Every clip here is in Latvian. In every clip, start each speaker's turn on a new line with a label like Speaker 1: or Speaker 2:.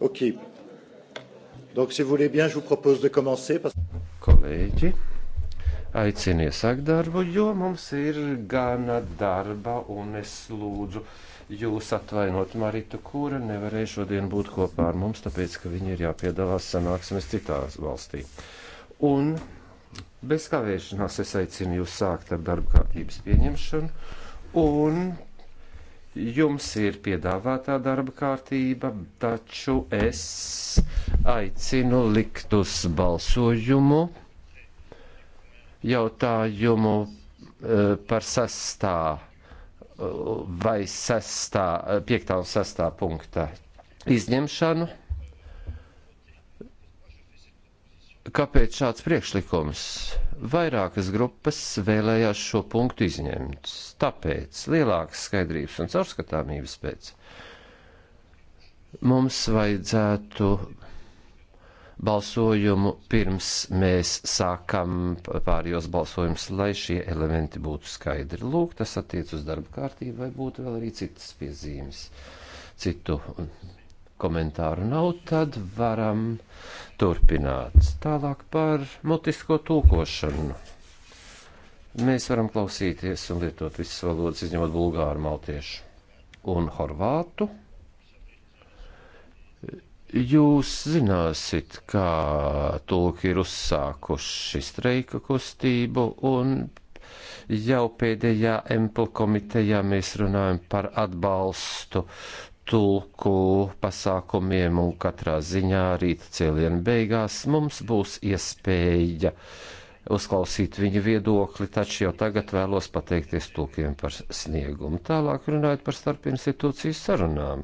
Speaker 1: Ok. Donc, si vous voulez bien, je vous propose de commencer. Parce...
Speaker 2: Kolēģi, aicinu iesākt darbu, jo mums ir gana darba, un es lūdzu jūs atvainot Maritu, kura nevarēja šodien būt kopā ar mums, tāpēc, ka viņa ir jāpiedalās sanāksmes citās valstī. Un bez kavēšanās es aicinu jūs sākt ar darba kārtības pieņemšanu, un Jums ir piedāvātā darba kārtība, taču es aicinu likt uz balsojumu jautājumu eh, par sastā eh, vai sastā, eh, piektā un sastā punktā izņemšanu. Kāpēc šāds priekšlikums? Vairākas grupas vēlējās šo punktu izņemt, tāpēc lielākas skaidrības un caurskatāmības pēc mums vajadzētu balsojumu pirms mēs sākam pārējos balsojumus, lai šie elementi būtu skaidri. Lūk, tas attiec uz darba kārtību vai būtu vēl arī citas piezīmes, citu komentāru nav, tad varam turpināt. Tālāk par mutisko tulkošanu. Mēs varam klausīties un lietot visas valodas, izņemot bulgāru, maltiešu un horvātu. Jūs zināsit, kā tulki ir uzsākuši streika kustību un jau pēdējā empla komitejā mēs runājam par atbalstu tulku pasākumiem un katrā ziņā rīta cēlienu beigās mums būs iespēja uzklausīt viņa viedokli, taču jau tagad vēlos pateikties tulkiem par sniegumu. Tālāk runājot par starpinstitūciju sarunām.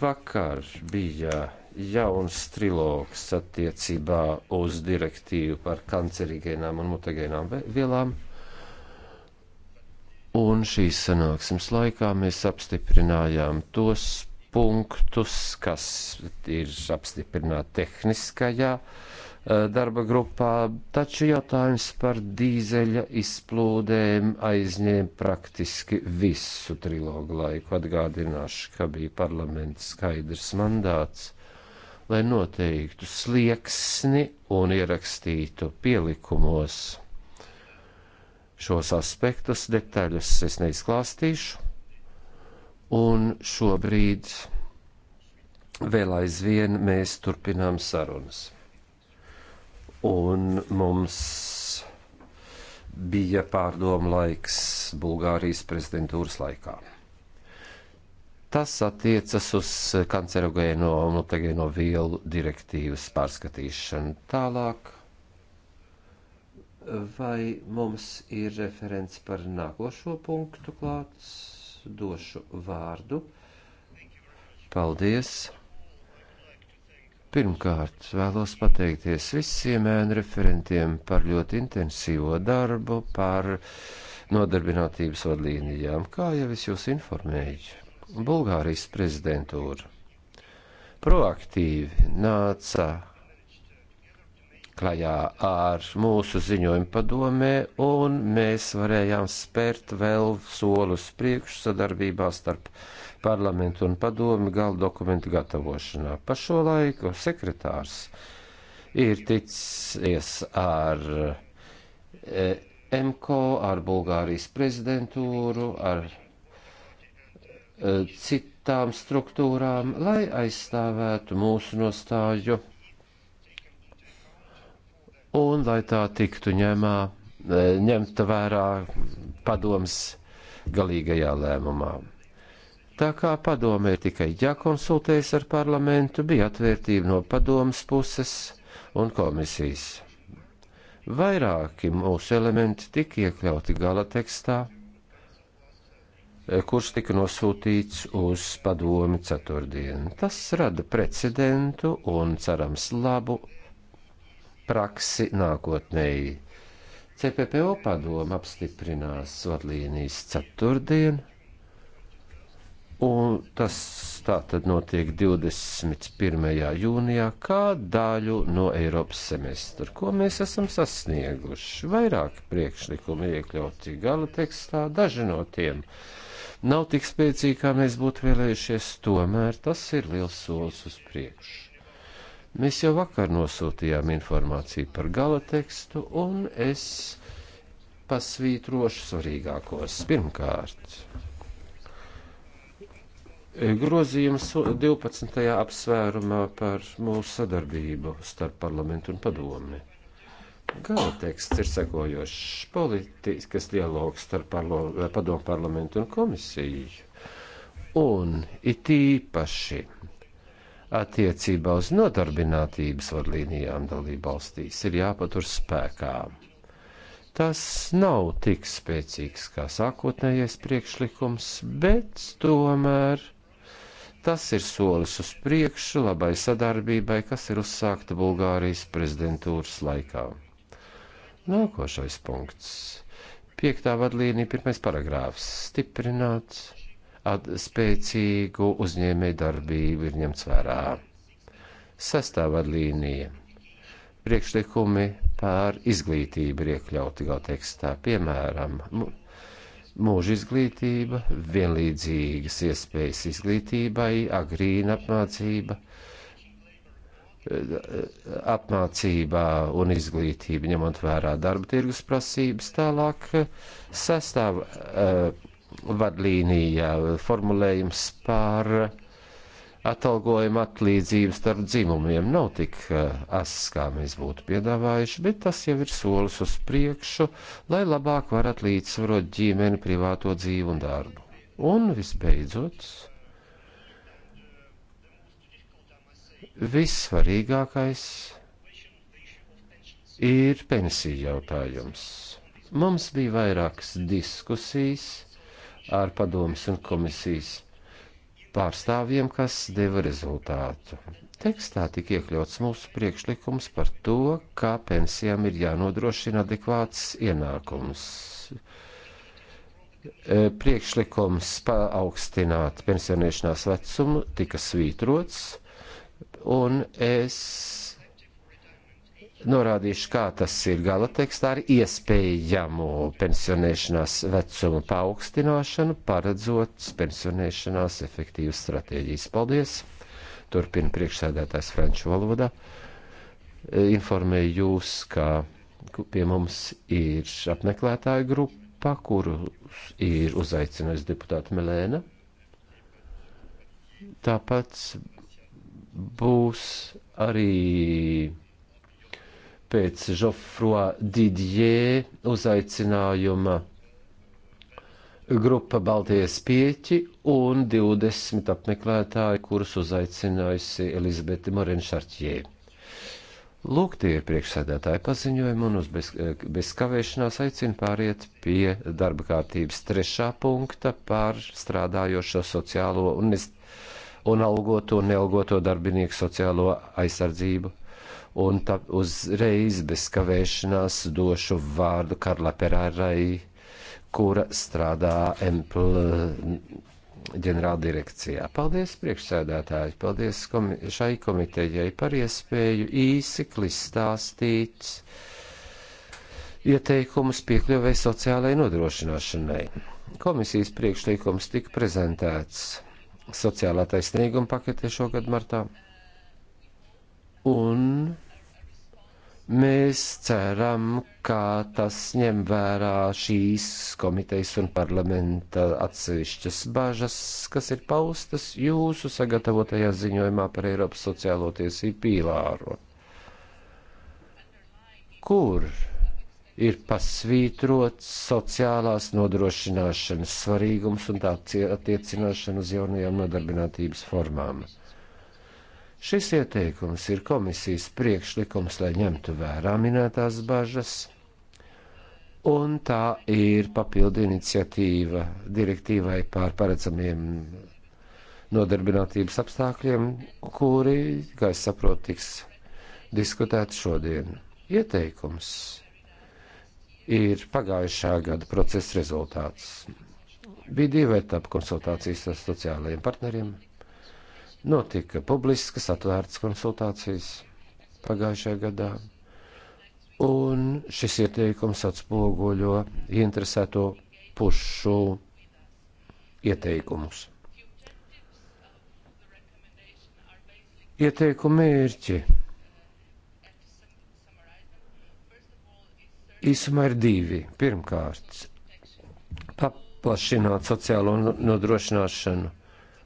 Speaker 2: Vakar bija jauns trilogs attiecībā uz direktīvu par kancerīgajām un mutagajām vielām. Un šīs sanāksmes laikā mēs apstiprinājām tos punktus, kas ir apstiprināti tehniskajā e, darba grupā, taču jautājums par dīzeļa izplūdēm aizņēma praktiski visu trilogu laiku. Atgādināšu, ka bija parlaments skaidrs mandāts, lai noteiktu slieksni un ierakstītu pielikumos Šos aspektus detaļus es neizklāstīšu. Un šobrīd vēl aizvien mēs turpinām sarunas. Un mums bija pārdomu laiks Bulgārijas prezidentūras laikā. Tas attiecas uz kancerogēno un mutagēno vielu direktīvas pārskatīšanu. Tālāk vai mums ir referents par nākošo punktu klāts? Došu vārdu. Paldies! Pirmkārt, vēlos pateikties visiem ēnu referentiem par ļoti intensīvo darbu, par nodarbinātības vadlīnijām, kā jau es jūs informēju. Bulgārijas prezidentūra proaktīvi nāca klajā ar mūsu ziņojumu padomē, un mēs varējām spērt vēl solus priekšu sadarbībā starp parlamentu un padomi galda dokumentu gatavošanā. Pa šo laiku sekretārs ir ticies ar e, MKO, ar Bulgārijas prezidentūru, ar e, citām struktūrām, lai aizstāvētu mūsu nostāju un lai tā tiktu ņemā, e, ņemta vērā padoms galīgajā lēmumā. Tā kā padome ir tikai jākonsultējas ar parlamentu, bija atvērtība no padomas puses un komisijas. Vairāki mūsu elementi tika iekļauti gala tekstā, e, kurš tika nosūtīts uz padomi ceturtdienu. Tas rada precedentu un cerams labu praksi nākotnēji. CPPO padoma apstiprinās vadlīnijas ceturtdien, un tas tā tad notiek 21. jūnijā kā daļu no Eiropas semestra, ko mēs esam sasnieguši. Vairāk priekšlikumi iekļauti gala tekstā, daži no tiem nav tik spēcīgi, kā mēs būtu vēlējušies, tomēr tas ir liels solis uz priekšu. Mēs jau vakar nosūtījām informāciju par gala tekstu, un es pasvītrošu svarīgākos. Pirmkārt, grozījums 12. apsvērumā par mūsu sadarbību starp parlamentu un padomi. Gala teksts ir sekojošs politiskas dialogs starp parlo, padomu parlamentu un komisiju, un it īpaši attiecībā uz nodarbinātības vadlīnijām dalību valstīs ir jāpatur spēkā. Tas nav tik spēcīgs kā sākotnējais priekšlikums, bet tomēr tas ir solis uz priekšu labai sadarbībai, kas ir uzsākta Bulgārijas prezidentūras laikā. Nākošais punkts. Piektā vadlīnija, pirmais paragrāfs - stiprināts spēcīgu uzņēmēju darbību ir ņemts vērā. Sastāvā līnija. Priekšlikumi pār izglītību ir iekļauti gal tekstā, piemēram, mūža izglītība, vienlīdzīgas iespējas izglītībai, agrīna apmācība, apmācībā un izglītība, ņemot vērā darba tirgus prasības, tālāk sastāv uh, vadlīnijā formulējums par atalgojuma atlīdzību starp dzimumiem nav tik eh, asas, kā mēs būtu piedāvājuši, bet tas jau ir solis uz priekšu, lai labāk varētu līdzsvarot ģimeni, privāto dzīvi un darbu. Un visbeidzot, vissvarīgākais ir pensiju jautājums. Mums bija vairākas diskusijas ar padomus un komisijas pārstāvjiem, kas deva rezultātu. Tekstā tika iekļauts mūsu priekšlikums par to, kā pensijām ir jānodrošina adekvāts ienākums. E, priekšlikums paaugstināt pensionēšanās vecumu tika svītrots, un es norādījuši, kā tas ir gala tekstā ar iespējamu pensionēšanās vecumu paaugstināšanu, paredzot pensionēšanās efektīvas stratēģijas. Paldies! Turpina priekšsēdētājs franču valodā. E, informēju jūs, ka pie mums ir apmeklētāju grupa, kuru ir uzaicinājusi deputāta Melēna. Tāpat būs arī pēc Žofroa Didjē uzaicinājuma grupa Baltijas pieķi un 20 apmeklētāji, kurus uzaicinājusi Elizabete Morenšarķie. Lūk, tie ir priekšsēdētāji paziņojumi un uz bez, bez kavēšanās aicinu pāriet pie darba kārtības trešā punkta par strādājošo sociālo un, un algoto un nealgoto darbinieku sociālo aizsardzību un tad uzreiz bez kavēšanās došu vārdu Karla Perarai, kura strādā Empl ģenerāldirekcijā. Paldies priekšsēdētāji, paldies komi šai komitejai par iespēju īsi klistāstīt ieteikumus piekļuvai sociālajai nodrošināšanai. Komisijas priekšlikums tika prezentēts sociālā taisnīguma paketē šogad martā. Un Mēs ceram, ka tas ņem vērā šīs komitejas un parlamenta atsevišķas bažas, kas ir paustas jūsu sagatavotajā ziņojumā par Eiropas sociālo tiesību pīlāru. Kur ir pasvītrots sociālās nodrošināšanas svarīgums un tā attiecināšana uz jaunajām nodarbinātības formām. Šis ieteikums ir komisijas priekšlikums, lai ņemtu vērā minētās bažas, un tā ir papildu iniciatīva direktīvai pār paredzamiem nodarbinātības apstākļiem, kuri, kā es saprotu, tiks diskutēti šodien. Ieteikums ir pagājušā gada procesa rezultāts. Bija divi etapi konsultācijas ar sociālajiem partneriem Notika publiskas atvērtas konsultācijas pagājušajā gadā, un šis ieteikums atspoguļo interesēto pušu ieteikumus. Ieteikumu mērķi īsumā ir divi. Pirmkārt, paplašināt sociālo nodrošināšanu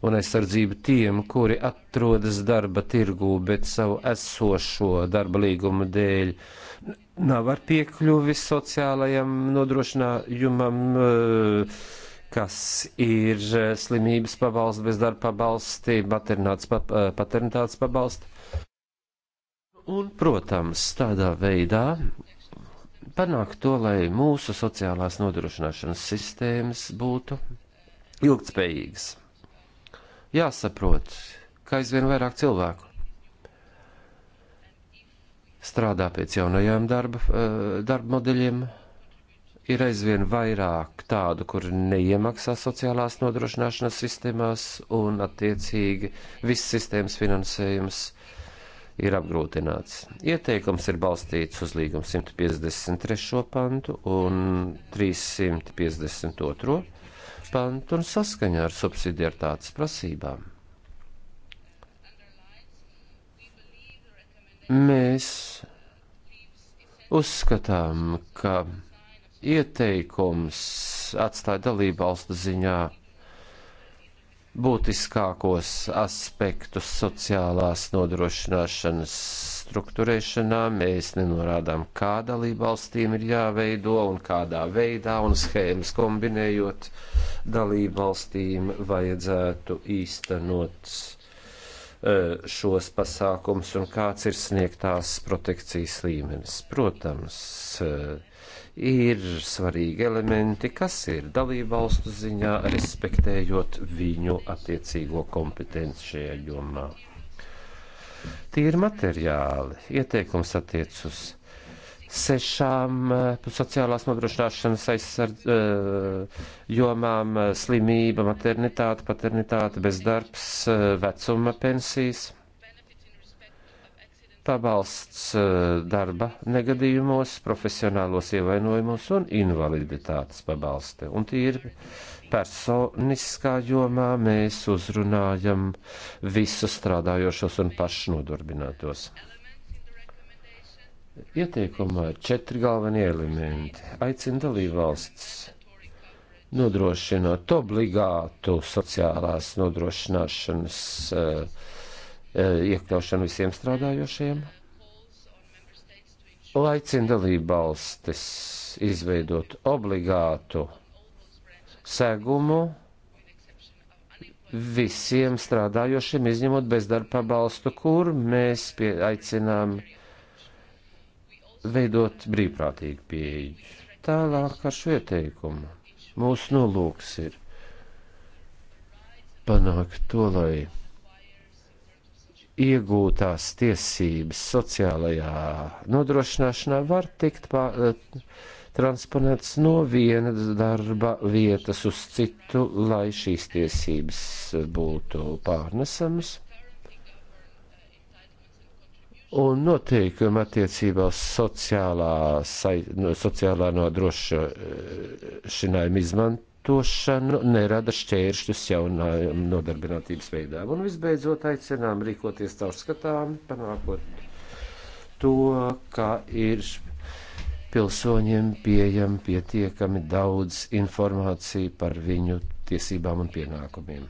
Speaker 2: un aizsardzību tiem, kuri atrodas darba tirgū, bet savu esošo darba līgumu dēļ nav ar piekļuvi sociālajam nodrošinājumam, eh, kas ir eh, slimības pabalsti, bezdarba pabalsti, eh, paternitātes pabalsti. Un, protams, tādā veidā panākt to, lai mūsu sociālās nodrošināšanas sistēmas būtu ilgtspējīgas jāsaprot, ka aizvien vairāk cilvēku strādā pēc jaunajiem darba, eh, darba modeļiem. Ir aizvien vairāk tādu, kur neiemaksā sociālās nodrošināšanas sistēmās, un attiecīgi viss sistēmas finansējums ir apgrūtināts. Ieteikums ir balstīts uz līgumu 153. pantu un 352 pantu un saskaņā ar subsidiartātes prasībām. Mēs uzskatām, ka ieteikums atstāja dalību valstu ziņā būtiskākos aspektus sociālās nodrošināšanas struktūrēšanā. Mēs nenorādām, kā dalība valstīm ir jāveido un kādā veidā un schēmas kombinējot dalību valstīm vajadzētu īstenot eh, šos pasākums un kāds ir sniegtās protekcijas līmenis. Protams, eh, ir svarīgi elementi, kas ir dalībvalstu ziņā, respektējot viņu attiecīgo kompetenci šajā jomā. Tīri materiāli. Ieteikums attiec uz sešām eh, sociālās nodrošināšanas aizsardz eh, jomām - slimība, maternitāte, paternitāte, bezdarbs, eh, vecuma pensijas pabalsts eh, darba negadījumos, profesionālos ievainojumos un invaliditātes pabalsti. Un tie ir personiskā jomā mēs uzrunājam visus strādājošos un pašnodarbinātos. Ieteikumā ir četri galvenie elementi. Aicina dalībvalsts nodrošināt obligātu sociālās nodrošināšanas uh, Eh, iekļaušanu visiem strādājošiem, laicina dalību valstis izveidot obligātu segumu visiem strādājošiem, izņemot bezdarba pabalstu, kur mēs pie, aicinām veidot brīvprātīgu pieeju. Tālāk ar šo ieteikumu mūsu nolūks ir panākt to, lai iegūtās tiesības sociālajā nodrošināšanā var tikt pār, eh, transponēts no viena darba vietas uz citu, lai šīs tiesības būtu pārnesamas. Un noteikumi attiecībā uz sociālā, no, sociālā nodrošinājuma izmantošanu izmantošanu nerada šķēršļus jaunām nodarbinātības veidām. Un visbeidzot aicinām rīkoties caurskatām, panākot to, ka ir pilsoņiem pieejam pietiekami daudz informāciju par viņu tiesībām un pienākumiem.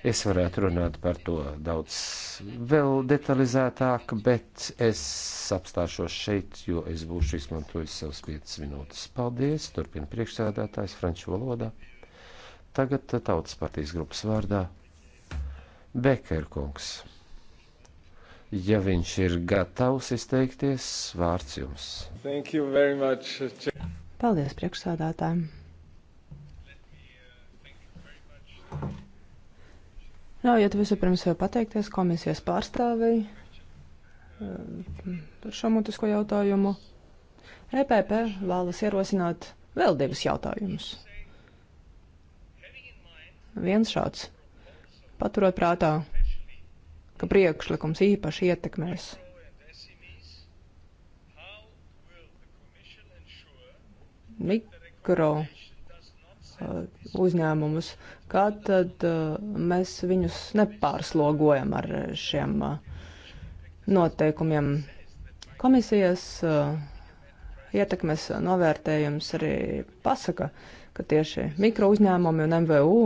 Speaker 2: Es varētu runāt par to daudz vēl detalizētāk, bet es apstāšos šeit, jo es būšu izmantojis savus 5 minūtes. Paldies! Turpina priekšsēdētājs franču valodā. Tagad tautas partijas grupas vārdā Bekerkungs. Ja viņš ir gatavs izteikties, vārds jums.
Speaker 3: Paldies priekšsēdētājiem! Ļaujiet vispirms pateikties komisijas pārstāvei eh, par šo mutisko jautājumu. EPP vēlas ierosināt vēl divus jautājumus. Viens šāds. Paturot prātā, ka priekšlikums īpaši ietekmēs mikro Uh, uzņēmumus, kā tad uh, mēs viņus nepārslogojam ar šiem uh, noteikumiem. Komisijas ietekmes novērtējums arī pasaka, ka tieši mikro uzņēmumi un MVU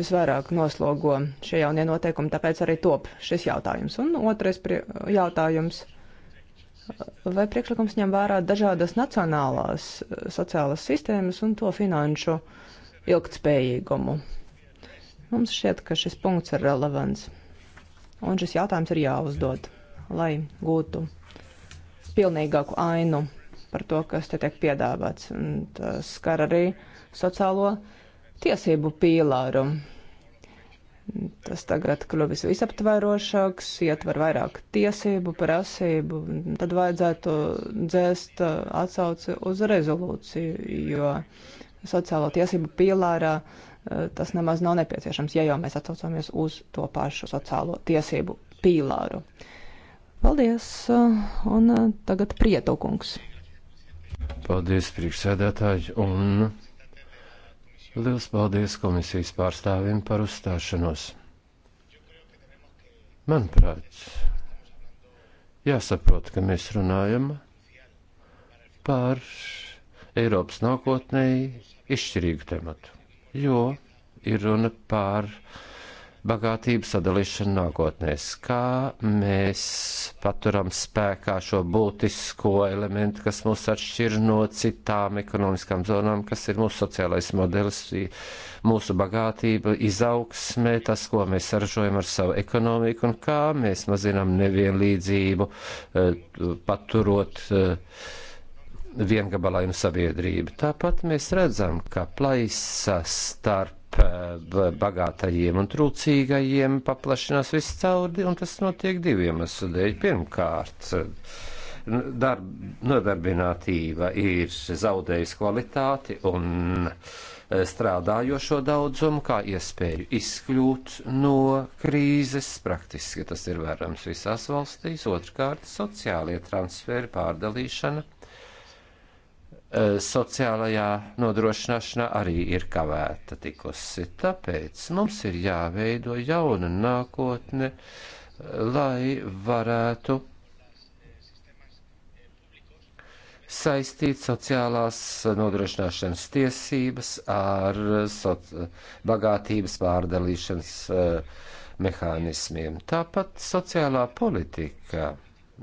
Speaker 3: visvairāk noslogo šie jaunie noteikumi, tāpēc arī top šis jautājums. Un otrais jautājums. Vai priekšlikums ņem vērā dažādas nacionālās eh, sociālās sistēmas un to finanšu ilgtspējīgumu? Mums šķiet, ka šis punkts ir relevants. Un šis jautājums ir jāuzdod, lai gūtu pilnīgāku ainu par to, kas te tiek piedāvāts. Un tas skar arī sociālo tiesību pīlāru. Tas tagad kļuvis visaptvērošāks, ietver vairāk tiesību, prasību, tad vajadzētu dzēst uh, atsauci uz rezolūciju, jo sociālo tiesību pīlārā uh, tas nemaz nav nepieciešams, ja jau mēs atsaucamies uz to pašu sociālo tiesību pīlāru. Paldies, uh, un tagad prietokungs.
Speaker 2: Paldies, priekšsēdētāji, un Liels paldies komisijas pārstāvim par uzstāšanos. Manuprāt, jāsaprot, ka mēs runājam par Eiropas nākotnēji izšķirīgu tematu, jo ir runa par uh, bagātību sadalīšanu nākotnēs. Kā mēs paturam spēkā šo būtisko elementu, kas mūs atšķir no citām ekonomiskām zonām, kas ir mūsu sociālais modelis, mūsu bagātība, izaugsme, tas, ko mēs saražojam ar savu ekonomiku un kā mēs mazinām nevienlīdzību, e, paturot e, viengabalainu sabiedrību. Tāpat mēs redzam, ka plaisa starp bagātajiem un trūcīgajiem paplašinās viss cauri, un tas notiek diviem asudēļ. Pirmkārt, darb, nodarbinātība ir zaudējusi kvalitāti un strādājošo daudzumu, kā iespēju izkļūt no krīzes. Praktiski tas ir vērams visās valstīs. Otrkārt, sociālie transferi, pārdalīšana Eh, sociālajā nodrošināšanā arī ir kavēta tikusi. Tāpēc mums ir jāveido jauna nākotne, eh, lai varētu saistīt sociālās nodrošināšanas tiesības ar soci... bagātības pārdalīšanas eh, mehānismiem. Tāpat sociālā politika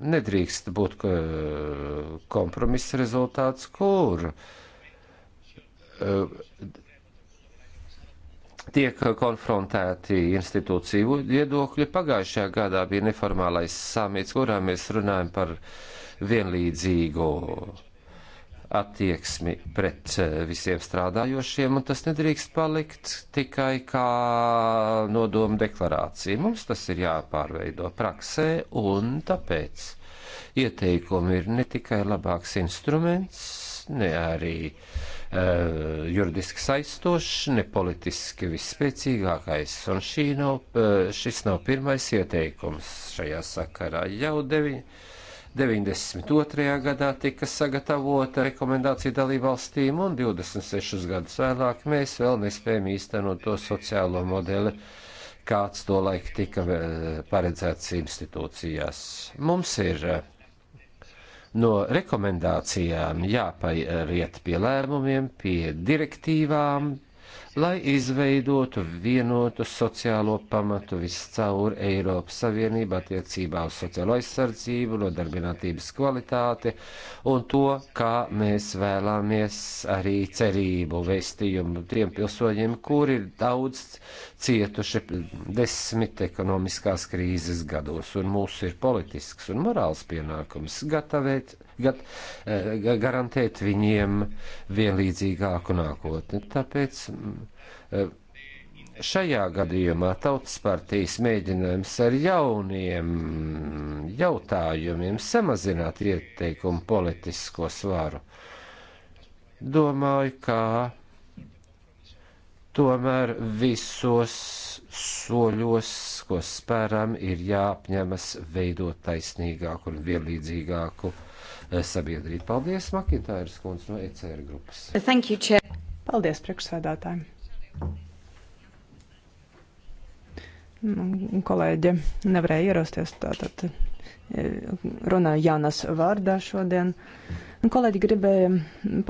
Speaker 2: nedrīkst būt eh, kompromisa rezultāts, kur eh, tiek konfrontēti institūciju viedokļi. Pagājušajā gadā bija neformālais samits, kurā mēs runājam par vienlīdzīgu attieksmi pret eh, visiem strādājošiem, un tas nedrīkst palikt tikai kā nodoma deklarācija. Mums tas ir jāpārveido praksē, un tāpēc ieteikumi ir ne tikai labāks instruments, ne arī uh, juridiski saistošs, ne politiski visspēcīgākais, un šī nav, eh, šis nav pirmais ieteikums šajā sakarā. Jau deviņi 92. gadā tika sagatavota rekomendācija dalībvalstīm, un 26 gadus vēlāk mēs vēl nespējam īstenot to sociālo modeli, kāds to laik tika e, paredzēts institūcijās. Mums ir e, no rekomendācijām jāpaiet pie lēmumiem, pie direktīvām, lai izveidotu vienotu sociālo pamatu viscaur Eiropas Savienību attiecībā uz sociālo aizsardzību, nodarbinātības kvalitāti un to, kā mēs vēlamies arī cerību vēstījumu tiem pilsoņiem, kuri ir daudz cietuši desmit ekonomiskās krīzes gados, un mūsu ir politisks un morāls pienākums gatavēt, gat, eh, garantēt viņiem vienlīdzīgāku nākotni. Tāpēc eh, šajā gadījumā Tautas partijas mēģinājums ar jauniem jautājumiem samazināt ieteikumu politisko svaru. Domāju, ka Tomēr visos soļos, ko spēram, ir jāapņemas veidot taisnīgāku un vienlīdzīgāku eh, sabiedrību. Paldies, Makintājas kundze no ECR grupas.
Speaker 3: Thank you, Chair. Paldies, priekšsēdētāji. Nu, kolēģi nevarēja ierasties, tātad runāja Jānas vārdā šodien. Un kolēģi gribēja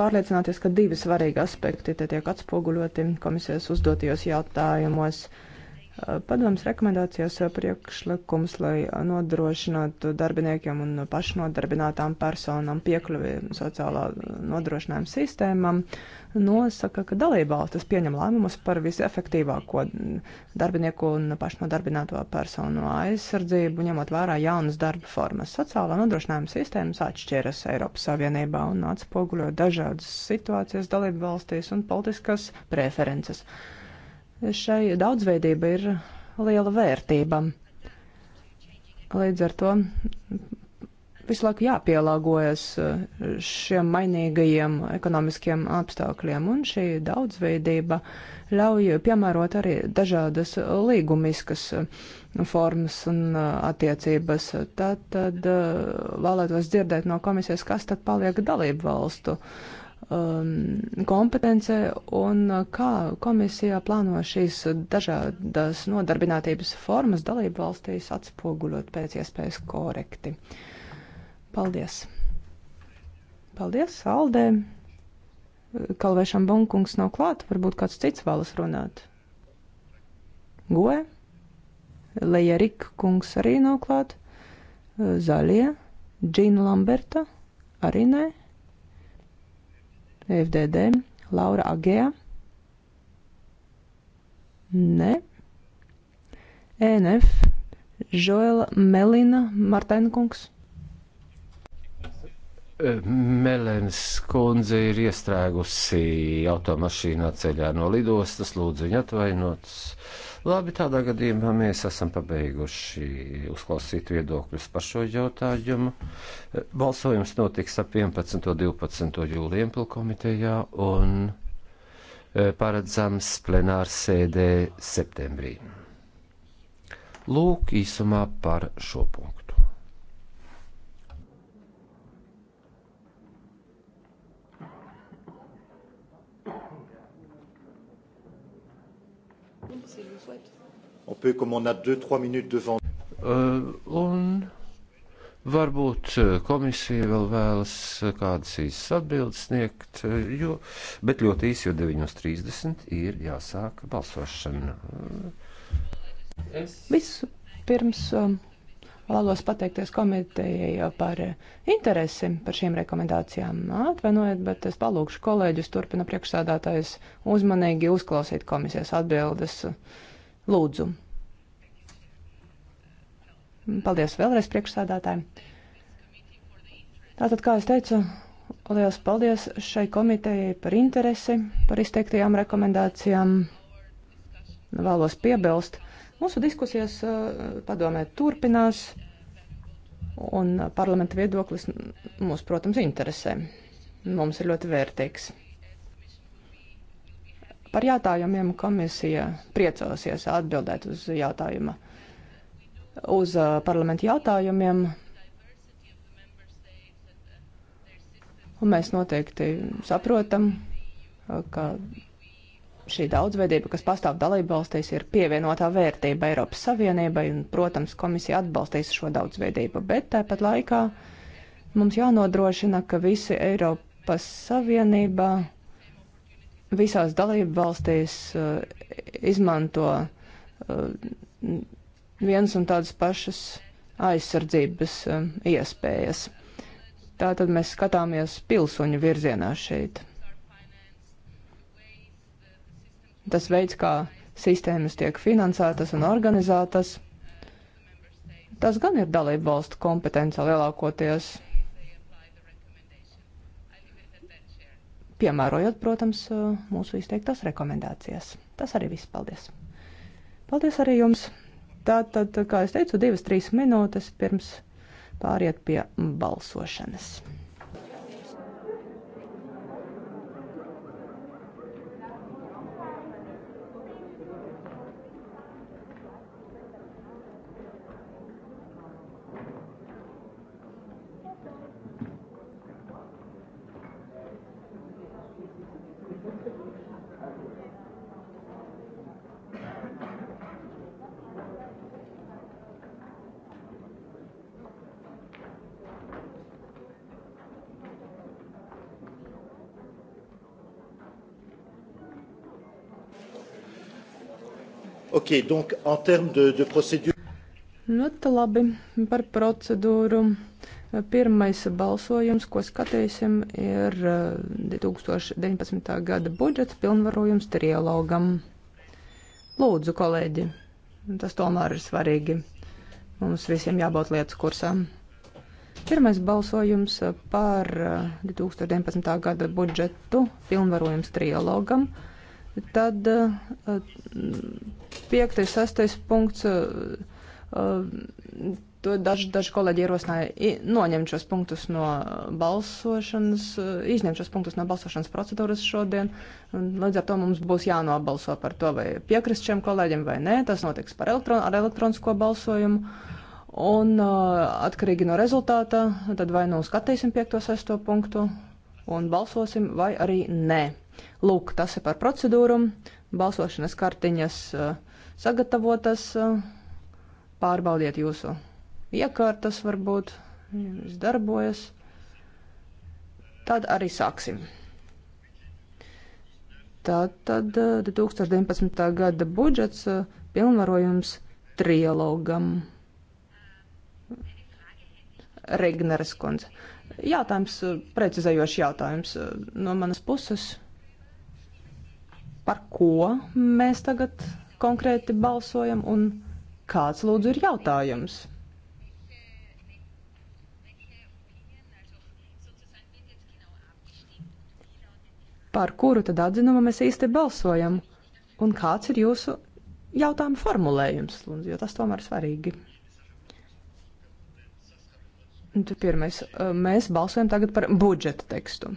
Speaker 3: pārliecināties, ka divi svarīgi aspekti te tiek atspoguļoti komisijas uzdotajos jautājumos. Uh, Padoms rekomendācijās priekšlikums, lai nodrošinātu darbiniekiem un pašnodarbinātām personām piekļuvi sociālā nodrošinājuma sistēmām, nosaka, ka dalībvalstis pieņem lēmumus par visefektīvāko darbinieku un pašnodarbināto personu aizsardzību, ņemot vērā jaunas darba formas. Sociālā nodrošinājuma sistēmas atšķiras Eiropas Savienībā un atspoguļo dažādas situācijas dalībvalstīs un politiskas preferences. Šai daudzveidība ir liela vērtība. Līdz ar to visu laiku jāpielāgojas uh, šiem mainīgajiem ekonomiskiem apstākļiem, un šī daudzveidība ļauj piemērot arī dažādas līgumiskas uh, formas un uh, attiecības. Tad, tad vēlētos dzirdēt no komisijas, kas tad paliek dalību valstu uh, Um, kompetence un kā komisija plāno šīs dažādas nodarbinātības formas dalību valstīs atspoguļot pēc iespējas korekti. Paldies! Paldies, Aldē! Kalvēšana Bunkungs nav klāt, varbūt kāds cits vēlas runāt. Goe? Leja Rika kungs arī nav klāt. Zaļie? Džina Lamberta? Arī nē. FDD, Laura Agēja. Nē. ENF, Žoela Melina Martēnkungs.
Speaker 2: Melens kundze ir iestrēgusi automašīnā ceļā no lidostas, lūdzu viņu atvainot. Labi, tādā gadījumā mēs esam pabeiguši uzklausīt viedokļus par šo jautājumu. Balsojums notiks ap 11. un 12. jūlijā pilkomitejā un paredzams plenārs sēdē septembrī. Lūk īsumā par šo punktu.
Speaker 1: On peut, comme on a 2-3 minūtes devant.
Speaker 2: Uh, un varbūt eh, komisija vēl vēlas eh, kādas īsas atbildes sniegt, eh, jo, bet ļoti īsi, jo 9.30 ir jāsāk balsošana.
Speaker 3: Es... Visu pirms um, vēlos pateikties komitejai par interesi par šīm rekomendācijām. Atvainojiet, bet es palūkšu kolēģus turpina priekšsādātājs uzmanīgi uzklausīt komisijas atbildes. Uh, Lūdzu. Paldies vēlreiz priekšsādātājiem. Tātad, kā es teicu, liels paldies šai komitejai par interesi, par izteiktajām rekomendācijām. Vēlos piebilst, mūsu diskusijas eh, padomē turpinās, un parlamenta viedoklis mūs, protams, interesē. Mums ir ļoti vērtīgs. Par jautājumiem komisija priecāsies atbildēt uz jautājuma, uz uh, parlamentu jautājumiem. Un mēs noteikti saprotam, uh, ka šī daudzveidība, kas pastāv dalību valstīs, ir pievienotā vērtība Eiropas Savienībai, un, protams, komisija atbalstīs šo daudzveidību, bet tāpat laikā mums jānodrošina, ka visi Eiropas Savienībā visās dalību valstīs uh, izmanto uh, eh, vienas un tādas pašas aizsardzības uh, iespējas. Tātad mēs skatāmies pilsoņu virzienā šeit. Tas veids, kā sistēmas tiek finansētas un organizētas, tas gan ir dalību valstu kompetence lielākoties piemērojot, protams, mūsu izteiktās rekomendācijas. Tas arī viss. Paldies! Paldies arī jums! Tātad, kā es teicu, divas, trīs minūtes pirms pāriet pie balsošanas.
Speaker 1: Ok, donc en termes de, de procédure.
Speaker 3: Ļoti nu, labi par procedūru. Pirmais balsojums, ko skatīsim, ir 2019. Eh, gada budžets pilnvarojums trialogam. Lūdzu, kolēģi, tas tomēr ir svarīgi. Mums visiem jābūt lietas kursām. Pirmais balsojums eh, par 2019. Eh, gada budžetu pilnvarojums trialogam. Tad piektais, sastais punkts, uh, uh, to daži, daži kolēģi ierosināja noņemt šos punktus no balsošanas, uh, izņemt šos punktus no balsošanas procedūras šodien. Līdz ar to mums būs jānobalso par to, vai piekrist šiem kolēģiem vai nē. Tas notiks par elektron, ar elektronisko balsojumu. Un uh, atkarīgi no rezultāta, tad vai nu skatīsim 5. un 6. punktu un balsosim, vai arī nē. Lūk, tas ir par procedūru. Balsošanas kartiņas. Uh, sagatavotas. Pārbaudiet jūsu iekārtas, varbūt viss darbojas. Tad arī sāksim. Tātad 2019. Eh, gada budžets eh, pilnvarojums trilogam. Regneres kundze. Jātājums, eh, precizējošs jautājums no manas puses. Par ko mēs tagad konkrēti balsojam un kāds lūdzu ir jautājums? Par kuru tad atzinumu mēs īsti balsojam? Un kāds ir jūsu jautājuma formulējums, lūdzu, jo tas tomēr svarīgi. Tu pirmais, uh, mēs balsojam tagad par budžeta tekstu.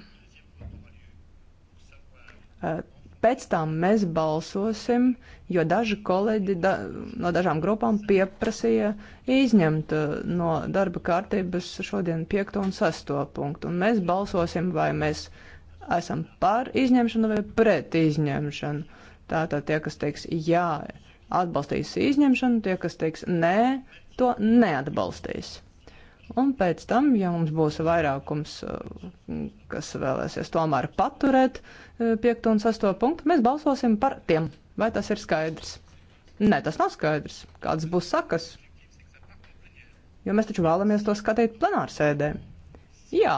Speaker 3: Uh, Pēc tam mēs balsosim, jo daži kolēģi da, no dažām grupām pieprasīja izņemt uh, no darba kārtības šodien 5. un 6. punktu. Un mēs balsosim, vai mēs esam par izņemšanu vai pret izņemšanu. Tātad tie, kas teiks jā, atbalstīs izņemšanu, tie, kas teiks nē, to neatbalstīs. Un pēc tam, ja mums būs vairākums, uh, kas vēlēsies tomēr paturēt 5 un 6 punktu, mēs balsosim par tiem. Vai tas ir skaidrs? Nē, tas nav skaidrs. Kādas būs sakas? Jo mēs taču vēlamies to skatīt plenārsēdē. Jā,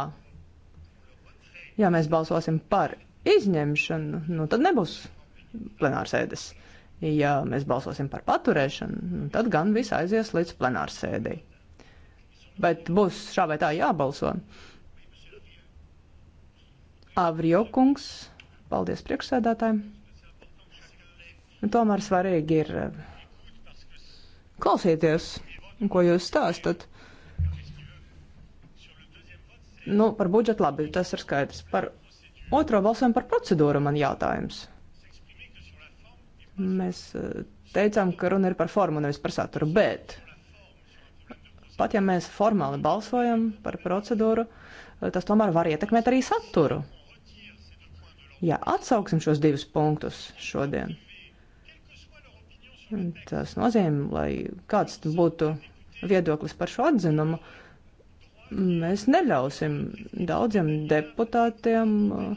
Speaker 3: ja mēs balsosim par izņemšanu, nu tad nebūs plenārsēdes. Ja mēs balsosim par paturēšanu, nu tad gan viss aizies līdz plenārsēdei. Bet būs šā vai tā jābalso. Avrio kungs Paldies priekšsēdētājiem. Tomēr svarīgi ir eh, klausīties, ko jūs stāstat. Nu, par budžetu labi, tas ir skaidrs. Par otro balsojumu par procedūru man jautājums. Mēs eh, teicām, ka runa ir par formu, nevis par saturu, bet pat ja mēs formāli balsojam par procedūru, eh, tas tomēr var ietekmēt arī saturu ja atsauksim šos divus punktus šodien, tas nozīmē, lai kāds būtu viedoklis par šo atzinumu, mēs neļausim daudziem deputātiem uh,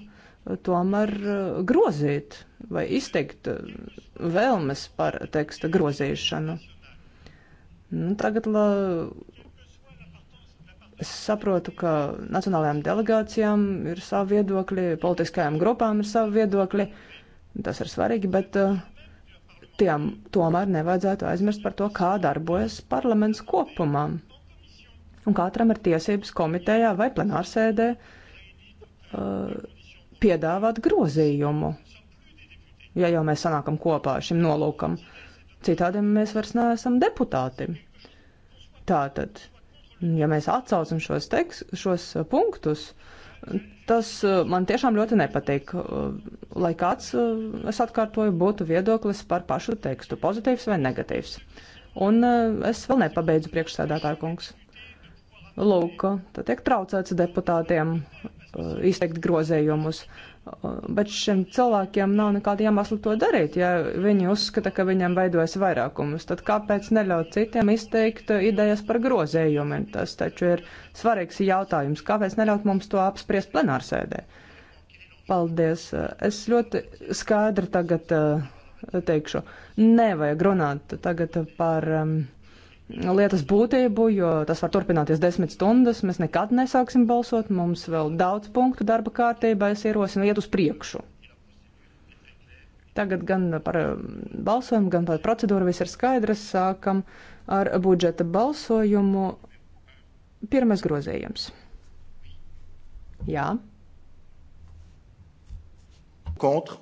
Speaker 3: tomēr uh, grozīt vai izteikt uh, vēlmes par teksta grozīšanu. Nu, tagad, lai Es saprotu, ka nacionālajām delegācijām ir savi viedokļi, politiskajām grupām ir savi viedokļi. Tas ir svarīgi, bet eh, tiem tomēr nevajadzētu aizmirst par to, kā darbojas parlaments kopumā. Un katram ir tiesības komitejā vai plenārsēdē uh, piedāvāt grozījumu, ja jau mēs sanākam kopā šim nolūkam. Citādi mēs vairs neesam deputāti. Tātad ja mēs atcaucam šos, teks, šos uh, punktus, tas uh, man tiešām ļoti nepatīk. Uh, lai kāds, es atkārtoju, būtu viedoklis par pašu tekstu, pozitīvs vai negatīvs. Un es vēl nepabeidzu priekšsēdētāju kungs. Lūk, tad tiek traucēts deputātiem izteikt grozējumus. Bet šiem cilvēkiem nav nekāda iemesla to darīt. Ja viņi uzskata, ka viņiem veidojas vairākums, tad kāpēc neļaut citiem izteikt idejas par grozējumiem? Tas taču ir svarīgs jautājums. Kāpēc neļaut mums to apspriest plenārsēdē? Paldies. Es ļoti skaidri tagad eh, teikšu. Nevajag runāt tagad par. Um, lietas būtību, jo tas var turpināties desmit stundas. Mēs nekad nesāksim balsot, mums vēl daudz punktu darba kārtībā. Es ierosinu iet uz priekšu. Tagad gan par um, balsojumu, gan par procedūru viss ir skaidrs. Sākam ar budžeta balsojumu. Pirmais grozījums. Jā. Contre.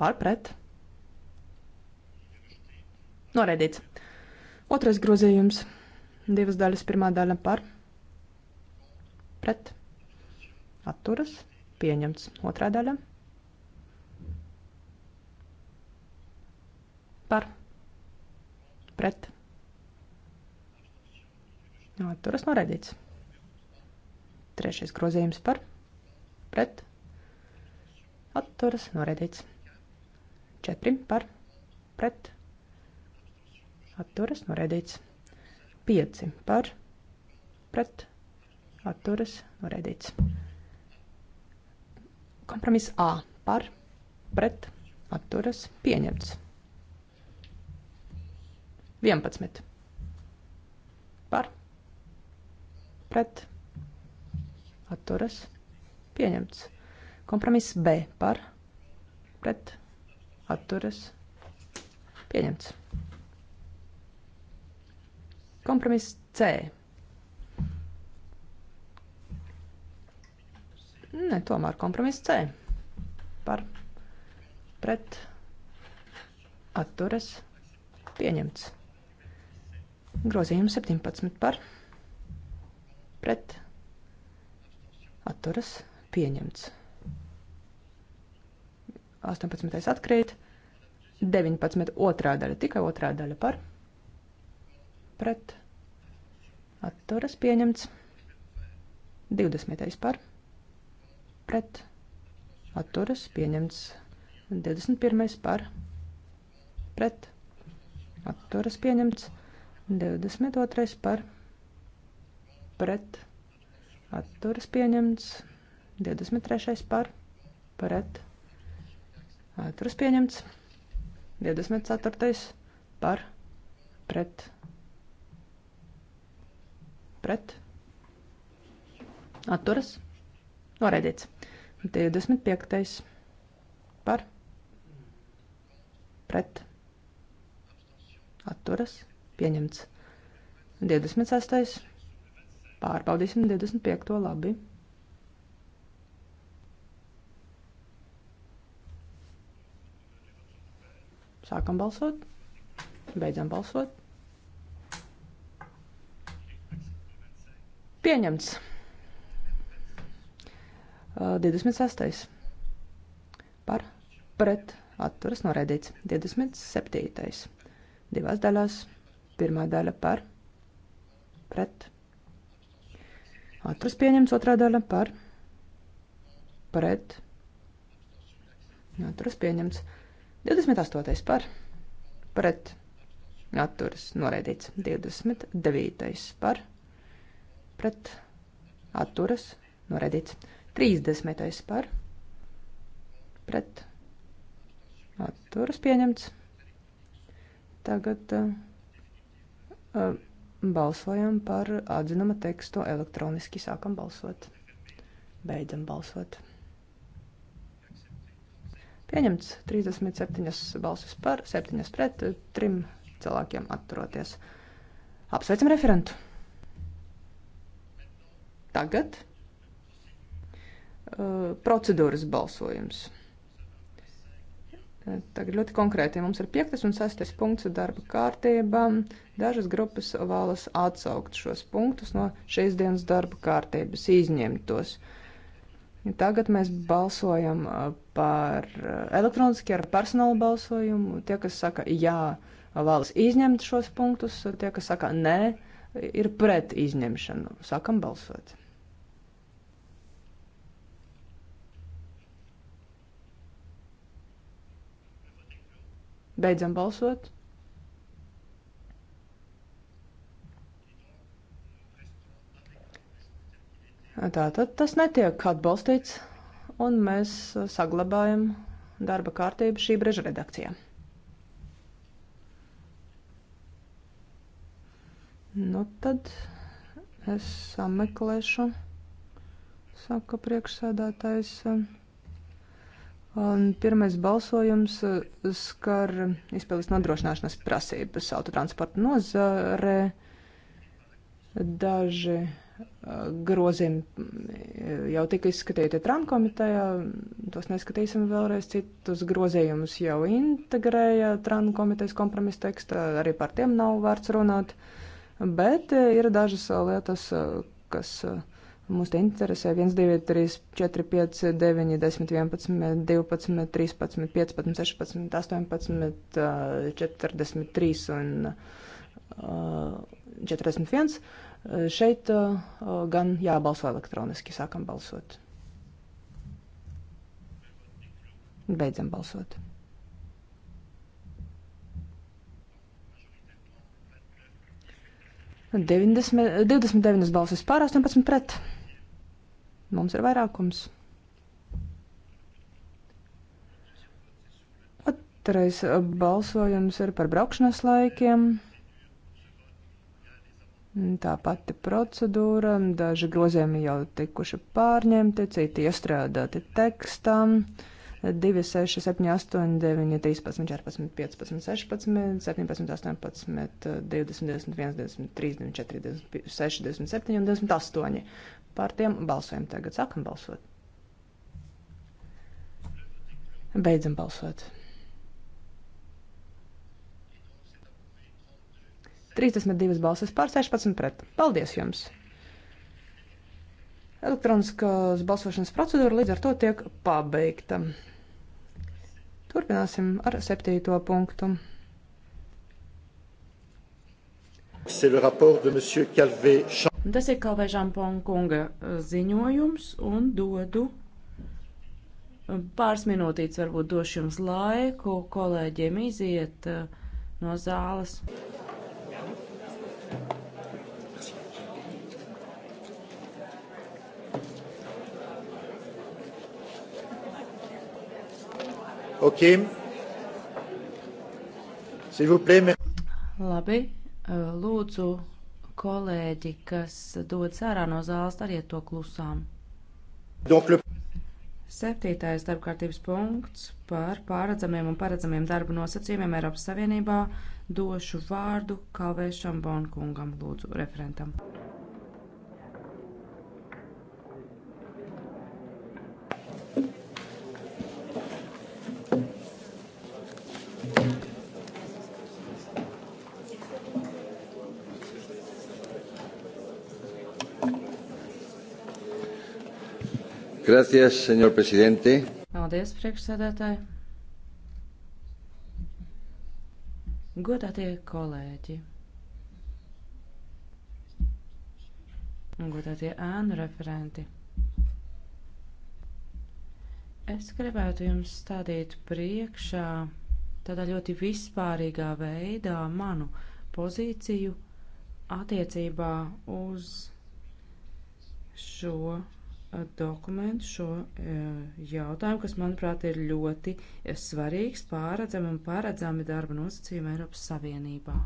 Speaker 3: Par pret. Noraidīts. Otrais grozījums. Divas daļas. Pirmā daļa par. Pret. Atturas. Pieņemts. Otrā daļa. Par. Pret. Atturas noraidīts. Trešais grozījums par. Pret. Atturas noraidīts. Četri par. Pret atturas noraidīts. 5 par pret atturas noraidīts. Kompromiss A par pret atturas pieņemts. 11 par pret atturas pieņemts. Kompromiss B par pret atturas pieņemts. Kompromiss C. Nē, tomēr kompromiss C. Par pret atturas pieņemts. Grozījums 17 par pret atturas pieņemts. 18. atkrīt, 19. otrā daļa, tikai otrā daļa par pret pret atturas pieņemts. 20. par pret atturas pieņemts. 21. par pret atturas pieņemts. 22. par pret atturas pieņemts. 23. par pret atturas pieņemts. 24. par pret pret atturas noraidīts. 25. par pret atturas pieņemts. 26. pārbaudīsim 25. labi. Sākam balsot, beidzam balsot. Pieņemts. 26. Par pret atturas noraidīts. 27. Divās daļās. Pirmā daļa par pret. Atturas pieņemts. Otrā daļa par pret. Atturas pieņemts. 28. par pret. Atturas noraidīts. 29. par pret pret atturas noredīts. 30. par pret atturas pieņemts. Tagad uh, uh, balsojam par atzinuma tekstu elektroniski sākam balsot. Beidzam balsot. Pieņemts 37 balsis par, 7 pret, 3 cilvēkiem atturoties. Apsveicam referentu! Tagad uh, procedūras balsojums. Uh, tagad ļoti konkrēti mums ir piektais un sastais punkts darba kārtībā. Dažas grupas vēlas atsaukt šos punktus no šīs dienas darba kārtības, izņemt tos. Tagad mēs balsojam uh, par elektroniski ar personālu balsojumu. Tie, kas saka jā, vēlas izņemt šos punktus, tie, kas saka nē, ir pret izņemšanu. Sākam balsot. Beidzam balsot. Tātad tas netiek atbalstīts, un mēs saglabājam darba kārtību šī breža redakcijā. Nu tad es sameklēšu, saka priekšsēdētājs. Un pirmais balsojums uh, skar izpildes nodrošināšanas prasības autotransporta nozarē. Daži uh, grozījumi mm, jau tika izskatīti Trankomitejā, tos neskatīsim vēlreiz. Citus grozījumus jau integrēja Trankomitejas kompromisa tekstā, arī par tiem nav vērts runāt. Bet uh, ir dažas lietas, kas. Uh, Mums te interesē 1, 2, 3, 4, 5, 9, 10, 11, 12, 13, 15, 16, 18, 43 un 41. Šeit gan jābalso elektroniski. Sākam balsot. Beidzam balsot. Divdesmit deviņas balsis pār 18 pret. Mums ir vairākums. Otrais uh, balsojums ir par braukšanas laikiem. Tā pati procedūra, daži grozījumi jau tikuši pārņemti, citi iestrādāti tekstam. 2, 6, 7, 8, 9, 13, 14, 15, 16, 17, 18, 20, 21, 23, 24, 26, 27 un 28. Par tiem balsojam tagad. Sākam balsot. Beidzam balsot. 32 balsis pār 16 pret. Paldies jums! Elektroniskās balsošanas procedūra līdz ar to tiek pabeigta. Turpināsim ar septīto punktu.
Speaker 1: C'est le rapport de M. Calvé.
Speaker 4: Un tas ir Kalvēžām Ponkunga uh, ziņojums un dodu um, pāris minūtītes varbūt došu jums laiku kolēģiem iziet uh, no zāles.
Speaker 1: Ok. S'il vous plaît.
Speaker 4: Labi, uh, lūdzu, kolēģi, kas dodas ārā no zāles, dariet to klusām. Dokļu. Septītais darbkārtības punkts par pārredzamiem un paredzamiem darba nosacījumiem Eiropas Savienībā došu vārdu Kalvēšam Bonkungam, lūdzu, referentam.
Speaker 1: Gracias, senor presidente.
Speaker 4: Paldies, priekšsēdētāji. Godātie kolēģi. Godātie ēnu referenti. Es gribētu jums stādīt priekšā tādā ļoti vispārīgā veidā manu pozīciju attiecībā uz šo dokumentu šo e, jautājumu, kas, manuprāt, ir ļoti e, svarīgs, pāredzami un pāredzami darba nosacījumi Eiropas Savienībā.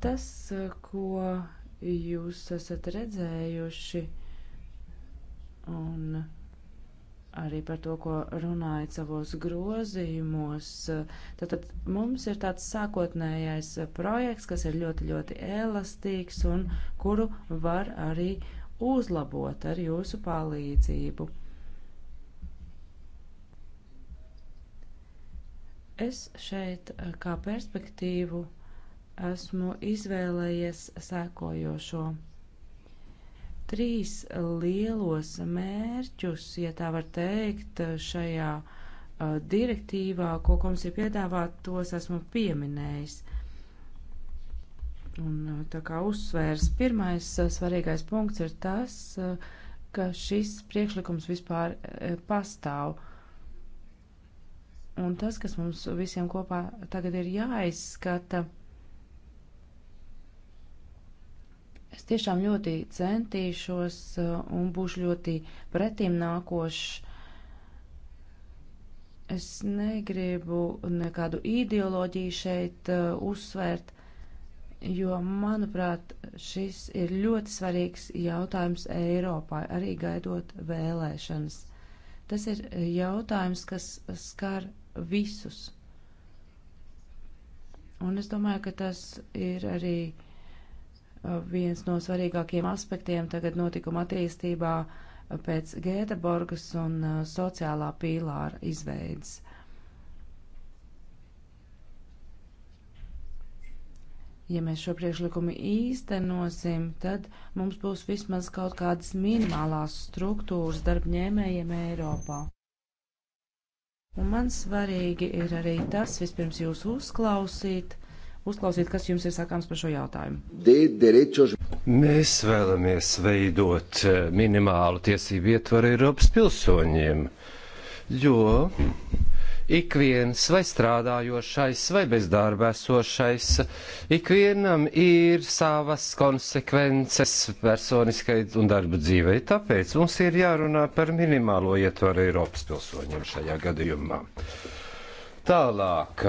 Speaker 4: Tas, e, ko jūs esat redzējuši, un arī par to, ko runājat savos grozījumos. Tātad mums ir tāds sākotnējais projekts, kas ir ļoti, ļoti elastīgs un kuru var arī uzlabot ar jūsu palīdzību. Es šeit kā perspektīvu esmu izvēlējies sēkojošo trīs lielos mērķus, ja tā var teikt, šajā uh, direktīvā, ko komisija piedāvā, tos esmu pieminējis. Un uh, tā kā uzsvērs, pirmais uh, svarīgais punkts ir tas, uh, ka šis priekšlikums vispār pastāv. Un tas, kas mums visiem kopā tagad ir jāizskata, Es tiešām ļoti centīšos eh, un būšu ļoti pretim nākošs. Es negribu nekādu ideoloģiju šeit uh, uzsvērt, jo, manuprāt, šis ir ļoti svarīgs jautājums Eiropai, arī gaidot vēlēšanas. Tas ir jautājums, kas skar visus. Un es domāju, ka tas ir arī uh, viens no svarīgākiem aspektiem tagad notikuma attīstībā pēc Gēteborgas un uh, sociālā pīlāra izveids. Ja mēs šo priekšlikumu īstenosim, tad mums būs vismaz kaut kādas minimālās struktūras darbņēmējiem Eiropā. Un man svarīgi ir arī tas vispirms jūs uzklausīt uzklausīt, kas jums ir sakāms par šo jautājumu.
Speaker 2: De derechos... Mēs vēlamies veidot eh, minimālu tiesību ietvaru Eiropas pilsoņiem, jo ik viens vai strādājošais vai bezdarba esošais, ik vienam ir savas konsekvences personiskai un darba dzīvei, tāpēc mums ir jārunā par minimālo ietvaru Eiropas pilsoņiem šajā gadījumā. Tālāk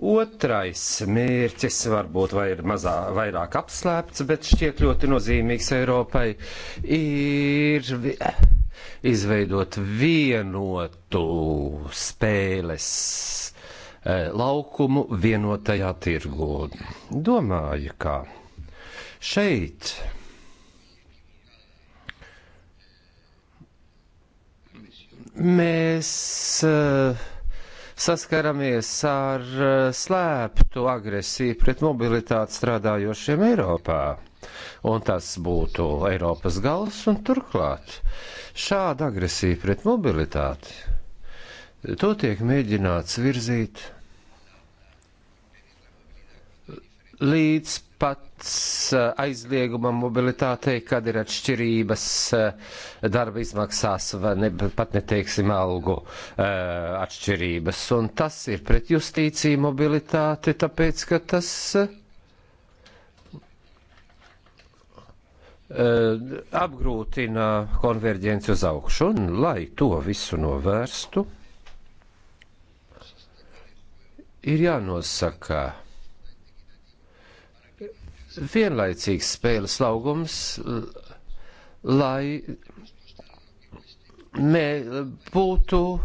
Speaker 2: Otrais mērķis varbūt vai ir mazā, vairāk apslēpts, bet šķiet ļoti nozīmīgs Eiropai, ir izveidot vienotu spēles e, laukumu vienotajā tirgū. Domāju, ka šeit mēs uh, saskaramies ar eh, slēptu agresiju pret mobilitāti strādājošiem Eiropā. Un tas būtu Eiropas gals un turklāt šāda agresija pret mobilitāti. To tiek mēģināts virzīt līdz pats eh, aizlieguma mobilitātei, kad ir atšķirības eh, darba izmaksās, vai ne, pat neteiksim algu eh, atšķirības. Un tas ir pret justīciju mobilitāti, tāpēc, ka tas apgrūtina konverģenci uz augšu, un lai to visu novērstu, ir jānosaka vienlaicīgs spēles laugums, lai mē, būtu e,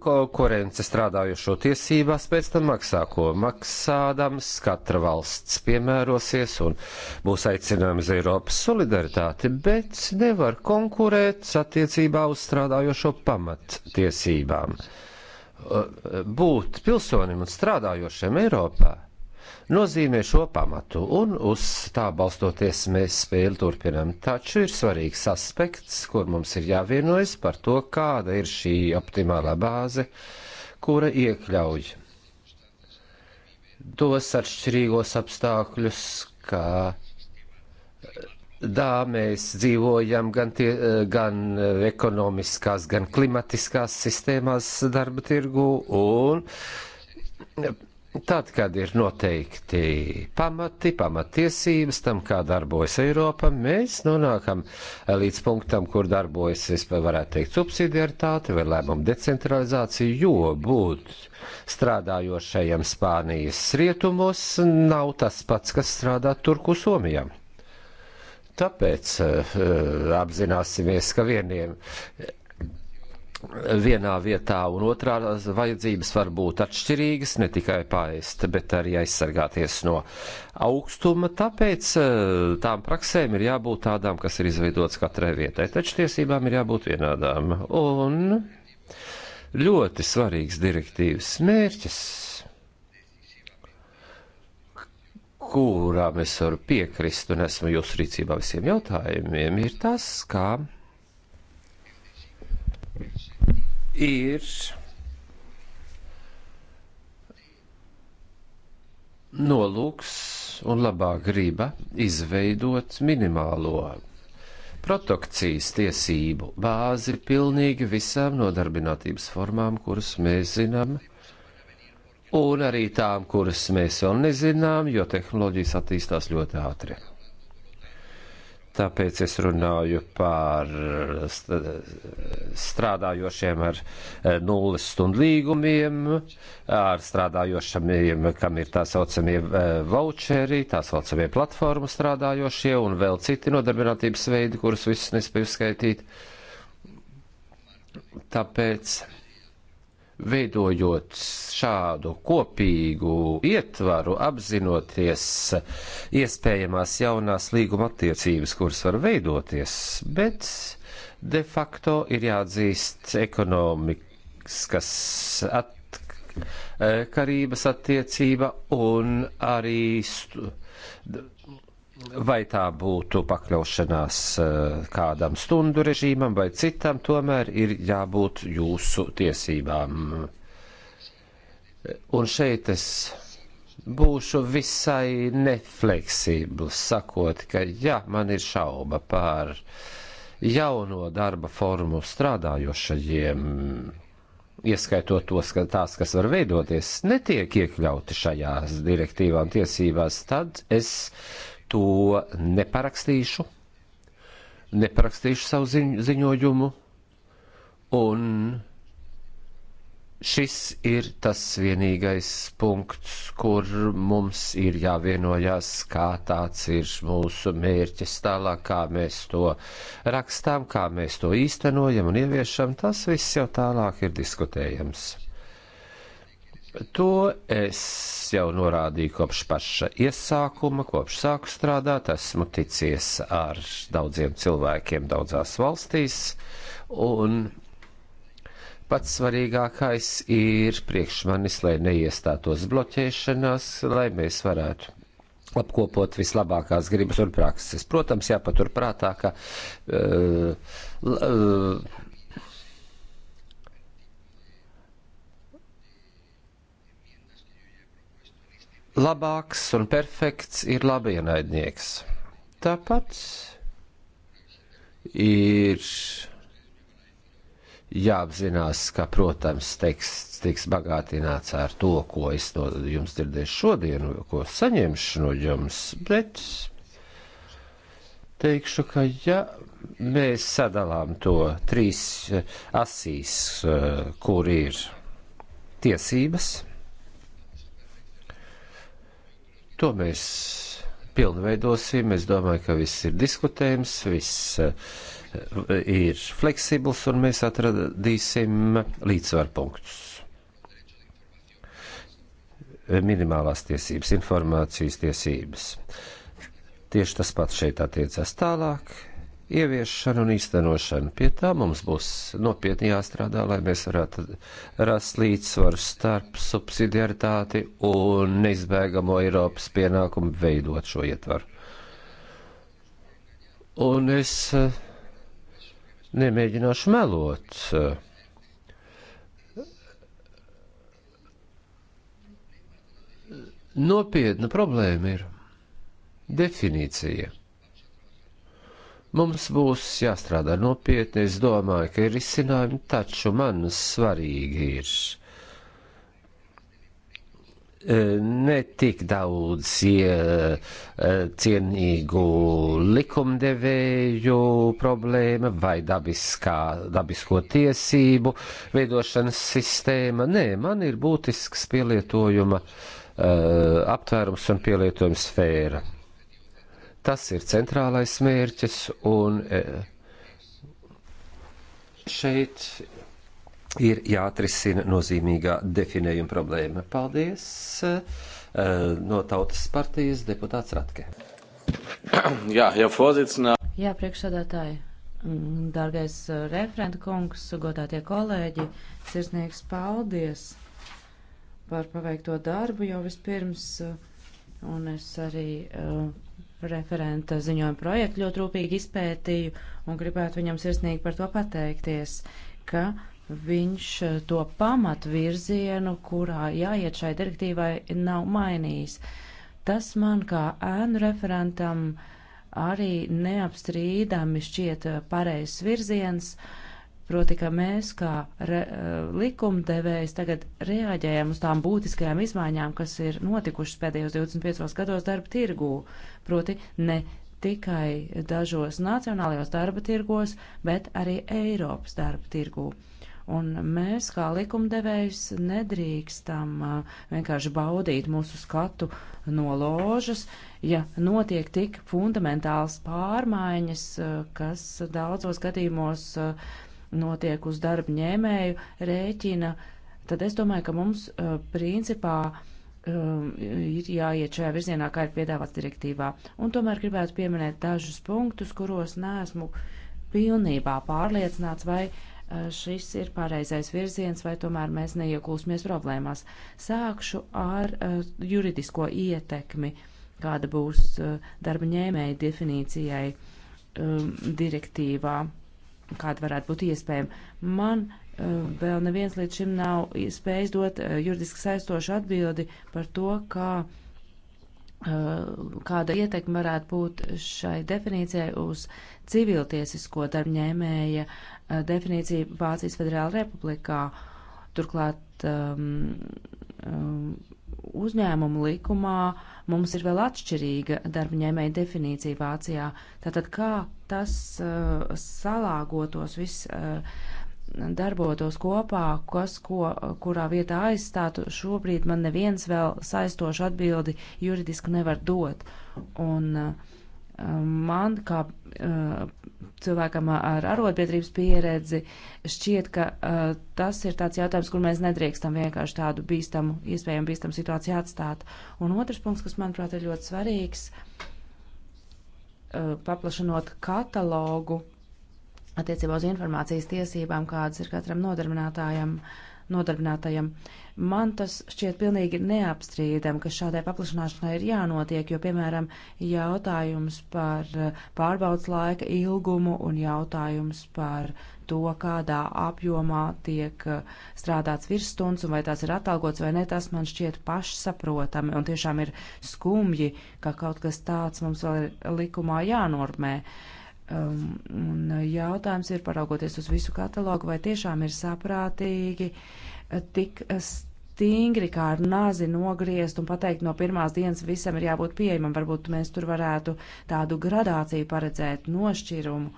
Speaker 2: konkurence strādājošo tiesībās, pēc tam maksā, ko maksādams, katra valsts piemērosies un būs aicinājums Eiropas solidaritāti, bet nevar konkurēt attiecībā uz strādājošo pamattiesībām. E, būt pilsonim un strādājošiem Eiropā nozīmē šo pamatu, un uz tā balstoties mēs spēli turpinam. Taču ir svarīgs aspekts, kur mums ir jāvienojas par to, kāda ir šī optimālā bāze, kura iekļauj tos atšķirīgos apstākļus, kā Tā mēs dzīvojam gan, tie, gan ekonomiskās, gan klimatiskās sistēmās darba tirgu, un Tad, kad ir noteikti pamati, pamatiesības tam, kā darbojas Eiropa, mēs nonākam eh, līdz punktam, kur darbojas, es varētu teikt, subsidiaritāte vai lēmumu decentralizācija, jo būt strādājošajam Spānijas rietumos nav tas pats, kas strādā Turku Somijā. Tāpēc uh, apzināsimies, ka vieniem vienā vietā un otrā vajadzības var būt atšķirīgas, ne tikai paēst, bet arī aizsargāties no augstuma, tāpēc eh, tām praksēm ir jābūt tādām, kas ir izveidotas katrai vietai, taču tiesībām ir jābūt vienādām. Un ļoti svarīgs direktīvas mērķis, kurām es varu piekrist un esmu jūsu rīcībā visiem jautājumiem, ir tas, kā ka ir nolūks un labā griba izveidot minimālo protokcijas tiesību bāzi pilnīgi visām nodarbinātības formām, kuras mēs zinām, un arī tām, kuras mēs vēl nezinām, jo tehnoloģijas attīstās ļoti ātri. Tāpēc es runāju par strādājošiem ar eh, nulles stundu līgumiem, ar strādājošiem, kam ir tā saucamie eh, voucheri, tā saucamie platformu strādājošie un vēl citi nodarbinātības veidi, kurus visus nespēju skaitīt. Tāpēc veidojot šādu kopīgu ietvaru, apzinoties iespējamās jaunās līguma attiecības, kuras var veidoties, bet de facto ir jāatzīst ekonomikas at eh, karības attiecība un arī vai tā būtu pakļaušanās eh, kādam stundu režīmam vai citam, tomēr ir jābūt jūsu tiesībām. Un šeit es būšu visai nefleksibls, sakot, ka ja man ir šauba par jauno darba formu strādājošajiem, ieskaitot tos, ka tās, kas var veidoties, netiek iekļauti šajās direktīvām tiesībās, tad es to neparakstīšu, neparakstīšu savu ziņ, ziņojumu, un šis ir tas vienīgais punkts, kur mums ir jāvienojās, kā tāds ir mūsu mērķis tālāk, kā mēs to rakstām, kā mēs to īstenojam un ieviešam, tas viss jau tālāk ir diskutējams. To es jau norādīju kopš paša iesākuma, kopš sāku strādāt, esmu ticies ar daudziem cilvēkiem daudzās valstīs, un pats svarīgākais ir priekš manis, lai neiestātos bloķēšanās, lai mēs varētu apkopot vislabākās gribas un prakses. Protams, jāpaturprātā, ka. Uh, uh, labāks un perfekts ir labi ienaidnieks. Tāpat ir jāapzinās, ka, protams, teksts tiks bagātināts ar to, ko es no jums dzirdēšu šodien, ko saņemšu no jums, bet teikšu, ka ja mēs sadalām to trīs eh, asīs, eh, kur ir tiesības, To mēs pilnveidosim. Es domāju, ka viss ir diskutējams, viss eh, ir fleksibls un mēs atradīsim līdzsvaru punktus. Minimālās tiesības, informācijas tiesības. Tieši tas pats šeit attiecas tālāk ieviešanu un īstenošanu. Pie tā mums būs nopietni jāstrādā, lai mēs varētu rast līdzsvaru starp subsidiaritāti un neizbēgamo Eiropas pienākumu veidot šo ietvaru. Un es eh, nemēģināšu melot. Nopietna problēma ir definīcija. Mums būs jāstrādā nopietni, es domāju, ka ir izcinājumi, taču man svarīgi ir e, ne tik daudz e, cienīgu likumdevēju problēma vai dabiskā, dabisko tiesību veidošanas sistēma. Nē, man ir būtisks pielietojuma e, aptvērums un pielietojuma sfēra. Tas ir centrālais mērķis, un e, šeit ir jāatrisina nozīmīgā definējuma problēma. Paldies! E, e, no Tautas partijas deputāts Ratke.
Speaker 4: Jā, jau pozicinā. Jā, priekšsādātāji, mm, dārgais referenta kungs, godātie kolēģi, sirsnīgs paldies par paveikto darbu jau vispirms, un es arī uh, referenta ziņojuma projektu ļoti rūpīgi izpētīju un gribētu viņam sirsnīgi par to pateikties, ka viņš eh, to pamatvirzienu, kurā jāiet šai direktīvai, nav mainījis. Tas man kā ēnu referentam arī neapstrīdami šķiet eh, pareizs virziens. Uh, Proti, ka mēs kā re, eh, likumdevējs tagad reaģējam uz tām būtiskajām izmaiņām, kas ir notikušas pēdējos 25 gados darba tirgū. Proti, ne tikai dažos nacionālajos darba tirgos, bet arī Eiropas darba tirgū. Un mēs, kā likumdevējs, nedrīkstam eh, vienkārši baudīt mūsu skatu no ložas, ja notiek tik fundamentāls pārmaiņas, eh, kas daudzos gadījumos uh, notiek uz darba ņēmēju rēķina, tad es domāju, ka mums uh, principā um, ir jāiet šajā virzienā, kā ir piedāvāts direktīvā. Un tomēr gribētu pieminēt dažus punktus, kuros neesmu pilnībā pārliecināts, vai uh, šis ir pareizais virziens, vai tomēr mēs neieklūsimies problēmās. Sākšu ar uh, juridisko ietekmi, kāda būs uh, darba ņēmēja definīcijai um, direktīvā kāda varētu būt iespējama. Man uh, vēl neviens līdz šim nav spējis dot uh, juridiski saistošu atbildi par to, kā, uh, kāda ietekme varētu būt šai definīcijai uz civiltiesisko darbņēmēja uh, definīciju Vācijas Federāla Republikā. Turklāt um, um, uzņēmumu likumā mums ir vēl atšķirīga darba ņēmēja definīcija Vācijā. Tātad kā tas uh, salāgotos, viss uh, darbotos kopā, kas ko, kurā vietā aizstātu, šobrīd man neviens vēl saistošu atbildi juridiski nevar dot. Un, uh, man, kā cilvēkam ar arotbiedrības pieredzi, šķiet, ka tas ir tāds jautājums, kur mēs nedrīkstam vienkārši tādu bīstamu, iespējami bīstamu situāciju atstāt. Un otrs punkts, kas, manuprāt, ir ļoti svarīgs, paplašanot katalogu attiecībā uz informācijas tiesībām, kādas ir katram nodarbinātājam, nodarbinātajam. Uh, Man tas šķiet pilnīgi neapstrīdam, ka šādai paplašanāšanai ir jānotiek, jo, piemēram, jautājums par eh, pārbaudas laika ilgumu un jautājums par to, kādā apjomā tiek eh, strādāts virsstundas un vai tās ir atalgots vai ne, tas man šķiet pašsaprotami un tiešām ir skumji, ka kaut kas tāds mums vēl ir likumā jānormē. Um, un jautājums ir, paraugoties uz visu katalogu, vai tiešām ir saprātīgi tik stingri kā ar nazi nogriezt un pateikt no pirmās dienas visam ir jābūt pieejamam. Varbūt mēs tur varētu tādu gradāciju paredzēt, nošķirumu.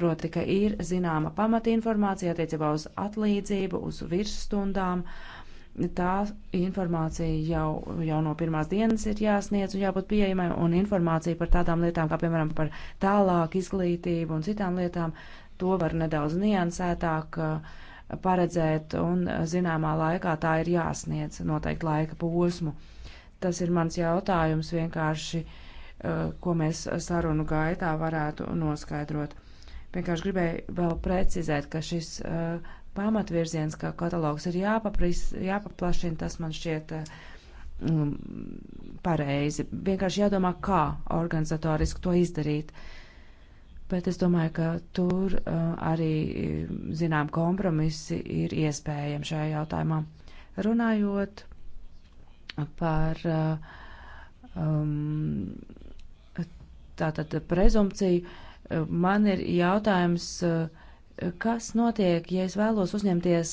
Speaker 4: Proti, ka ir zināma pamatinformācija attiecībā uz atlīdzību, uz virsstundām. Tā informācija jau, jau no pirmās dienas ir jāsniedz un jābūt pieejamai, un informācija par tādām lietām, kā piemēram par tālāku izglītību un citām lietām, to var nedaudz niansētāk uh, paredzēt, un eh, zināmā laikā tā ir jāsniedz noteikti laika posmu. Tas ir mans jautājums vienkārši, eh, ko mēs sarunu gaitā varētu noskaidrot. Vienkārši gribēju vēl precizēt, ka šis eh, pamatvirziens, kā katalogs ir jāpapris, jāpaplašina, tas man šķiet mm, pareizi. Vienkārši jādomā, kā organizatoriski to izdarīt. Uh, bet es domāju, ka tur uh, arī, e, zinām, kompromisi ir iespējami šajā jautājumā. Runājot par uh, um, tātad prezumciju, e, man ir jautājums, e, kas notiek, ja es vēlos uzņemties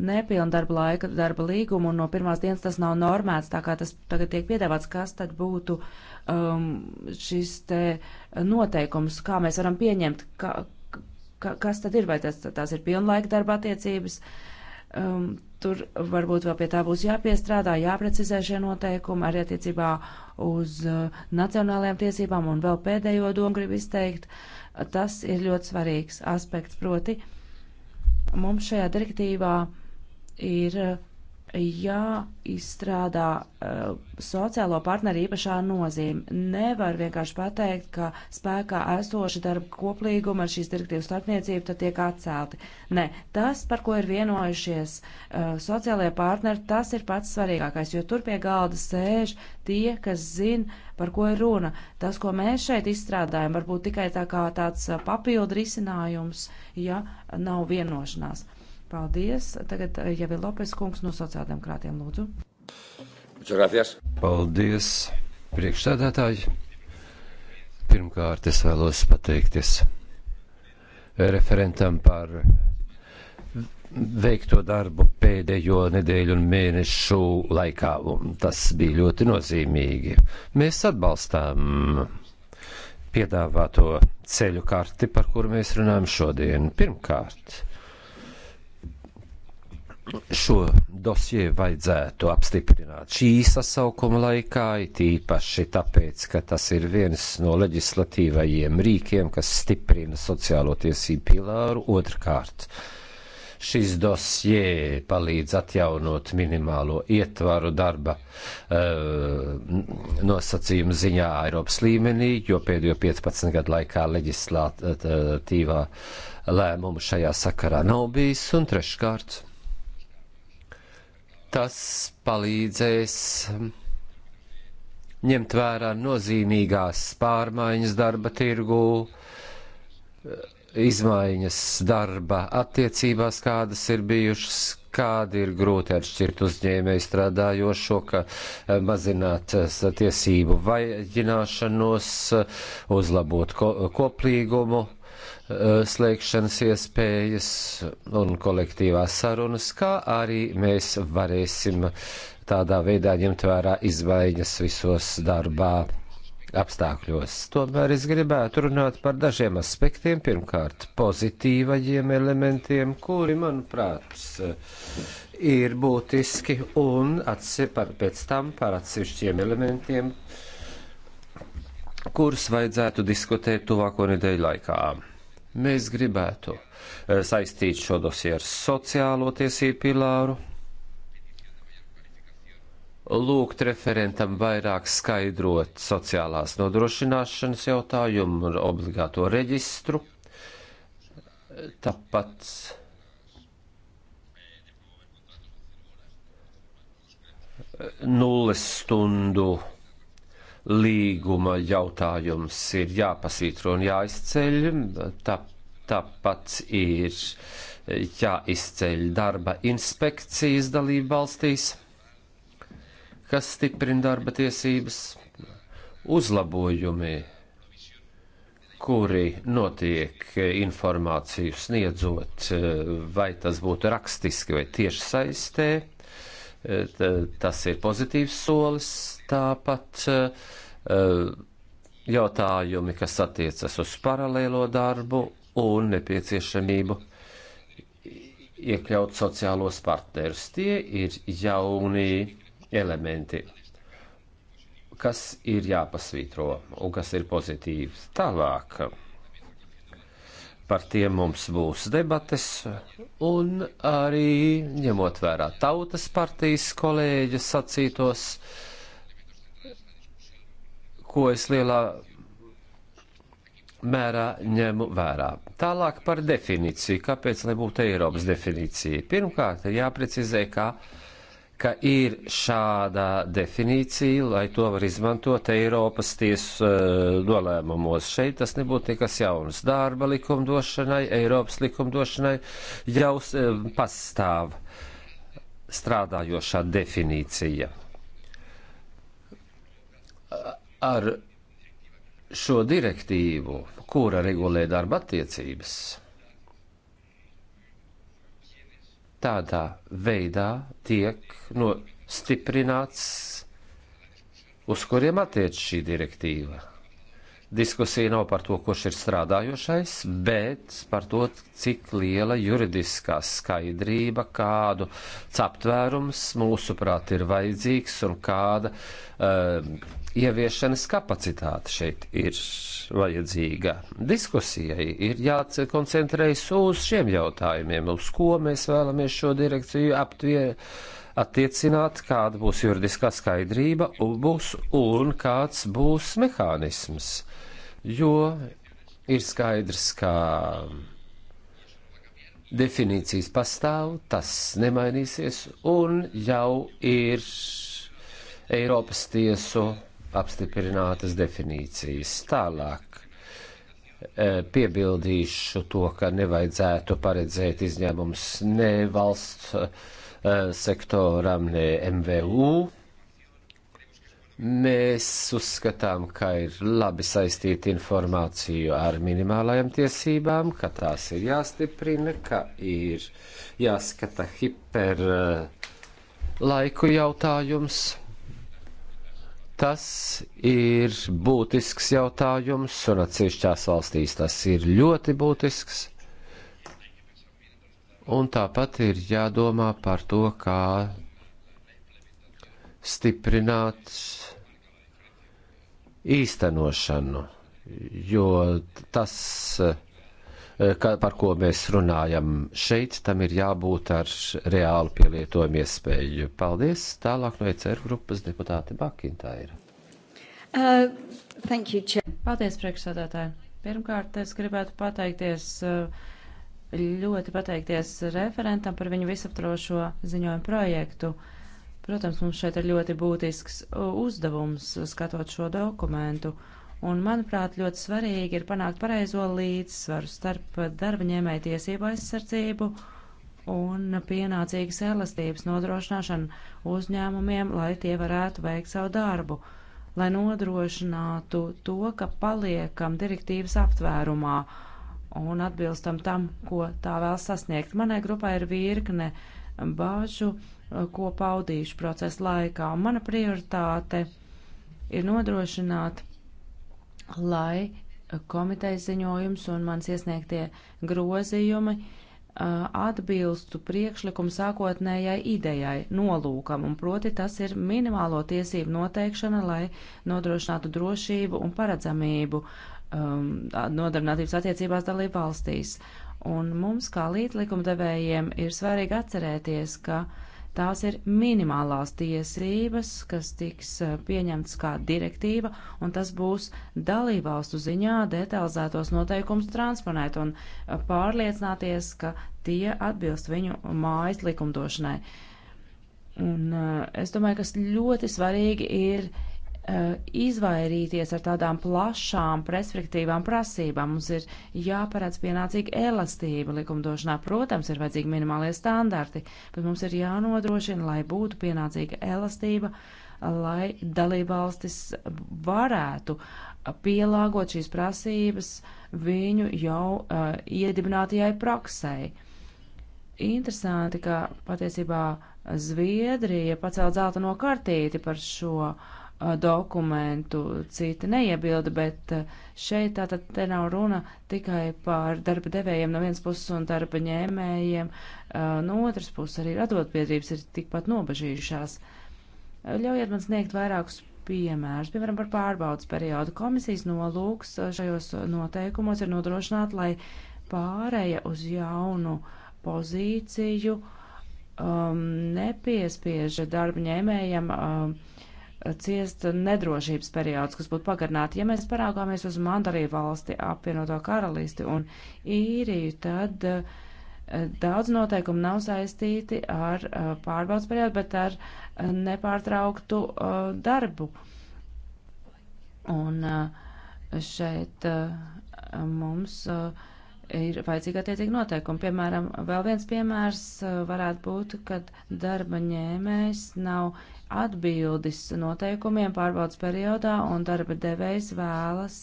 Speaker 4: nepilnu darba laika darba līgumu un no pirmās dienas tas nav normēts, tā kā tas tagad tiek piedāvāts, kas tad būtu uh, um, šis te noteikums, kā mēs varam pieņemt, ka, ka, kas tad ir, vai tas, tās ir pilnlaika darba attiecības. Um, tur varbūt vēl pie tā būs jāpiestrādā, jāprecizē šie noteikumi arī attiecībā uz uh, nacionālajām tiesībām, un vēl pēdējo domu gribu izteikt. Tas ir ļoti svarīgs aspekts, proti mums šajā direktīvā ir uh, jāizstrādā uh, sociālo partneru īpašā nozīme. Nevar vienkārši pateikt, ka spēkā esoša darba koplīguma ar šīs direktīvas starpniecību tad tiek atcelti. Nē, tas, par ko ir vienojušies uh, eh, sociālajie partneri, tas ir pats svarīgākais, jo tur pie galda sēž tie, kas zina, par ko ir runa. Tas, ko mēs šeit izstrādājam, varbūt tikai tā kā tāds eh, papildu risinājums, ja nav vienošanās. Paldies. Tagad eh, Javi Lopes kungs no sociāldemokrātiem lūdzu.
Speaker 2: Paldies, priekšsēdētāji. Pirmkārt, es vēlos pateikties referentam par veikto darbu pēdējo nedēļu un mēnešu laikā, un tas bija ļoti nozīmīgi. Mēs atbalstām piedāvāto ceļu karti, par kuru mēs runājam šodien. Pirmkārt, šo dosie vajadzētu apstiprināt šī sasaukuma laikā, it īpaši tāpēc, ka tas ir viens no leģislatīvajiem rīkiem, kas stiprina sociālo tiesību pilāru. Otrkārt, šis dosie palīdz atjaunot minimālo ietvaru darba uh, nosacījumu ziņā Eiropas līmenī, jo pēdējo 15 gadu laikā leģislatīvā eh, lēmumu šajā sakarā nav bijis, un treškārt Tas palīdzēs ņemt vērā nozīmīgās pārmaiņas darba tirgū, izmaiņas darba attiecībās, kādas ir bijušas, kādi ir grūti atšķirt uzņēmēju strādājošo, ka eh, mazināt eh, tiesību vajagināšanos, eh, uzlabot ko, koplīgumu Eh, slēgšanas iespējas un kolektīvās sarunas, kā arī mēs varēsim tādā veidā ņemt vērā izmaiņas visos darbā apstākļos. Tomēr es gribētu runāt par dažiem aspektiem. Pirmkārt, pozitīvajiem elementiem, kuri, manuprāt, ir būtiski, un par, pēc tam par atsevišķiem elementiem, kurus vajadzētu diskutēt tuvāko nedēļu laikā. Mēs gribētu eh, saistīt šo dosieru ar sociālo tiesību pilāru, lūgt referentam vairāk skaidrot sociālās nodrošināšanas jautājumu un obligāto reģistru. Tāpat nulles stundu līguma jautājums ir jāpasītro un jāizceļ. Tā, tāpat ir jāizceļ darba inspekcijas dalība valstīs, kas stiprina darba tiesības uzlabojumi, kuri notiek informāciju sniedzot, vai tas būtu rakstiski vai tieši saistē Tas ir pozitīvs solis. Tāpat e, e, jautājumi, kas attiecas uz paralēlo darbu un nepieciešamību iekļaut sociālos partnerus. Tie ir jauni elementi, kas ir jāpasvītro un kas ir pozitīvs. Tālāk par tiem mums būs debates, un arī ņemot vērā tautas partijas kolēģi sacītos, ko es lielā mērā ņemu vērā. Tālāk par definīciju. Kāpēc, lai būtu Eiropas definīcija? Pirmkārt, ir jāprecizē, ka ka ir šāda definīcija, lai to var izmantot Eiropas tiesu eh, nolēmumos. Šeit tas nebūtu nekas jauns. Darba likumdošanai, Eiropas likumdošanai jau eh, pastāv strādājošā definīcija. Ar šo direktīvu, kura regulē darba attiecības, Tādā veidā tiek nostiprināts, uz kuriem attiec šī direktīva. Diskusija nav par to, kurš ir strādājošais, bet par to, cik liela juridiskā skaidrība, kādu aptvērums mūsuprāt ir vajadzīgs un kāda uh, ieviešanas kapacitāte šeit ir vajadzīga. Diskusijai ir jākoncentrējas uz šiem jautājumiem, uz ko mēs vēlamies šo direkciju aptvie, attiecināt, kāda būs juridiskā skaidrība būs un kāds būs mehānisms. Jo ir skaidrs, ka definīcijas pastāv, tas nemainīsies un jau ir Eiropas tiesu apstiprinātas definīcijas. Tālāk e, piebildīšu to, ka nevajadzētu paredzēt izņēmums ne valsts e, sektoram, ne MVU. Mēs uzskatām, ka ir labi saistīta informācija ar minimālajām tiesībām, ka tās ir jāstiprina, ka ir jāskata hiper e, laiku jautājums Tas ir būtisks jautājums, un atsevišķās valstīs tas ir ļoti būtisks. Un tāpat ir jādomā par to, kā stiprināt īstenošanu, jo tas uh, Eh, ka, par ko mēs runājam. Šeit tam ir jābūt ar reālu pielietojumu iespēju. Paldies! Tālāk no ECR grupas deputāte Bakintaira.
Speaker 4: Uh, thank you, Chair. Paldies, priekšsādātāji. Pirmkārt, es gribētu pateikties. Uh, ļoti pateikties referentam par viņu visaptrošo ziņojumu projektu. Protams, mums šeit ir ļoti būtisks uh, uzdevums skatot šo dokumentu. Uh, Un, manuprāt, ļoti svarīgi ir panākt pareizo līdzsvaru starp darba ņēmēja tiesību aizsardzību un pienācīgas elastības nodrošināšanu uzņēmumiem, lai tie varētu veikt savu darbu, lai nodrošinātu to, ka paliekam direktīvas aptvērumā un atbilstam tam, ko tā vēl sasniegt. Manai grupai ir virkne bāžu, ko paudīšu procesa laikā, un mana prioritāte ir nodrošināt lai eh, komitejas ziņojums un mans iesniegtie grozījumi eh, atbilstu priekšlikumu sākotnējai idejai, nolūkam, un proti tas ir minimālo tiesību noteikšana, lai nodrošinātu drošību un paredzamību um, nodarbinātības attiecībās dalību valstīs. Un mums, kā līdz likumdevējiem, ir svarīgi atcerēties, ka uh, Tās ir minimālās tiesības, kas tiks eh, pieņemts kā direktīva, un tas būs dalībvalstu ziņā detalizētos noteikums transponēt un eh, pārliecināties, ka tie atbilst viņu mājas likumdošanai. Un eh, es domāju, kas ļoti svarīgi ir uh, Eh, izvairīties ar tādām plašām preskriptīvām prasībām. Mums ir jāparāds pienācīga elastība likumdošanā. Protams, ir vajadzīgi minimālie standarti, bet mums ir jānodrošina, lai būtu pienācīga elastība, lai dalībvalstis varētu pielāgot šīs prasības viņu jau uh, iedibinātajai praksei. Interesanti, ka patiesībā Zviedrija pacēla zelta no kartīti par šo uh, dokumentu, citi neiebilda, bet šeit tātad te nav runa tikai par darba devējiem no vienas puses un darba ņēmējiem, no otras puses arī radotbiedrības ir tikpat nobežījušās. Ļaujiet man sniegt vairākus piemērus, piemēram, par pārbaudas periodu. Komisijas nolūks šajos noteikumos ir nodrošināt, lai pārēja uz jaunu pozīciju um, nepiespiež darba ņēmējiem um, ciest nedrošības periods, kas būtu pagarināti. Ja mēs parāgāmies uz Mandarīju valsti, apvienoto karalisti un īriju, tad uh, daudz noteikumu nav saistīti ar uh, pārbaudas periodu, bet ar uh, nepārtrauktu darbu. Un šeit mums. Uh, ir vajadzīga attiecīga noteikuma. Piemēram, vēl viens piemērs uh, varētu būt, kad darba ņēmējs nav atbildis noteikumiem pārbaudas periodā un darba devējs vēlas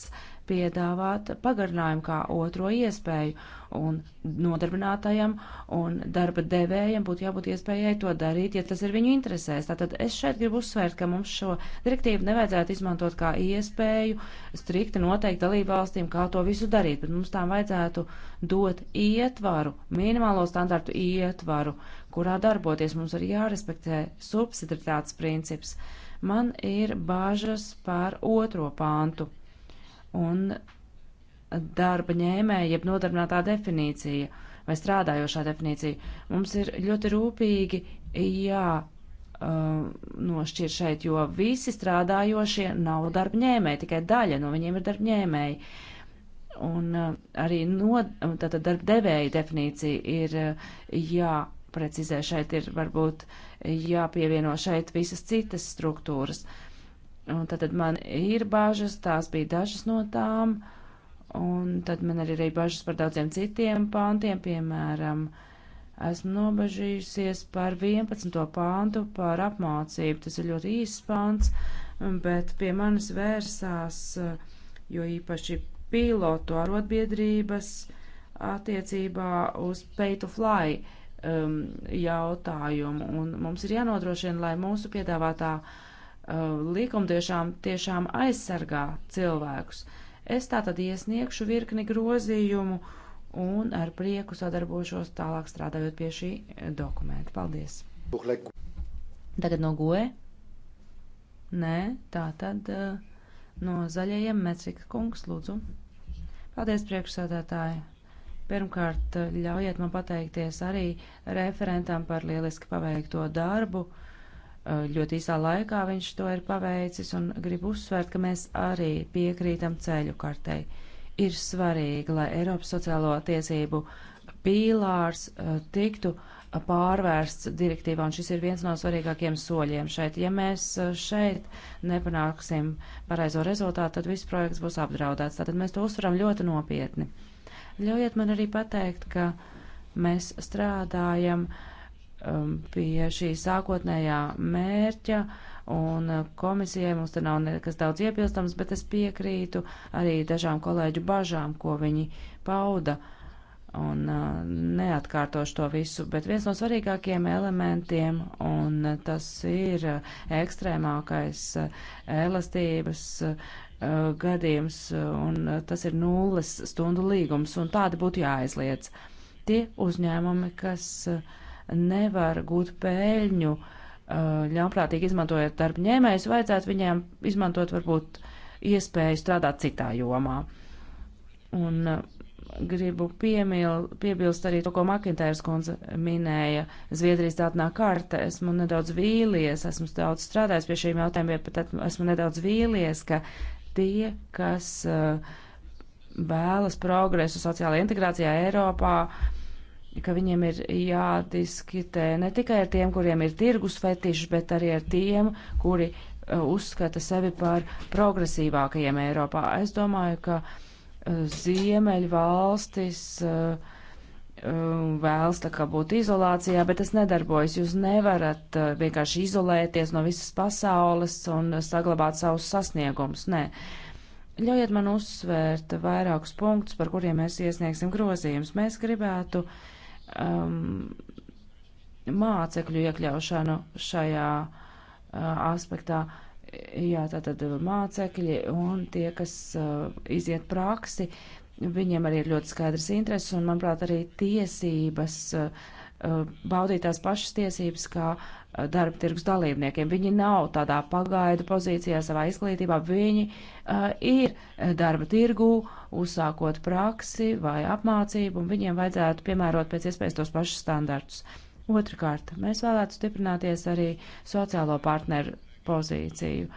Speaker 4: piedāvāt pagarinājumu kā otro iespēju, un nodarbinātajam un darba devējam būtu jābūt iespējai to darīt, ja tas ir viņu interesēs. Tātad es šeit gribu uzsvērt, ka mums šo direktīvu nevajadzētu izmantot kā iespēju strikti noteikt dalību valstīm, kā to visu darīt, bet mums tām vajadzētu dot ietvaru, minimālo standartu ietvaru, kurā darboties mums arī jārespektē subsidaritātes princips. Man ir bāžas par otro pāntu un darba ņēmēja, jeb nodarbinātā definīcija vai strādājošā definīcija. Mums ir ļoti rūpīgi jā uh, nošķir šeit, jo visi strādājošie nav darbņēmēji, tikai daļa no viņiem ir darbņēmēji. Un uh, arī no, tātad darbdevēja definīcija ir uh, jāprecizē šeit, ir varbūt jāpievieno šeit visas citas struktūras. Uh, Un tad man ir bažas, tās bija dažas no tām, un tad man arī ir bažas par daudziem citiem pāntiem, piemēram, esmu nobežījusies par 11. pāntu par apmācību. Tas ir ļoti īsts pāns, bet pie manis vērsās, jo īpaši pilotu arotbiedrības attiecībā uz pay to fly um, jautājumu, un mums ir jānodrošina, lai mūsu piedāvātā uh, Uh, likumdiešām tiešām aizsargā cilvēkus. Es tātad iesniegšu virkni grozījumu un ar prieku sadarbošos tālāk strādājot pie šī dokumenta. Paldies!
Speaker 1: Tagad
Speaker 4: no goe? Nē, tātad uh, no zaļajiem Mecika kungs, lūdzu. Paldies, priekšsādātāji! Pirmkārt, ļaujiet man pateikties arī referentam par lieliski paveikto darbu. Uh, Eh, ļoti īsā laikā viņš to ir paveicis un gribu uzsvērt, ka mēs arī piekrītam ceļu kartei. Ir svarīgi, lai Eiropas sociālo tiesību pīlārs eh, tiktu pārvērsts direktīvā, un šis ir viens no svarīgākiem soļiem šeit. Ja mēs eh, šeit nepanāksim pareizo rezultātu, tad viss projekts būs apdraudēts. Tātad mēs to uztveram ļoti nopietni. Ļaujiet man arī pateikt, ka mēs strādājam uh, Um, pie šī sākotnējā mērķa, un uh, komisijai mums te nav nekas daudz iebilstams, bet es piekrītu arī dažām kolēģu bažām, ko viņi pauda, un uh, neatkārtošu to visu, bet viens no svarīgākiem elementiem, un uh, tas ir ekstrēmākais elastības gadījums, un tas ir nulles stundu līgums, un tādi būtu jāaizliedz. Tie uzņēmumi, kas uh, nevar gūt pēļņu, uh, ļaunprātīgi izmantojot darba ņēmējus, vajadzētu viņiem izmantot varbūt iespēju strādāt citā jomā. Un uh, gribu piemil, piebilst arī to, ko Makintērs kundze minēja, Zviedrijas dātnā karta. Esmu nedaudz vīlies, esmu daudz strādājis pie šīm jautājumiem, bet esmu nedaudz vīlies, ka tie, kas uh, vēlas progresu sociālajā integrācijā Eiropā, ka viņiem ir jādiskutē ne tikai ar tiem, kuriem ir tirgus fetišs, bet arī ar tiem, kuri uh, uzskata sevi par progresīvākajiem Eiropā. Es domāju, ka uh, ziemeļu valstis uh, vēlas tā kā būt izolācijā, bet tas nedarbojas. Jūs nevarat vienkārši izolēties no visas pasaules un saglabāt savus sasniegumus. Nē. Ļaujiet man uzsvērt vairākus punktus, par kuriem mēs iesniegsim grozījumus. Mēs gribētu uh, um, mācekļu iekļaušanu šajā uh, aspektā. Jā, tātad mācekļi un tie, kas uh, iziet praksi, viņiem arī ir ļoti skaidrs intereses un, manuprāt, arī tiesības, uh, uh, baudīt tās pašas tiesības, kā uh, darba tirgus dalībniekiem. Viņi nav tādā pagaidu pozīcijā savā izglītībā, viņi uh, ir darba tirgū, uzsākot praksi vai apmācību, un viņiem vajadzētu piemērot pēc iespējas tos pašus standartus. Otrakārt, mēs vēlētu stiprināties arī sociālo partneru pozīciju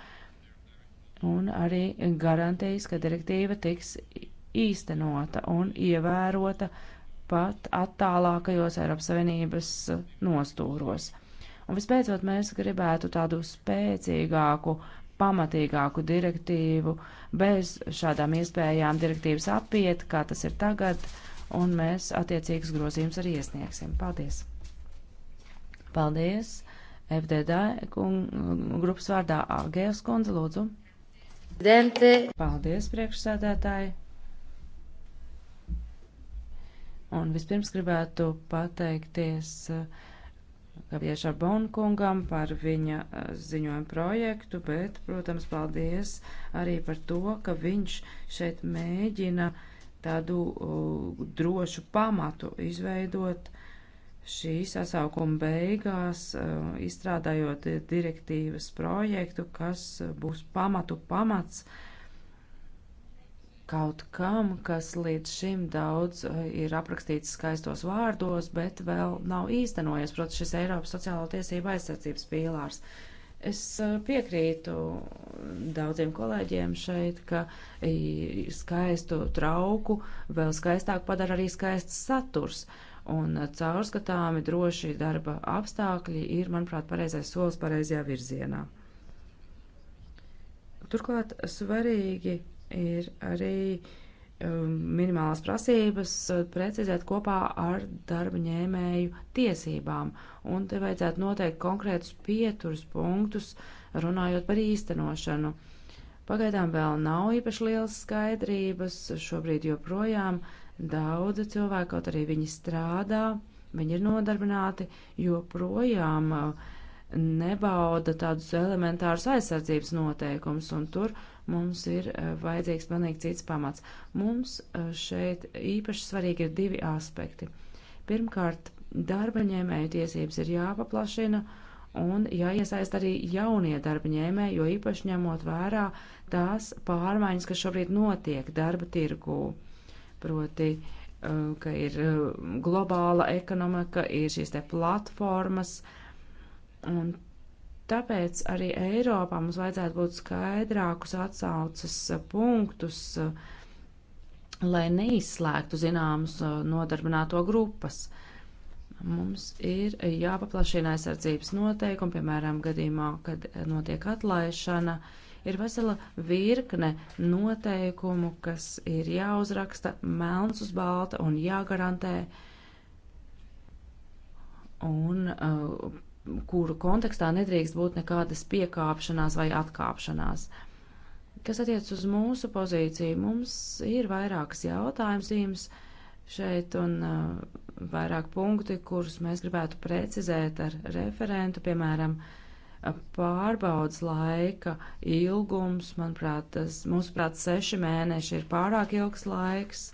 Speaker 4: un arī garantijas, ka direktīva tiks īstenota un ievērota pat attālākajos Eiropas Savienības nostūros. Un visbeidzot, mēs gribētu tādu spēcīgāku, pamatīgāku direktīvu, bez šādām iespējām direktīvas apiet, kā tas ir tagad, un mēs attiecīgas grozījums arī iesniegsim. Paldies! Paldies! FDD grupas vārdā Gēls kundze, lūdzu. Dente. Paldies, priekšsēdētāji. Un vispirms gribētu pateikties uh, Gabriela Šabona kungam par viņa eh, ziņojumu projektu, bet, protams, paldies arī par to, ka viņš šeit mēģina tādu uh, drošu pamatu izveidot šī sasaukuma beigās, uh, izstrādājot direktīvas projektu, kas būs pamatu pamats uh, kaut kam, kas līdz šim daudz eh, ir aprakstīts skaistos vārdos, bet vēl nav īstenojies, protams, šis Eiropas sociālo tiesību aizsardzības pīlārs. Es eh, piekrītu daudziem kolēģiem šeit, ka eh, skaistu trauku vēl skaistāk padara arī skaists saturs. Un caurskatāmi droši darba apstākļi ir, manuprāt, pareizais solis pareizajā virzienā. Turklāt svarīgi ir arī um, minimālās prasības uh, precizēt kopā ar darba ņēmēju tiesībām, un te vajadzētu noteikt konkrētus pieturus punktus, runājot par īstenošanu. Pagaidām vēl nav īpaši liels skaidrības, šobrīd joprojām daudzi cilvēki, kaut arī viņi strādā, viņi ir nodarbināti, joprojām uh, nebauda tādus elementārus aizsardzības noteikumus, un tur mums ir eh, vajadzīgs pilnīgi cits pamats. Mums eh, šeit īpaši svarīgi ir divi aspekti. Pirmkārt, darba ņēmēju tiesības ir jāpaplašina un jāiesaist arī jaunie darba ņēmēji, jo īpaši ņemot vērā tās pārmaiņas, kas šobrīd notiek darba tirgū. Proti, eh, ka ir globāla ekonomika, ir šīs te platformas, un Tāpēc arī Eiropā mums vajadzētu būt skaidrākus atsaucas punktus, lai neizslēgtu zināmas uh, nodarbināto grupas. Mums ir jāpaplašina aizsardzības noteikumi, piemēram, gadījumā, kad notiek atlaišana, ir vesela virkne noteikumu, kas ir jāuzraksta melns uz balta un jāgarantē. Un uh, kuru kontekstā nedrīkst būt nekādas piekāpšanās vai atkāpšanās. Kas attiec uz mūsu pozīciju, mums ir vairākas jautājums jums šeit un uh, vairāk punkti, kurus mēs gribētu precizēt ar referentu, piemēram, uh, pārbaudas laika ilgums, manuprāt, tas, mūsuprāt, seši mēneši ir pārāk ilgs laiks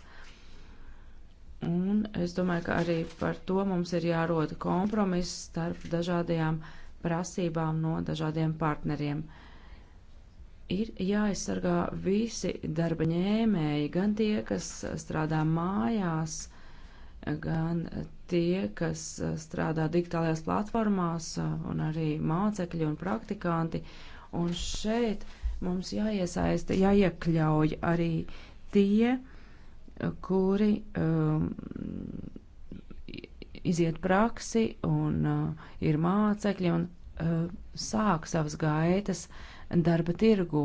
Speaker 4: Un es domāju, ka arī par to mums ir jāroda kompromiss starp dažādajām prasībām no dažādiem partneriem. Ir jāaizsargā visi darba ņēmēji, gan tie, kas strādā mājās, gan tie, kas strādā digitālajās platformās, un arī mācekļi un praktikanti. Un šeit mums jāiesaista, jāiekļauj arī tie, kuri um, iziet praksi un uh, ir mācekļi un uh, sāk savas gaitas darba tirgū.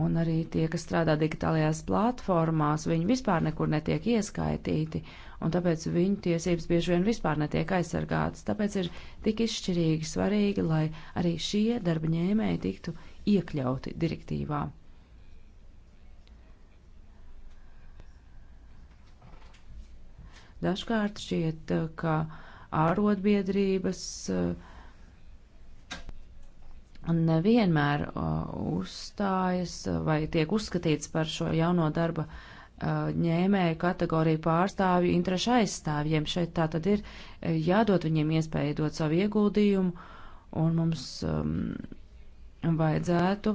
Speaker 4: Un arī tie, kas strādā digitālajās platformās, viņi vispār nekur netiek ieskaitīti, un tāpēc viņu tiesības bieži vien vispār netiek aizsargātas. Tāpēc ir tik izšķirīgi svarīgi, lai arī šie darba ņēmēji tiktu iekļauti direktīvā. Dažkārt šķiet, eh, ka ārotbiedrības eh, nevienmēr eh, uzstājas vai tiek uzskatīts par šo jauno darba ņēmēju kategoriju pārstāvju interešu aizstāvjiem. Šeit tā tad ir jādod viņiem iespēju dot savu ieguldījumu, un mums um, vajadzētu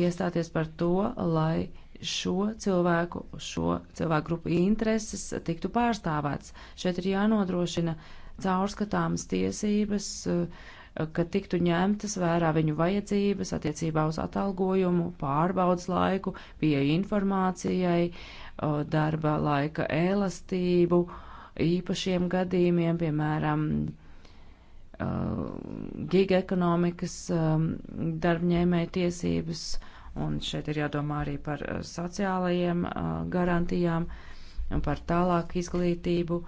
Speaker 4: iestāties par to, lai uh, šo cilvēku, šo cilvēku grupu intereses tiktu pārstāvēts. Šeit ir jānodrošina caurskatāmas tiesības, eh, ka tiktu ņemtas vērā viņu vajadzības attiecībā uz atalgojumu, pārbaudas laiku, pieeja informācijai, eh, darba laika elastību, īpašiem gadījumiem, piemēram, eh, giga ekonomikas darbņēmēja tiesības. Uh, Un šeit ir jādomā arī par eh, sociālajiem eh, garantijām un par tālāku izglītību.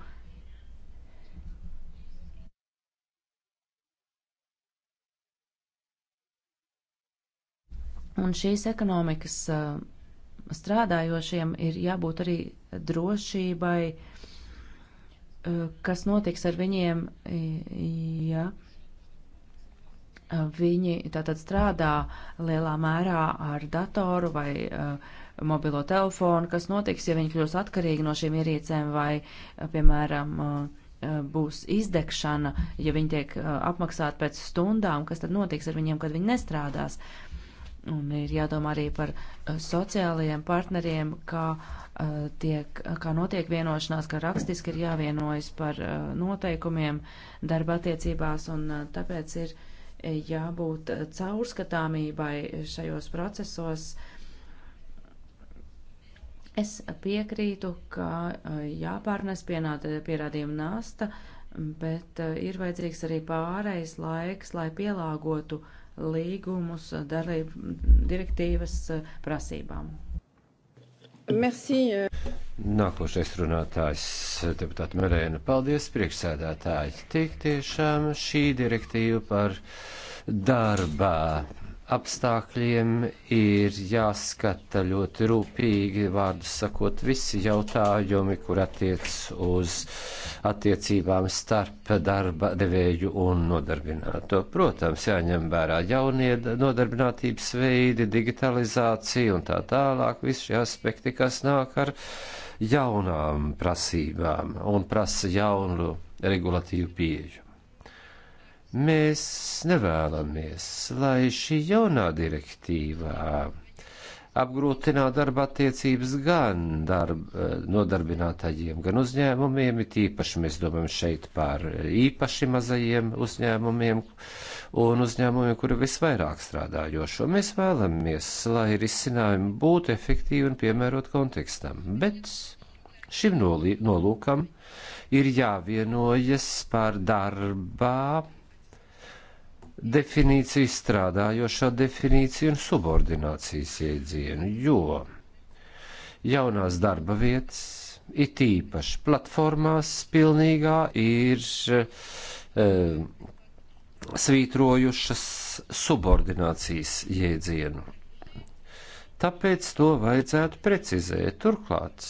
Speaker 4: Un šīs ekonomikas eh, strādājošiem ir jābūt arī drošībai, kas notiks ar viņiem, ja Viņi tātad strādā lielā mērā ar datoru vai uh, mobilo telefonu, kas notiks, ja viņi kļūs atkarīgi no šīm ierīcēm vai, uh, piemēram, uh, būs izdegšana, ja viņi tiek apmaksāti pēc stundām, kas tad notiks ar viņiem, kad viņi nestrādās. Un ir jādomā arī par sociālajiem partneriem, kā, tiek, kā notiek vienošanās, ka rakstiski ir jāvienojas par noteikumiem darba attiecībās, un tāpēc ir jābūt eh, caurskatāmībai šajos procesos. Es piekrītu, ka eh, jāpārnes pierādījuma nasta, bet eh, ir vajadzīgs arī pārejas laiks, lai pielāgotu līgumus dalību direktīvas prasībām. Merci. Euh.
Speaker 2: Nākošais runātājs deputāta Merēna. Paldies, priekšsēdētāji. Tik tiešām šī direktīva par darbā apstākļiem ir jāskata ļoti rūpīgi, vārdu sakot, visi jautājumi, kur attiec uz attiecībām starp darba devēju un nodarbināto. Protams, jāņem vērā jaunie nodarbinātības veidi, digitalizācija un tā tālāk, visi šie aspekti, kas nāk ar jaunām prasībām un prasa jaunu regulatīvu pieeju. Mēs nevēlamies, lai šī jaunā direktīva apgrūtināt darba attiecības gan darba, eh, nodarbinātājiem, gan uzņēmumiem, it īpaši mēs domājam šeit par īpaši mazajiem uzņēmumiem un uzņēmumiem, kuri visvairāk strādājošo. Mēs vēlamies, lai risinājumi būtu efektīvi un piemērot kontekstam, bet šim nolūkam ir jāvienojas par darbā definīciju, strādājošā definīciju un subordinācijas iedzienu, jo jaunās darba vietas, it īpaši platformās, pilnīgā ir e, svītrojušas subordinācijas jēdzienu. Tāpēc to vajadzētu precizēt. Turklāt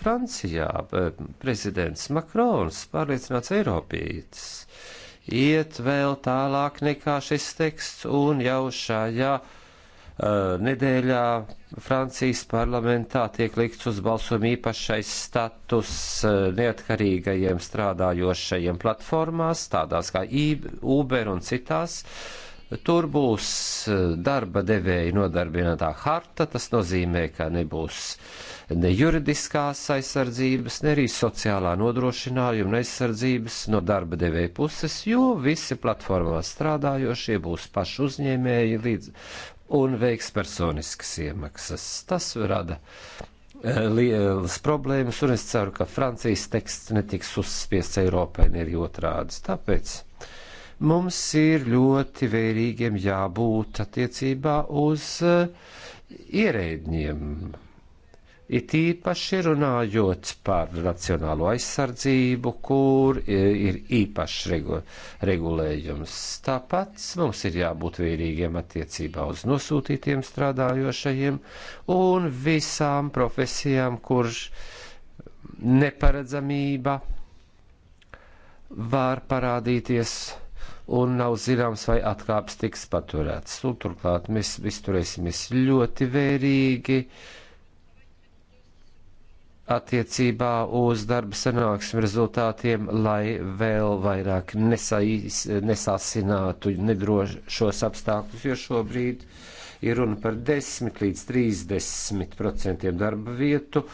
Speaker 2: Francijā eh, prezidents Makrons, pārliecināts Eiropietis, iet vēl tālāk nekā šis teksts, un jau šajā uh, nedēļā Francijas parlamentā tiek likts uz balsumu īpašais status uh, neatkarīgajiem strādājošajiem platformās, tādās kā Uber un citās. Uh, Tur būs e, darba devēja nodarbinātā harta, tas nozīmē, ka nebūs ne juridiskās aizsardzības, ne arī sociālā nodrošinājuma aizsardzības no darba devēja puses, jo visi platformā strādājošie būs paši uzņēmēji līdz un veiks personiskas iemaksas. Tas rada e, lielas problēmas, un es ceru, ka Francijas teksts netiks uzspiests Eiropai, ne arī otrādi. Tāpēc Mums ir ļoti vērīgiem jābūt attiecībā uz eh, ierēdņiem. It īpaši runājot par nacionālo aizsardzību, kur eh, ir īpašs regu, regulējums. Tāpat mums ir jābūt vērīgiem attiecībā uz nosūtītiem strādājošajiem un visām profesijām, kurš neparedzamība var parādīties un nav zināms, vai atkāps tiks paturēts. Un, nu, turklāt mēs izturēsimies ļoti vērīgi attiecībā uz darba sanāksmu rezultātiem, lai vēl vairāk nesais, nesasinātu nedrošos apstākļus, jo šobrīd ir runa par 10 līdz 30 procentiem darba vietu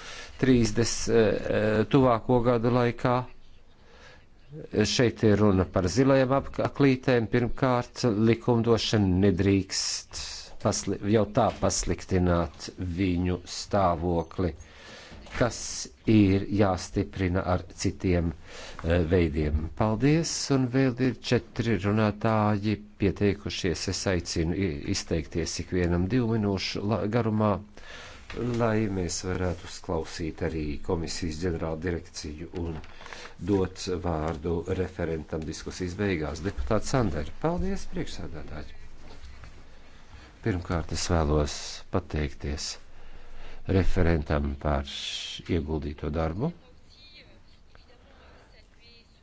Speaker 2: 30 eh, eh, tuvāko gadu laikā Šeit ir runa par zilajām aklītēm. Pirmkārt, likumdošana nedrīkst pasli, jau tā pasliktināt viņu stāvokli, kas ir jāstiprina ar citiem uh, veidiem. Paldies, un vēl ir četri runātāji pieteikušies. Es aicinu izteikties ikvienam divu minūšu garumā, lai mēs varētu uzklausīt arī komisijas ģenerāldirekciju un. Uh, dot vārdu referentam diskusijas beigās. Deputāts Sandēļ, paldies priekšsēdētāji! Pirmkārt, es vēlos pateikties referentam par ieguldīto darbu.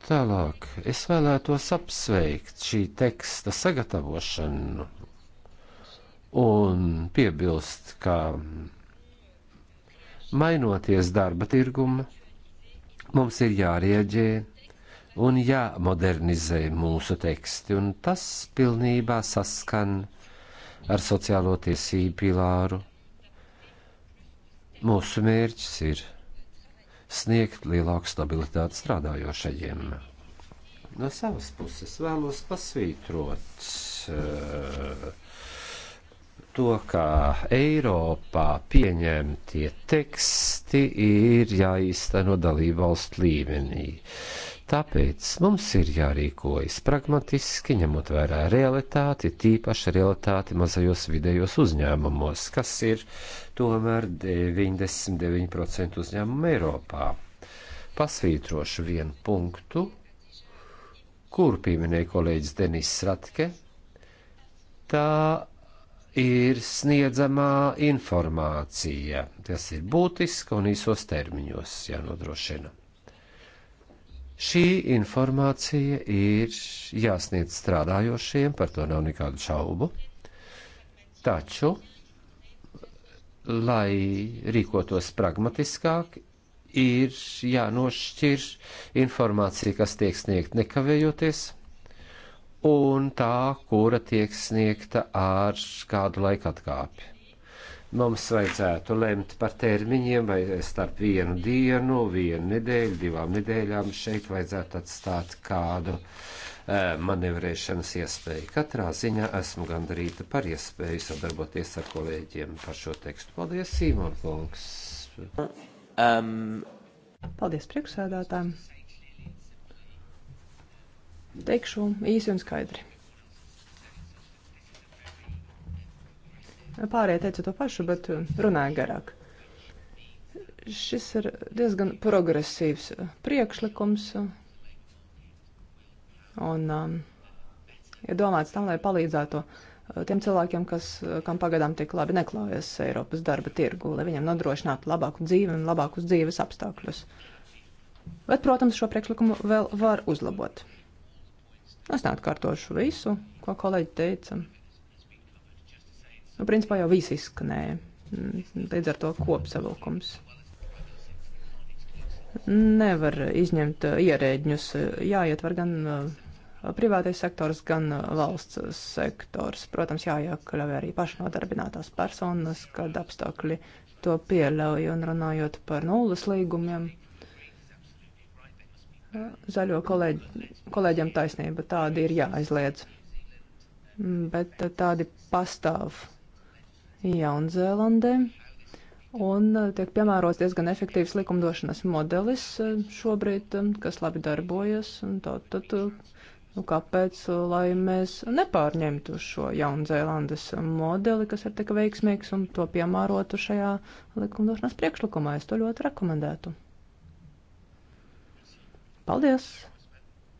Speaker 2: Tālāk es vēlētos apsveikt šī teksta sagatavošanu un piebilst, ka mainoties darba tirguma Mums ir jārieģē un jāmodernizē mūsu teksti, un tas pilnībā saskan ar sociālo tiesību pilāru. Mūsu mērķis ir sniegt lielāku stabilitāti strādājošajiem. No savas puses vēlos pasvītrot uh, to, ka Eiropā pieņemtie teksti ir jāīsteno dalību valstu līmenī. Tāpēc mums ir jārīkojas pragmatiski, ņemot vērā realitāti, tīpaši realitāti mazajos vidējos uzņēmumos, kas ir tomēr 99% uzņēmumu Eiropā. Pasvītrošu vienu punktu, kuru pieminēja kolēģis Denis Ratke. Tā ir sniedzamā informācija, kas ir būtiska un īsos termiņos jānodrošina. Šī informācija ir jāsniedz strādājošiem, par to nav nekādu šaubu. Taču, lai rīkotos pragmatiskāk, ir jānošķir informācija, kas tiek sniegt nekavējoties un tā, kura tiek sniegta ar kādu laiku atkāpi. Mums vajadzētu lemt par termiņiem, vai starp vienu dienu, vienu nedēļu, divām nedēļām šeit vajadzētu atstāt kādu e, manevrēšanas iespēju. Katrā ziņā esmu gandrīta par iespēju sadarboties ar kolēģiem par šo tekstu. Paldies, Simon Kungs!
Speaker 1: Um.
Speaker 3: Paldies priekšsēdētājiem! Teikšu īsi un skaidri. Pārējie teica to pašu, bet uh, runāja garāk. Šis ir diezgan progresīvs uh, priekšlikums uh, un um, ir ja domāts tam, lai palīdzētu tiem cilvēkiem, kas, kam pagaidām tik labi neklājas Eiropas darba tirgu, lai viņiem nodrošinātu labāku dzīvi un labākus dzīves apstākļus. Bet, protams, šo priekšlikumu vēl var uzlabot. Es neatkārtošu visu, ko kolēģi teica. Nu, principā jau viss izskanēja. Mm, līdz ar to kopsavilkums. Nevar izņemt uh, ierēģņus. Jāietver gan uh, privātais sektors, gan uh, valsts sektors. Protams, jāiekļauj arī pašnodarbinātās personas, kad apstākļi to pieļauj. Un runājot par nulles līgumiem, Zaļo kolēģi, kolēģiem taisnība, tādi ir jāaizliedz. Bet tādi pastāv Jaunzēlandē un tiek piemērots diezgan efektīvs likumdošanas modelis e, šobrīd, e, kas labi darbojas. Tad, tad, e, nu, kāpēc lai mēs nepārņemtu šo Jaunzēlandes modeli, kas ir tik veiksmīgs un to piemērotu šajā likumdošanas priekšlikumā? Es to ļoti rekomendētu. Paldies!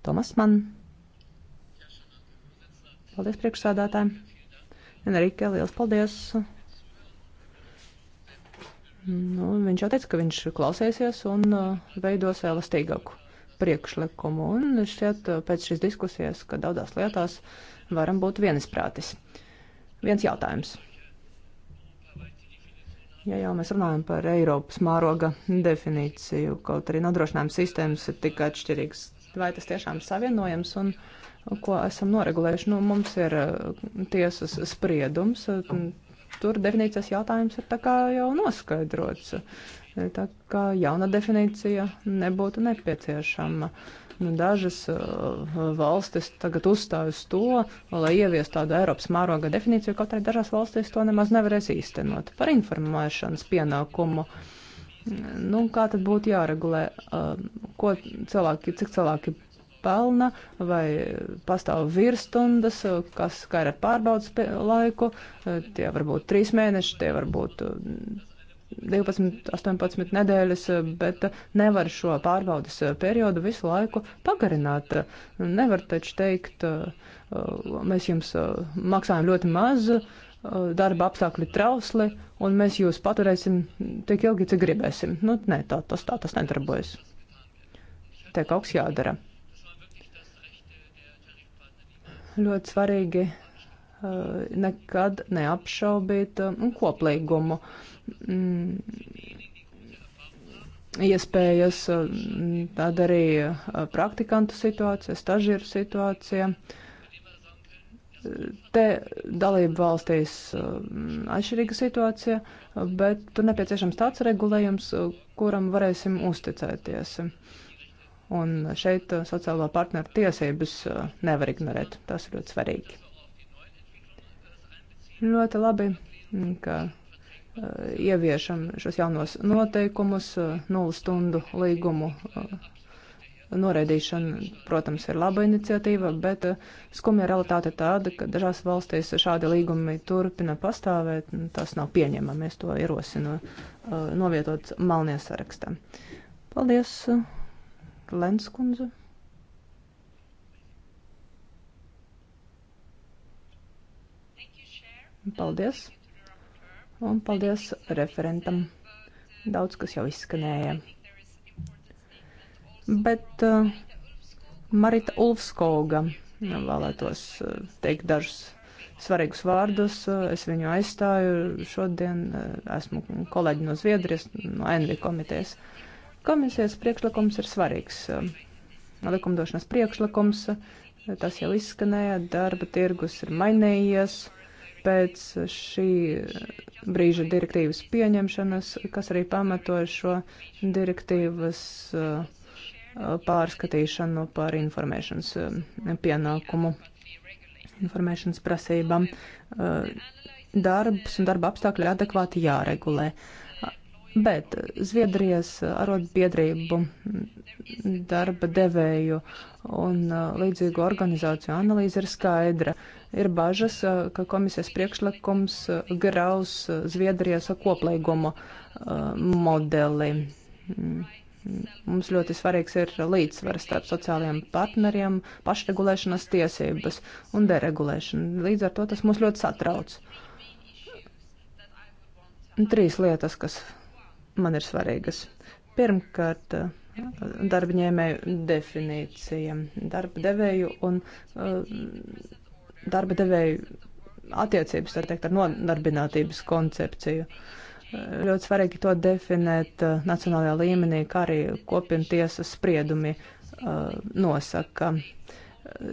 Speaker 3: Tomas Mann. Paldies priekšsādātājiem. Enrique, liels paldies. Nu, viņš jau teica, ka viņš klausēsies un uh, veidos elastīgāku priekšlikumu. Un šķiet uh, pēc šīs diskusijas, ka daudzās lietās varam būt vienisprātis. Viens jautājums ja jau mēs runājam par Eiropas mēroga definīciju, kaut arī nodrošinājuma sistēmas ir tik atšķirīgas. Vai tas tiešām ir savienojams un ko esam noregulējuši? Nu, mums ir uh, tiesas spriedums, uh, tur definīcijas jautājums ir tā kā jau noskaidrots. Tā kā jauna definīcija nebūtu nepieciešama. Uh, Nu, dažas uh, valstis tagad uzstājas to, lai ieviestu tādu Eiropas mēroga definīciju, kaut arī dažās valstīs to nemaz nevarēs īstenot par informēšanas pienākumu. Nu, kā tad būtu jāregulē, uh, ko cilvēki, cik cilvēki pelna, vai pastāv virsstundas, kas skar ar pārbaudas laiku. Uh, tie var būt trīs mēneši, tie var būt uh, 12, 18 nedēļas, bet nevar šo pārbaudas eh, periodu visu laiku pagarināt. Nevar taču teikt, eh, mēs jums eh, maksājam ļoti maz, darba apstākļi trausli, un mēs jūs paturēsim tik ilgi, cik gribēsim. Nu, nē, tā, tas tā tas nedarbojas. Te kaut kas jādara. Ļoti svarīgi nekad neapšaubīt koplīgumu. Uh, Mm, iespējas, mm, tad arī eh, praktikantu situācija, stažieru situācija. Te dalību valstīs mm, atšķirīga situācija, bet tur nepieciešams tāds regulējums, kuram varēsim uzticēties. Un šeit eh, sociālo partneru tiesības eh, nevar ignorēt. Tas ir ļoti svarīgi. Ļoti labi, ka Eh, ieviešam šos jaunos noteikumus, eh, nulles stundu līgumu eh, noraidīšana, protams, ir laba iniciatīva, bet skumja realitāte tāda, ka dažās valstīs šādi līgumi turpina pastāvēt, tas nav pieņemami, es to ierosinu novietot malnie sarakstā. Paldies, Lenskundze. Paldies un paldies referentam. Daudz kas jau izskanēja. Bet uh, Marita Ulfskoga nu, vēlētos uh, teikt dažus svarīgus vārdus. Uh, es viņu aizstāju šodien. Uh, esmu kolēģi no Zviedrijas, no Envi komitejas. Komisijas priekšlikums ir svarīgs. Uh, likumdošanas priekšlikums, tas jau izskanēja, darba tirgus ir mainījies pēc šī brīža direktīvas pieņemšanas, kas arī pamatoja šo direktīvas uh, uh, pārskatīšanu par informēšanas uh, pienākumu, informēšanas prasībām. Darbs un darba apstākļi ir adekvāti jāregulē. Uh, Bet Zviedrijas arotbiedrību darba devēju un uh, līdzīgu organizāciju analīze ir skaidra. Ir bažas, uh, ka komisijas priekšlikums uh, graus Zviedrijas koplīgumu modeli. Mums ļoti svarīgs ir līdzsvars starp sociālajiem partneriem, pašregulēšanas tiesības un deregulēšana. Līdz ar to tas mūs ļoti satrauc. Trīs lietas, kas man ir svarīgas. Pirmkārt, darbņēmēju definīcija, darba devēju un uh, darba devēju attiecības, tā teikt, ar nodarbinātības koncepciju. Ļoti svarīgi to definēt uh, nacionālajā līmenī, kā arī kopienu tiesas spriedumi uh, nosaka.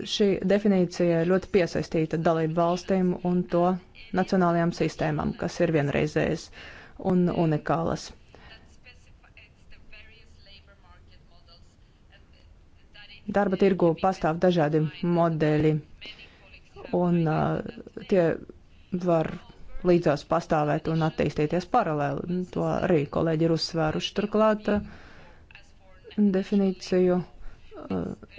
Speaker 3: Šī definīcija ļoti piesaistīta dalību valstīm un to nacionālajām sistēmām, kas ir vienreizējas un unikālas. Darba tirgu pastāv dažādi modeļi, un uh, tie var līdzās pastāvēt un attīstīties paralēli. To arī kolēģi ir uzsvēruši. Turklāt uh, definīciju uh,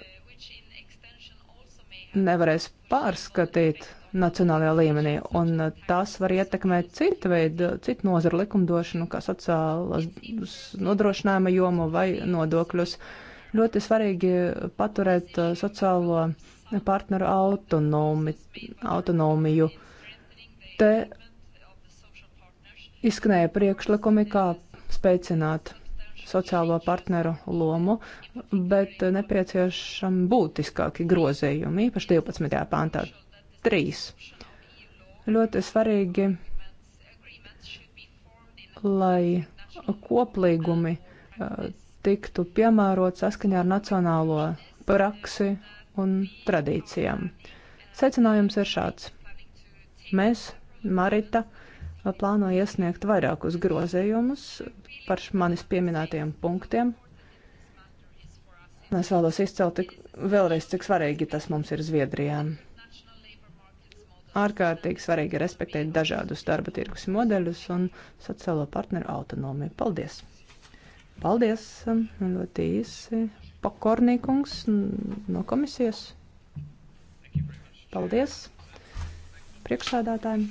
Speaker 3: nevarēs pārskatīt nacionālajā līmenī, un tas var ietekmēt citu veidu, citu nozaru likumdošanu, kā sociālas nodrošinājuma jomu vai nodokļus. Uh, Ļoti svarīgi paturēt uh, sociālo partneru autonomi, autonomiju. Te izskanēja priekšlikumi, kā spēcināt sociālo partneru lomu, bet nepieciešami būtiskāki grozījumi, īpaši 12. pāntā. 3. Ļoti svarīgi, lai koplīgumi uh, tiktu piemērot saskaņā ar nacionālo praksi un tradīcijām. Secinājums ir šāds. Mēs, Marita, plāno iesniegt vairākus grozējumus par manis pieminētajiem punktiem. Es vēlos izcelt tik, vēlreiz, cik svarīgi tas mums ir Zviedrijā. Ārkārtīgi svarīgi respektēt dažādus darba tirgus modeļus un sociālo partneru autonomiju. Paldies! Paldies, ļoti īsi. Pakornīkungs no komisijas. Paldies priekšsādātājiem.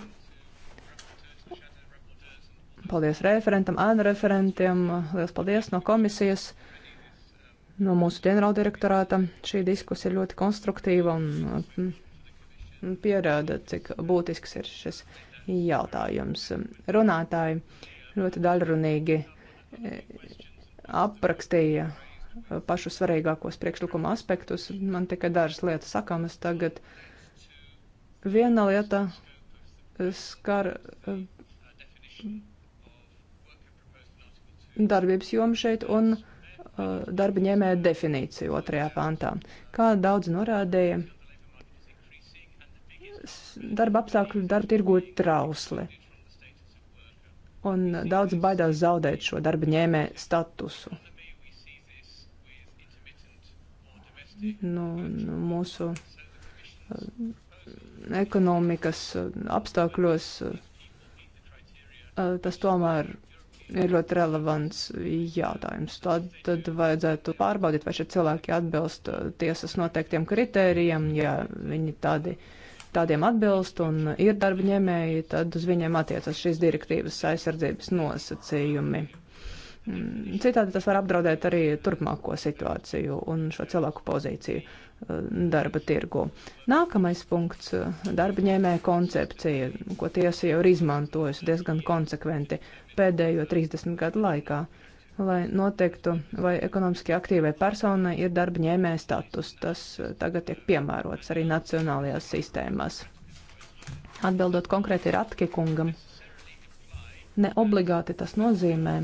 Speaker 3: Paldies referentam, ēnu referentiem. Lielas paldies no komisijas, no mūsu ģenerāldirektorāta. Šī diskusija ir ļoti konstruktīva un pierāda, cik būtisks ir šis jautājums. Runātāji ļoti daļrunīgi aprakstīja uh, pašus svarīgākos priekšlikuma aspektus. Man tikai dažas lietas sakāmas tagad. Viena lieta uh, skar uh, darbības jomu šeit un darba ņēmēja definīciju otrajā pāntā. Kā daudz norādīja, darba apstākļu darba tirgu trausli un daudz baidās zaudēt šo darba ņēmē statusu. Nu, nu, mūsu uh, ekonomikas uh, apstākļos uh, tas tomēr ir ļoti relevants jautājums. Tad, tad vajadzētu pārbaudīt, vai šie cilvēki atbilst tiesas noteiktiem kritērijiem, ja viņi tādi ir tādiem atbilst un ir darba ņēmēji, tad uz viņiem attiecas šīs direktīvas aizsardzības nosacījumi. Mm, citādi tas var apdraudēt arī turpmāko situāciju un šo cilvēku pozīciju eh, darba tirgu. Nākamais punkts eh, - darba ņēmēja koncepcija, ko tiesa jau ir izmantojusi diezgan konsekventi pēdējo 30 gadu laikā lai noteiktu, vai ekonomiski aktīvai personai ir darba ņēmēja status. Tas eh, tagad tiek piemērots arī nacionālajās sistēmās. Atbildot konkrēti ir atkikungam, ne obligāti tas nozīmē,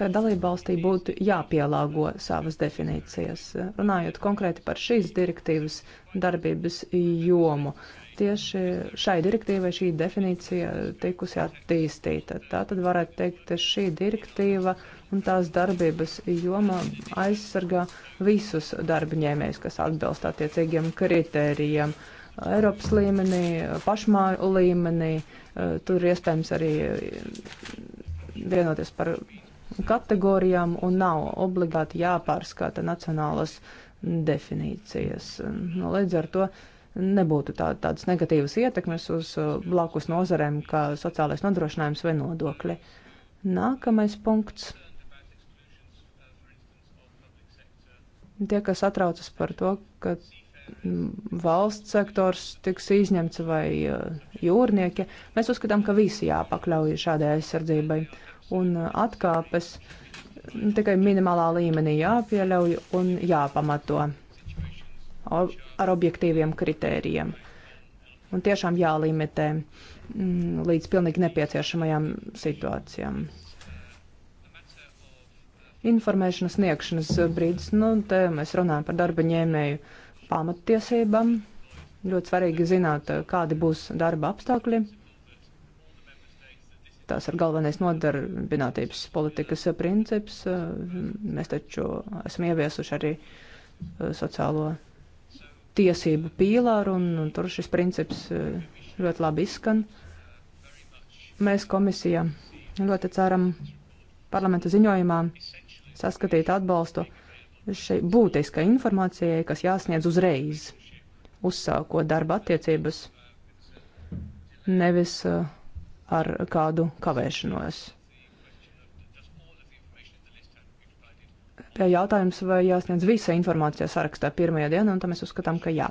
Speaker 3: ka dalībvalstī būtu jāpielāgo savas definīcijas. Runājot konkrēti par šīs direktīvas darbības jomu, tieši šai direktīvai šī definīcija tikusi attīstīta. Tā tad varētu teikt, ka šī direktīva uh, un tās darbības jomā aizsargā visus darbaņēmējus, kas atbilst attiecīgiem kritērijiem. Eiropas līmenī, pašmāju līmenī, eh, tur iespējams arī eh, vienoties par kategorijām un nav obligāti jāpārskata nacionālas definīcijas. Nu, līdz ar to nebūtu tā, tādas negatīvas ietekmes uz eh, blakus nozarēm, kā sociālais nodrošinājums vai nodokļi. Nākamais punkts Tie, kas atraucas par to, ka mm, valsts sektors tiks izņemts vai eh, jūrnieki, mēs uzskatām, ka visi jāpakļauj šādai aizsardzībai. Un eh, atkāpes mm, tikai minimālā līmenī jāpieļauj un jāpamato ar objektīviem kritērijiem. Un tiešām jālimitē mm, līdz pilnīgi nepieciešamajām situācijām informēšanas sniegšanas eh, brīdis. Nu, te mēs runājam par darba ņēmēju pamattiesībām. Ļoti svarīgi zināt, eh, kādi būs darba apstākļi. Tas ir galvenais nodarbinātības politikas eh, princips. Mēs taču esam ieviesuši arī sociālo tiesību pīlāru, un, un tur šis princips ļoti labi izskan. Mēs komisijā ļoti ceram parlamenta ziņojumā saskatīt atbalstu šai būtiskai informācijai, kas jāsniedz uzreiz, uzsākot darba attiecības, nevis uh, ar kādu kavēšanos. Pie jautājums, vai jāsniedz visa informācija sarakstā pirmajā dienā, un tam mēs uzskatām, ka jā.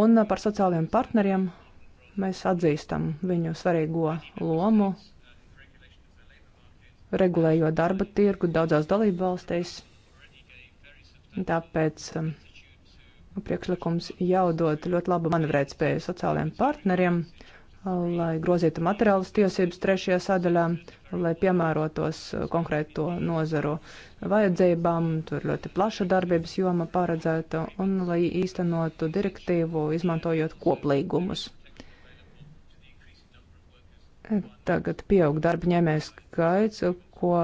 Speaker 3: Un par sociālajiem partneriem mēs atzīstam viņu svarīgo lomu regulējot darba tirgu daudzās dalību valstīs. Tāpēc um, priekšlikums jau dod ļoti labu manevrētspēju sociālajiem partneriem, lai grozītu materiālas tiesības trešajā sadaļā, lai piemērotos uh, konkrēto nozaru vajadzībām, tur ļoti plaša darbības joma paredzēta, un lai īstenotu direktīvu, izmantojot koplīgumus. Tagad pieaug darba ņēmēju skaits, ko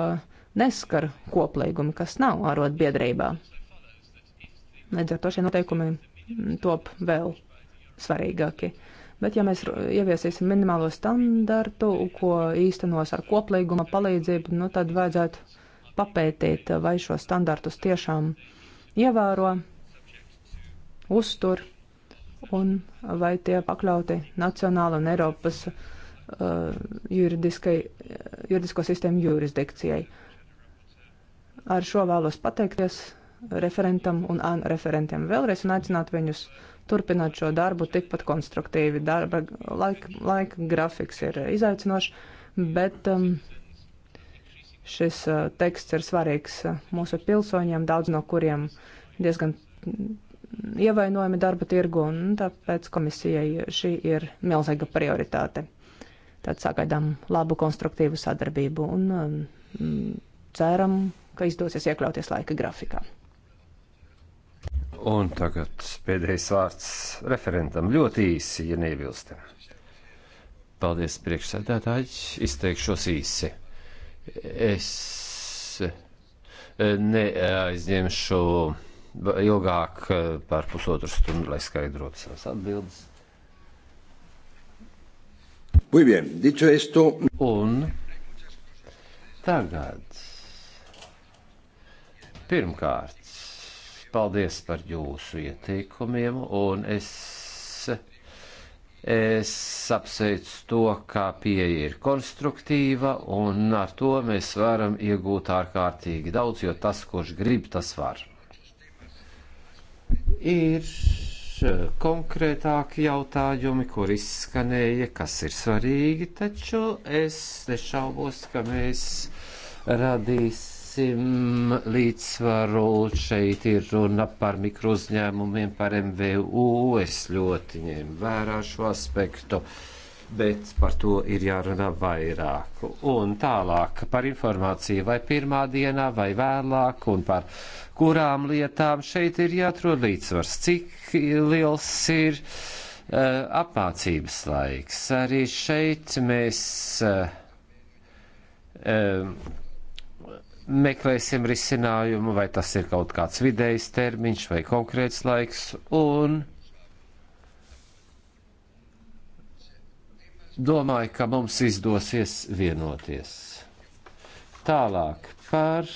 Speaker 3: neskar koplīgumi, kas nav arotbiedrībā. Līdz ar to šie noteikumi top vēl svarīgāki. Bet, ja mēs ieviesīsim minimālo standartu, ko īstenos ar koplīguma palīdzību, nu, tad vajadzētu papētīt, vai šo standartus tiešām ievēro, uztur un vai tie pakļauti nacionāla un Eiropas uh, Uh, uh, juridisko sistēmu jurisdikcijai. Ar šo vēlos pateikties referentam un ANU referentiem vēlreiz un aicināt viņus turpināt šo darbu tikpat konstruktīvi. Darba laika, laika grafiks ir izaicinošs, bet um, šis uh, teksts ir svarīgs uh, mūsu pilsoņiem, daudz no kuriem diezgan mm, ievainojami darba tirgu, un tāpēc komisijai šī ir milzīga prioritāte. Tad sagaidām labu konstruktīvu sadarbību un um, ceram, ka izdosies iekļauties laika grafikā.
Speaker 2: Un tagad pēdējais vārds referentam ļoti īsi, ja neiebilstam. Paldies, priekšsēdētāji, izteikšos īsi. Es eh, neaizņemšu ilgāk eh, par pusotru stundu, lai skaidrotu savas atbildes. Muy bien, dicho esto... Un tagad. Pirmkārt, paldies par jūsu ieteikumiem, un es, es apsveicu to, kā pieeja ir konstruktīva, un ar to mēs varam iegūt ārkārtīgi daudz, jo tas, kurš grib, tas var. Ir Eh, konkrētāki jautājumi, kur izskanēja, kas ir svarīgi, taču es nešaubos, ka mēs radīsim līdzsvaru. Šeit ir runa par mikro uzņēmumiem, par MVU. Es ļoti ņēmu vērā šo aspektu. Uh, bet par to ir jārunā vairāk. Un tālāk par informāciju vai pirmā dienā vai vēlāk un par kurām lietām šeit ir jāatrod līdzsvars, cik liels ir uh, apmācības laiks. Arī šeit mēs. Uh, um, meklēsim risinājumu, vai tas ir kaut kāds vidējs termiņš vai konkrēts laiks, un domāju, ka mums izdosies vienoties. Tālāk par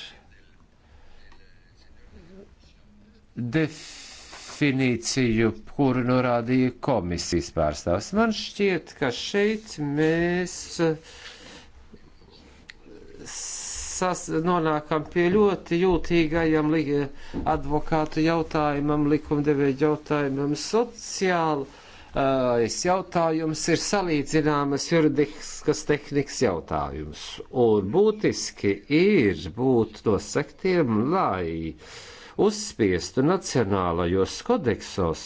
Speaker 2: definīciju, kuru norādīja komisijas pārstāvs. Man šķiet, ka šeit mēs sas, nonākam pie ļoti jūtīgajam advokātu jautājumam, likumdevēja jautājumam, sociāli jautājums ir salīdzināmas juridiskas tehnikas jautājums. Un būtiski ir būt no sektiem, lai uzspiestu nacionālajos kodeksos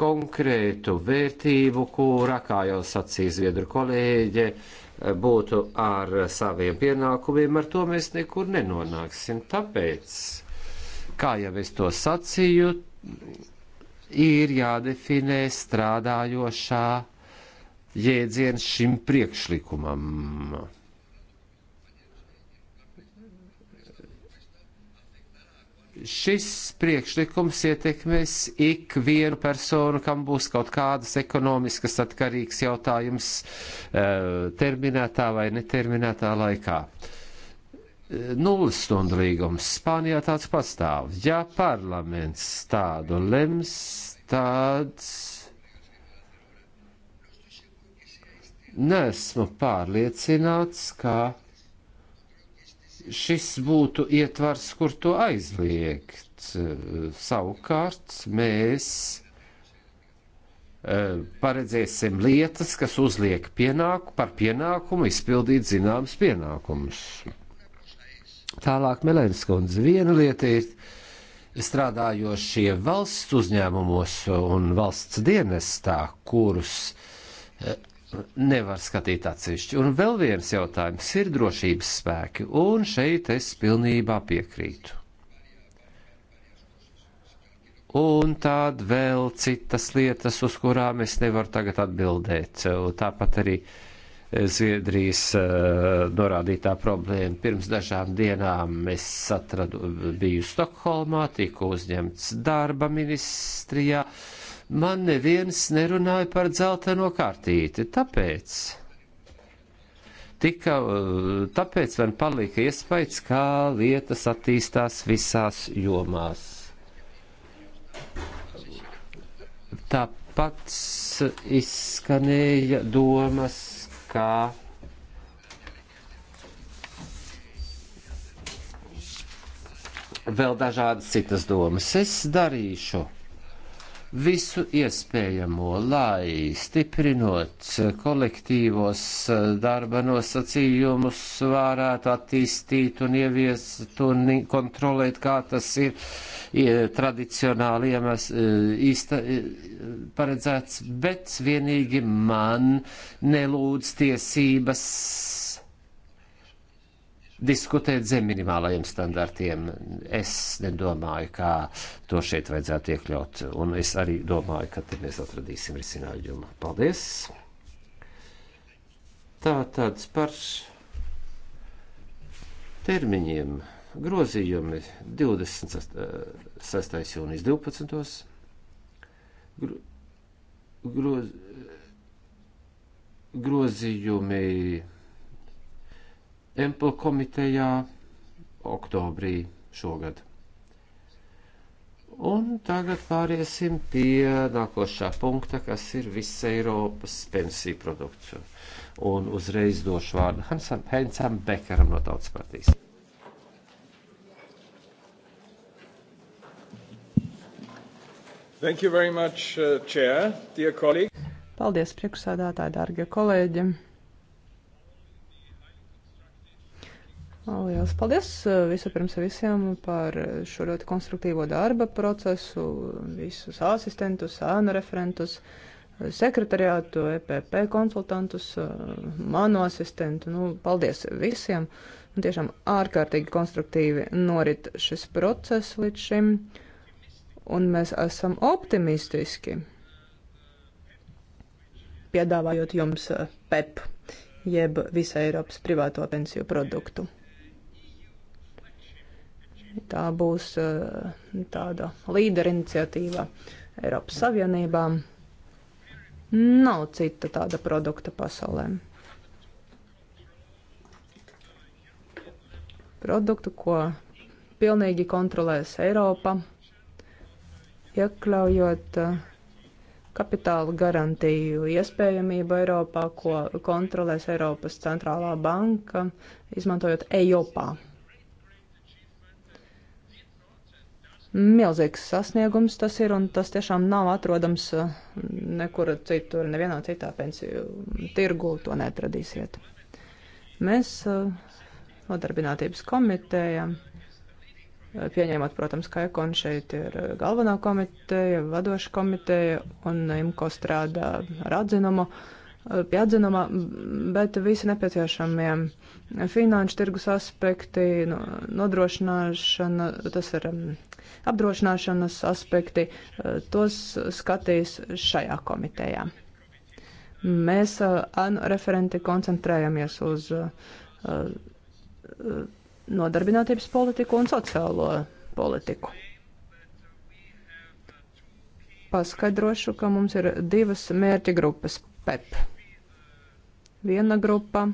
Speaker 2: konkrētu vērtību, kura, kā jau sacīja Zviedru kolēģe, būtu ar saviem pienākumiem, ar to mēs nekur nenonāksim. Tāpēc, kā jau es to sacīju, ir jādefinē strādājošā jēdziens šim priekšlikumam. Šis priekšlikums ietekmēs ikvienu personu, kam būs kaut kādas ekonomiskas atkarīgs jautājums eh, terminētā vai neterminētā laikā. Uh, nulles stundu līgums. Spānijā tāds pastāv. Ja parlaments tādu lems, tāds. Nesmu pārliecināts, ka šis būtu ietvars, kur to aizliegt. Savukārt mēs eh, paredzēsim lietas, kas uzliek pienāku, par pienākumu izpildīt zināmas pienākumus. Tālāk Melēnas kundze. Viena lieta ir strādājošie valsts uzņēmumos un valsts dienestā, kurus eh, nevar skatīt atsevišķi. Un vēl viens jautājums ir drošības spēki, un šeit es pilnībā piekrītu. Un tād vēl citas lietas, uz kurām es nevaru tagad atbildēt. Tāpat arī uh, Zviedrijas eh, norādītā problēma. Pirms dažām dienām es atradu, biju Stokholmā, tiku uzņemts darba ministrijā. Man neviens nerunāja par dzelteno kartīti, tāpēc. Tika, eh, tāpēc man palika iespējas, kā lietas attīstās visās jomās. Tāpat izskanēja domas ka vēl dažādas citas domas. Es darīšu visu iespējamo, lai stiprinot kolektīvos darba nosacījumus, varētu attīstīt un ieviest un kontrolēt, kā tas ir tradicionāli iemes, īsta, e, paredzēts, bet vienīgi man nelūdz tiesības diskutēt zem minimālajiem standartiem. Es nedomāju, kā to šeit vajadzētu iekļaut, un es arī domāju, ka te mēs atradīsim risinājumu. Paldies! Tā tāds par termiņiem grozījumi 26. Eh, jūnijas 12. Gro, groz, grozījumi Empl komitejā oktobrī šogad. Un tagad pāriesim pie nākošā punkta, kas ir visa Eiropas pensiju produkts. Un uzreiz došu vārdu Hansam, Hensam Bekaram no Tautas partijas. Thank you very much, uh, Chair, dear colleague.
Speaker 3: Paldies, priekšsādātāji, dārgie kolēģi. Lielas paldies visapirms visiem par šo ļoti konstruktīvo darba procesu, visus asistentus, ānu referentus, sekretariātu, EPP konsultantus, manu asistentu. Nu, paldies visiem! Un tiešām ārkārtīgi konstruktīvi norit šis process līdz šim, un mēs esam optimistiski, piedāvājot jums PEP, e jeb visai Eiropas privāto pensiju produktu. Tā būs eh, tāda līdera iniciatīva Eiropas Savienībā. Nav cita tāda produkta pasaulē. Produktu, ko pilnīgi kontrolēs Eiropa, iekļaujot eh, kapitāla garantiju iespējamību Eiropā, ko kontrolēs Eiropas centrālā banka, izmantojot EIOPA Milzīgs sasniegums tas ir, un tas tiešām nav atrodams uh, nekur citur, nevienā citā pensiju tirgu, to netradīsiet. Mēs uh, nodarbinātības komiteja uh, pieņēmot, protams, ka ekon šeit ir galvenā komiteja, vadoša komiteja, un imko strādā ar atzinumu, pie atzinuma, bet visi nepieciešamie. Ja finanšu tirgus aspekti, nodrošināšana, tas ir um, apdrošināšanas aspekti, uh, tos skatīs šajā komitejā. Mēs anu uh, referenti koncentrējamies uz uh, nodarbinātības politiku un sociālo politiku. Paskaidrošu, ka mums ir divas mērķa grupas - PEP. Viena grupa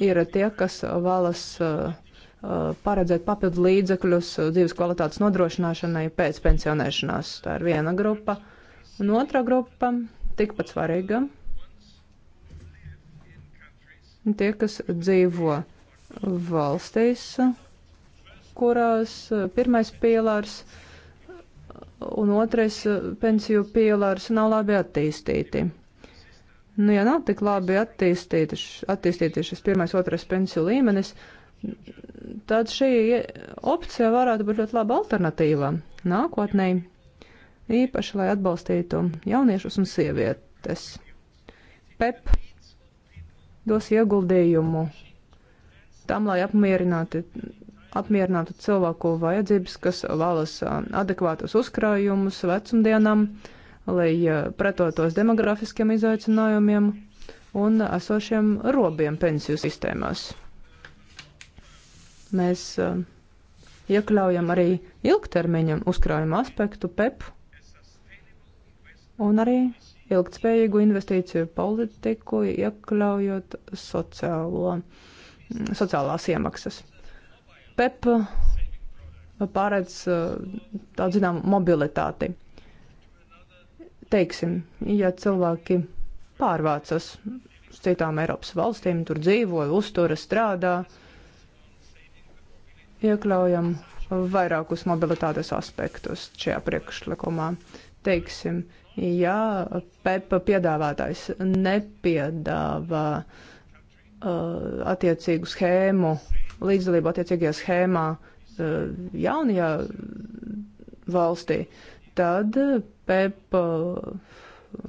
Speaker 3: ir tie, kas vēlas uh, uh, paredzēt papildu līdzekļus dzīves kvalitātes nodrošināšanai pēc pensionēšanās. Tā ir viena grupa. Un otra grupa, tikpat svarīga, tie, kas dzīvo valstīs, kurās pirmais pīlārs un otrais pensiju pīlārs nav labi attīstīti. Nu, ja nav tik labi attīstīti šis pirmais, otrais pensiju līmenis, tad šī opcija varētu būt ļoti laba alternatīva nākotnē, īpaši, lai atbalstītu jauniešus un sievietes. PEP dos ieguldījumu tam, lai apmierinātu, apmierinātu cilvēku vajadzības, kas vēlas um, adekvātus uzkrājumus vecumdienām. Uh, lai pretotos demografiskiem izaicinājumiem un esošiem robiem pensiju sistēmās. Mēs eh, iekļaujam arī ilgtermiņa uzkrājuma aspektu PEP e un arī ilgtspējīgu investīciju politiku, iekļaujot sociālo, mm, sociālās iemaksas. PEP eh, pārēc eh, tādu zinām mobilitāti Teiksim, ja cilvēki pārvācas uz citām Eiropas valstīm, tur dzīvo, uztura, strādā, iekļaujam vairākus mobilitātes aspektus šajā priekšlikumā. Teiksim, ja PEPA piedāvātājs nepiedāvā uh, attiecīgu schēmu, līdzdalību attiecīgajā schēmā uh, jaunajā valstī, tad PEP eh,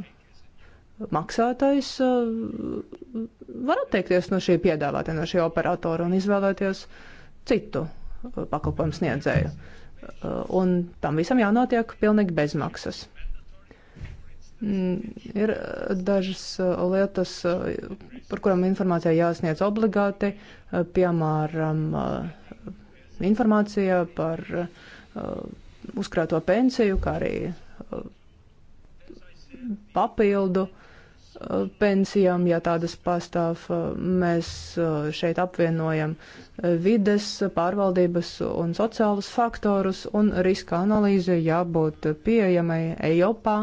Speaker 3: maksātais eh, var atteikties no šī piedāvātā, no šī operatora un izvēlēties citu eh, pakalpojumu sniedzēju. Un tam visam jānotiek pilnīgi bezmaksas. Mm, ir dažas lietas, par kurām informācija jāsniedz obligāti, piemēram, informācija par uzkrāto pensiju, kā arī uh, papildu uh, pensijām, ja tādas pastāv. Uh, mēs šeit apvienojam vides, pārvaldības un sociālus faktorus, un riska analīze jābūt pieejamai EIOPā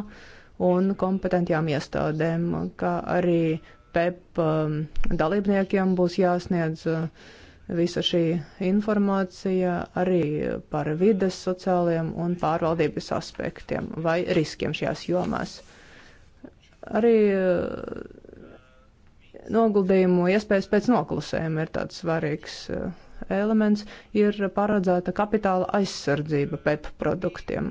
Speaker 3: un kompetentām iestādēm, kā arī PEP e um, dalībniekiem būs jāsniedz uh, Visa šī informācija arī par vides, sociālajiem un pārvaldības aspektiem vai riskiem šajās jomās. Arī eh, noguldījumu iespējas pēc noklusējuma ir tāds svarīgs eh, elements, ir paredzēta kapitāla aizsardzība PEP produktiem.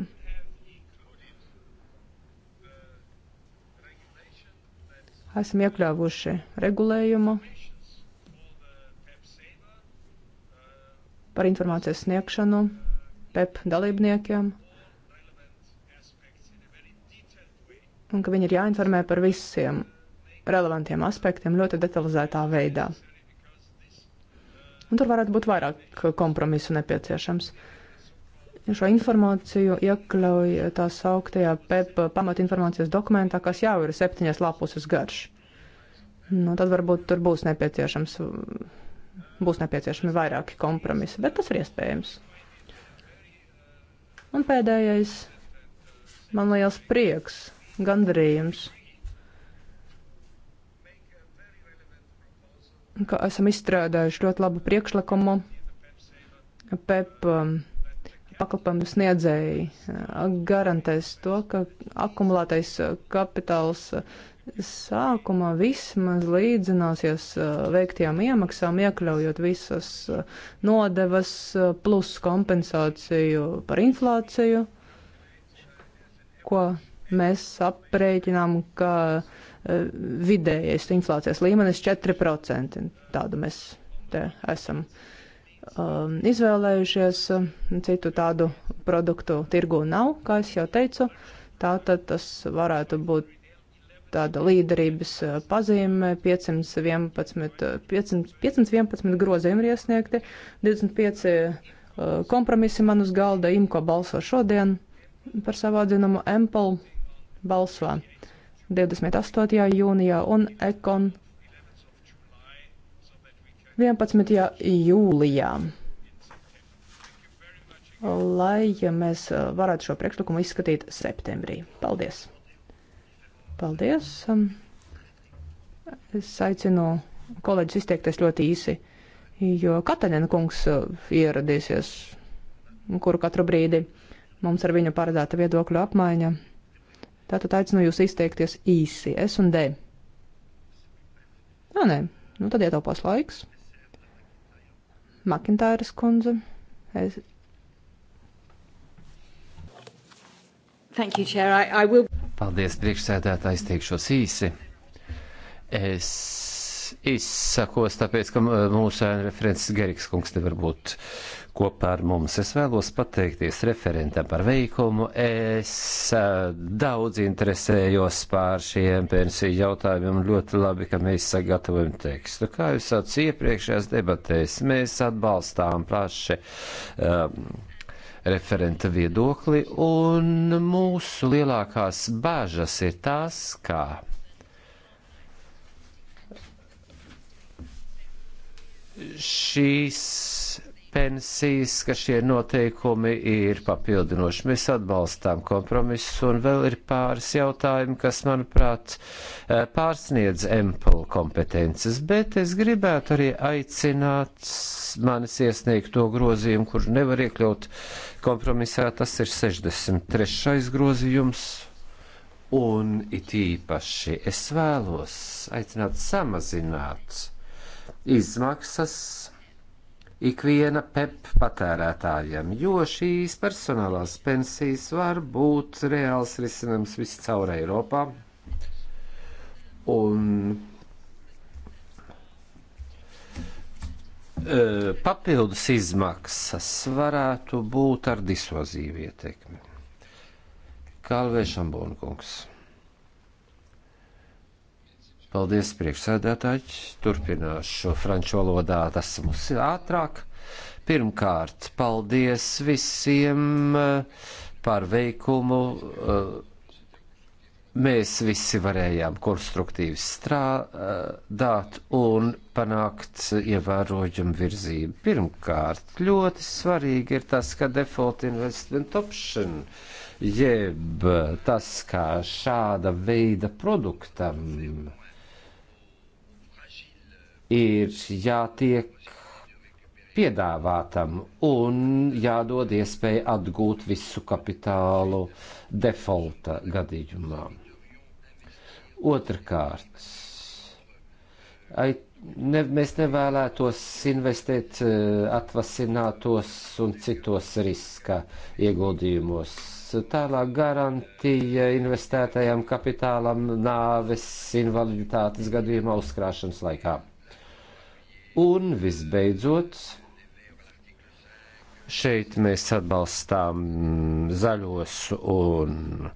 Speaker 3: Esam iekļāvuši regulējumu, par informācijas sniegšanu PEP dalībniekiem, un ka viņi ir jāinformē par visiem relevantiem aspektiem ļoti detalizētā veidā. Un tur varētu būt vairāk kompromisu nepieciešams. Šo informāciju iekļauj tā sauktajā PEP pamatinformācijas dokumentā, kas jau ir septiņas lapuses garš. Nu, tad varbūt tur būs nepieciešams būs nepieciešami vairāki kompromisi, bet tas ir iespējams. Un pēdējais man liels prieks, gandarījums, ka esam izstrādājuši ļoti labu priekšlikumu PEP um, pakalpojumu sniedzēji uh, garantēs to, ka akumulētais uh, kapitāls uh, sākumā vismaz līdzināsies uh, veiktajām iemaksām, iekļaujot visas uh, nodevas uh, plus kompensāciju par inflāciju, ko mēs aprēķinām, ka vidējais inflācijas līmenis 4%. Tādu mēs te esam um, izvēlējušies. Citu tādu produktu tirgu nav, kā es jau teicu. Tātad tas varētu būt tāda līderības pazīme, 511, 500, 511 grozījumi ir iesniegti, 25 kompromisi man uz galda, IMCO balso šodien par savu atzinumu, EMPL balso 28. jūnijā un EKON 11. jūlijā. Lai ja mēs varētu šo priekšlikumu izskatīt septembrī. Paldies! Paldies. Um, es aicinu kolēģis izteikties ļoti īsi, jo Katanina kungs uh, ieradīsies, kuru katru brīdi mums ar viņu paredzēta viedokļu apmaiņa. Tātad aicinu jūs izteikties īsi, S un D. Jā, nē, nu tad ietaupās laiks. Makintāras kundze. Es... Thank you, Chair. I, I will...
Speaker 2: Paldies, priekšsēdētājs, teikšos īsi. Es izsakos, tāpēc, ka mūsu ēna referents Geriks kungs nevar būt kopā ar mums. Es vēlos pateikties referentam par veikumu. Es daudz interesējos pār šiem pensiju jautājumiem. Ļoti labi, ka mēs sagatavojam tekstu. Kā jūs sauc iepriekšējās debatēs, mēs atbalstām plaši. Um, referenta viedokli, un mūsu lielākās bāžas ir tās, kā šīs pensijas, ka šie noteikumi ir papildinoši. Mēs atbalstām kompromisus, un vēl ir pāris jautājumi, kas, manuprāt, eh, pārsniedz MPL kompetences, bet es gribētu arī aicināt manis iesniegto grozījumu, kur nevar iekļaut uh, kompromisā tas ir 63. grozījums. Un it īpaši es vēlos aicināt samazināt izmaksas ikviena PEP e patērētājiem, jo šīs personālās pensijas var būt reāls risinājums viscaur Eiropā. Un papildus izmaksas varētu būt ar disuazīvu ietekmi. Kalvēšam Bonkungs. Paldies, priekšsēdētāji. Turpināšu franču valodā, tas mums ir ātrāk. Pirmkārt, paldies visiem par veikumu mēs visi varējām konstruktīvi strādāt un panākt ievērojumu virzību. Pirmkārt, ļoti svarīgi ir tas, ka default investment option, jeb tas, kā šāda veida produktam ir jātiek piedāvātam un jādod iespēja atgūt visu kapitālu defaulta gadījumā. Otrakārt, ai, ne, mēs nevēlētos investēt eh, atvasinātos un citos riska ieguldījumos. Tālāk garantija investētajam kapitālam nāves invaliditātes gadījumā uzkrāšanas laikā. Un visbeidzot, šeit mēs atbalstām zaļos un uh,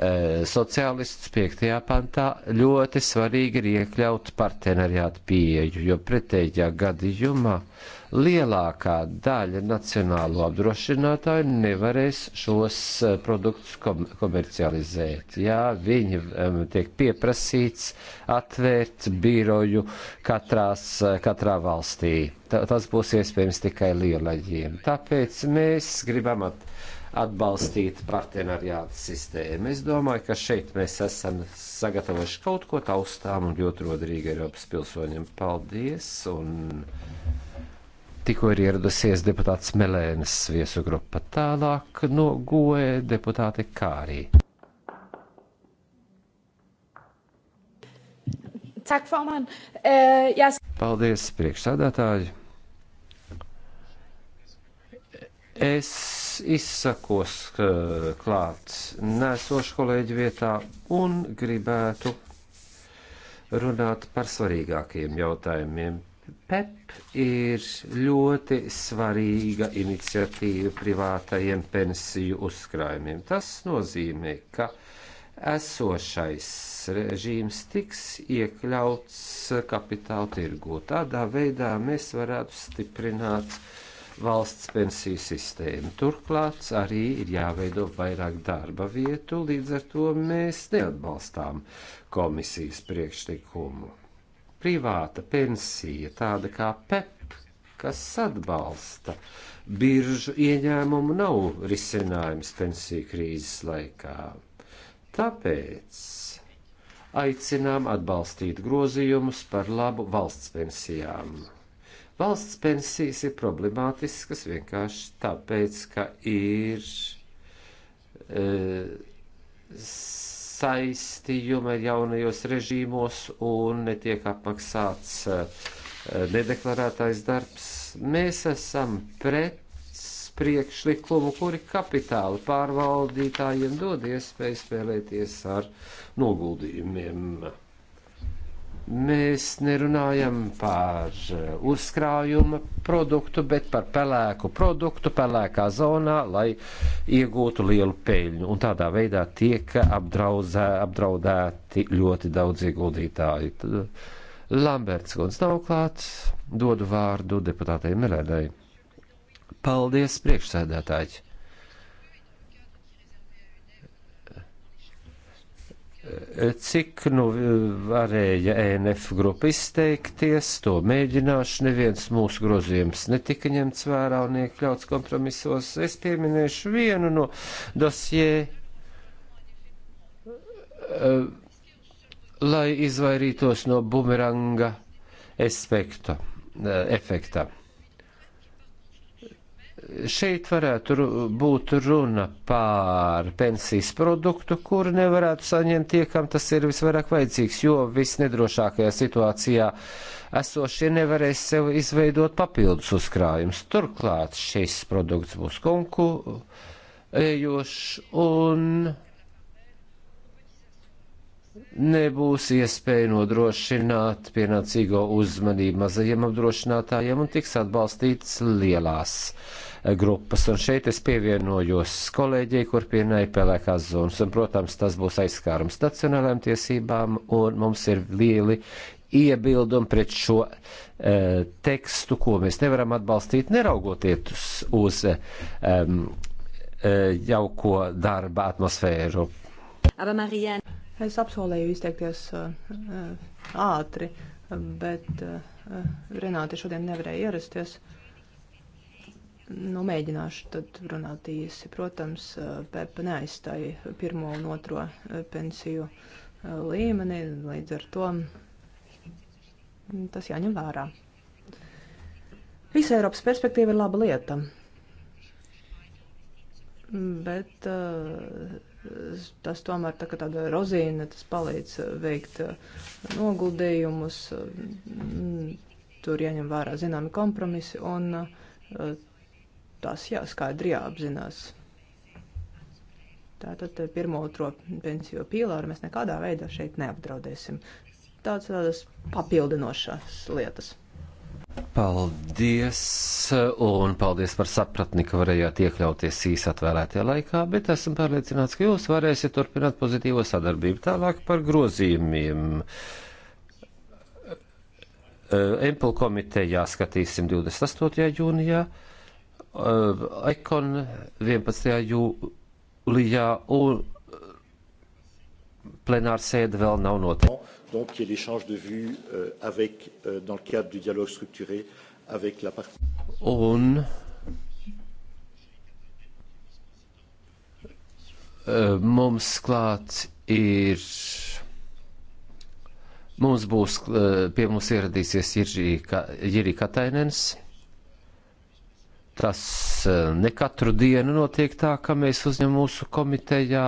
Speaker 2: Eh, sociālists 5. pantā ļoti svarīgi ir iekļaut partenariātu pieeju, jo pretējā gadījumā lielākā daļa nacionālo apdrošinātāju nevarēs šos eh, produktus kom komercializēt. Jā, viņi um, tiek pieprasīts atvērt biroju katrās, eh, katrā valstī. T tas būs iespējams tikai lielajiem. Tāpēc mēs gribam at atbalstīt partenariāta sistēmu. Es domāju, ka šeit mēs esam sagatavojuši kaut ko taustām un jūtrodrīgi Eiropas pilsoņiem. Paldies! Un tikko ir ieradusies deputāts Melēnas viesu grupa tālāk no GOE deputāte Kārī.
Speaker 4: Eh,
Speaker 2: Paldies, priekšsādātāji! Es izsakos klāt nēsošu kolēģi vietā un gribētu runāt par svarīgākiem jautājumiem. PEP ir ļoti svarīga iniciatīva privātajiem pensiju uzkrājumiem. Tas nozīmē, ka esošais režīms tiks iekļauts kapitāla tirgū. Tādā veidā mēs varētu stiprināt uh, valsts pensiju sistēmu. Turklāt arī ir jāveido vairāk darba vietu, līdz ar to mēs neatbalstām komisijas priekšlikumu. Privāta pensija, tāda kā PEP, e kas atbalsta biržu ieņēmumu, nav risinājums pensiju krīzes laikā. Tāpēc aicinām atbalstīt grozījumus par labu valsts pensijām Valsts pensijas ir problemātiskas vienkārši tāpēc, ka ir e, saistījumi jaunajos režīmos un netiek apmaksāts e, nedeklarētais darbs. Mēs esam pret priekšlikumu, kuri kapitāla pārvaldītājiem dod iespēju spēlēties ar noguldījumiem. Mēs nerunājam par eh, uzkrājuma produktu, bet par pelēku produktu, pelēkā zonā, lai iegūtu lielu peļņu. Un tādā veidā tiek apdrauzē, apdraudēti ļoti daudz ieguldītāji. Tad, eh, Lamberts Guns nav klāts, dodu vārdu deputātei Melēnai. Paldies, priekšsēdētāji! cik nu varēja ENF grupa izteikties, to mēģināšu, neviens mūsu grozījums netika ņemts vērā un iekļauts kompromisos. Es pieminēšu vienu no dosjē, eh, lai izvairītos no bumeranga efekta. Eh, efekta šeit varētu būt runa pār pensijas produktu, kur nevarētu saņemt tie, kam tas ir visvairāk vajadzīgs, jo visnedrošākajā situācijā esošie nevarēs sev izveidot papildus uzkrājumus. Turklāt šis produkts būs konkurējošs un nebūs iespēja nodrošināt pienācīgo uzmanību mazajiem apdrošinātājiem un tiks atbalstīts lielās. Uh, Eh, grupas. Un šeit es pievienojos kolēģiem, kur pieminēja pelēkās zonas. Un, protams, tas būs aizskārums nacionālajām tiesībām, un mums ir lieli iebildumi pret šo e, tekstu, ko mēs nevaram atbalstīt, neraugoties uz e, e, jauko darba atmosfēru.
Speaker 3: Es apsolēju izteikties uh, ātri, bet uh, Renāte šodien nevarēja ierasties. Uh, Nu, mēģināšu tad runāt īsi. Protams, eh, Pepa neaizstāja pirmo un otro eh, pensiju eh, līmeni, līdz ar to mm, tas jāņem vērā. Visa Eiropas perspektīva ir laba lieta, mm, bet tas tomēr tā kā tāda rozīne, tas palīdz veikt noguldījumus, mm, tur jāņem vērā zināmi kompromisi un Tas jāskaidri jāapzinās. Tātad eh, pirmo, otro pensiju pīlāru mēs nekādā veidā šeit neapdraudēsim. Tāds tādas papildinošas lietas.
Speaker 2: Paldies, un paldies par sapratni, ka varējāt iekļauties īsi atvēlētajā laikā, bet esmu pārliecināts, ka jūs varēsiet turpināt pozitīvo sadarbību tālāk par grozījumiem. Eh, Empel komitejā skatīsim 28. jūnijā. Ekon eh, 11. jūlijā un eh, plenāra sēde vēl nav
Speaker 1: noteikta. Donc, il y a l'échange de vues euh, avec, euh, dans le cadre du dialogue structuré avec la partie.
Speaker 2: Un, euh, mums klāt ir, mums būs, eh, pie mums ieradīsies Jirī Katainens. Tas eh, ne katru dienu notiek tā, ka mēs uzņem mūsu komitejā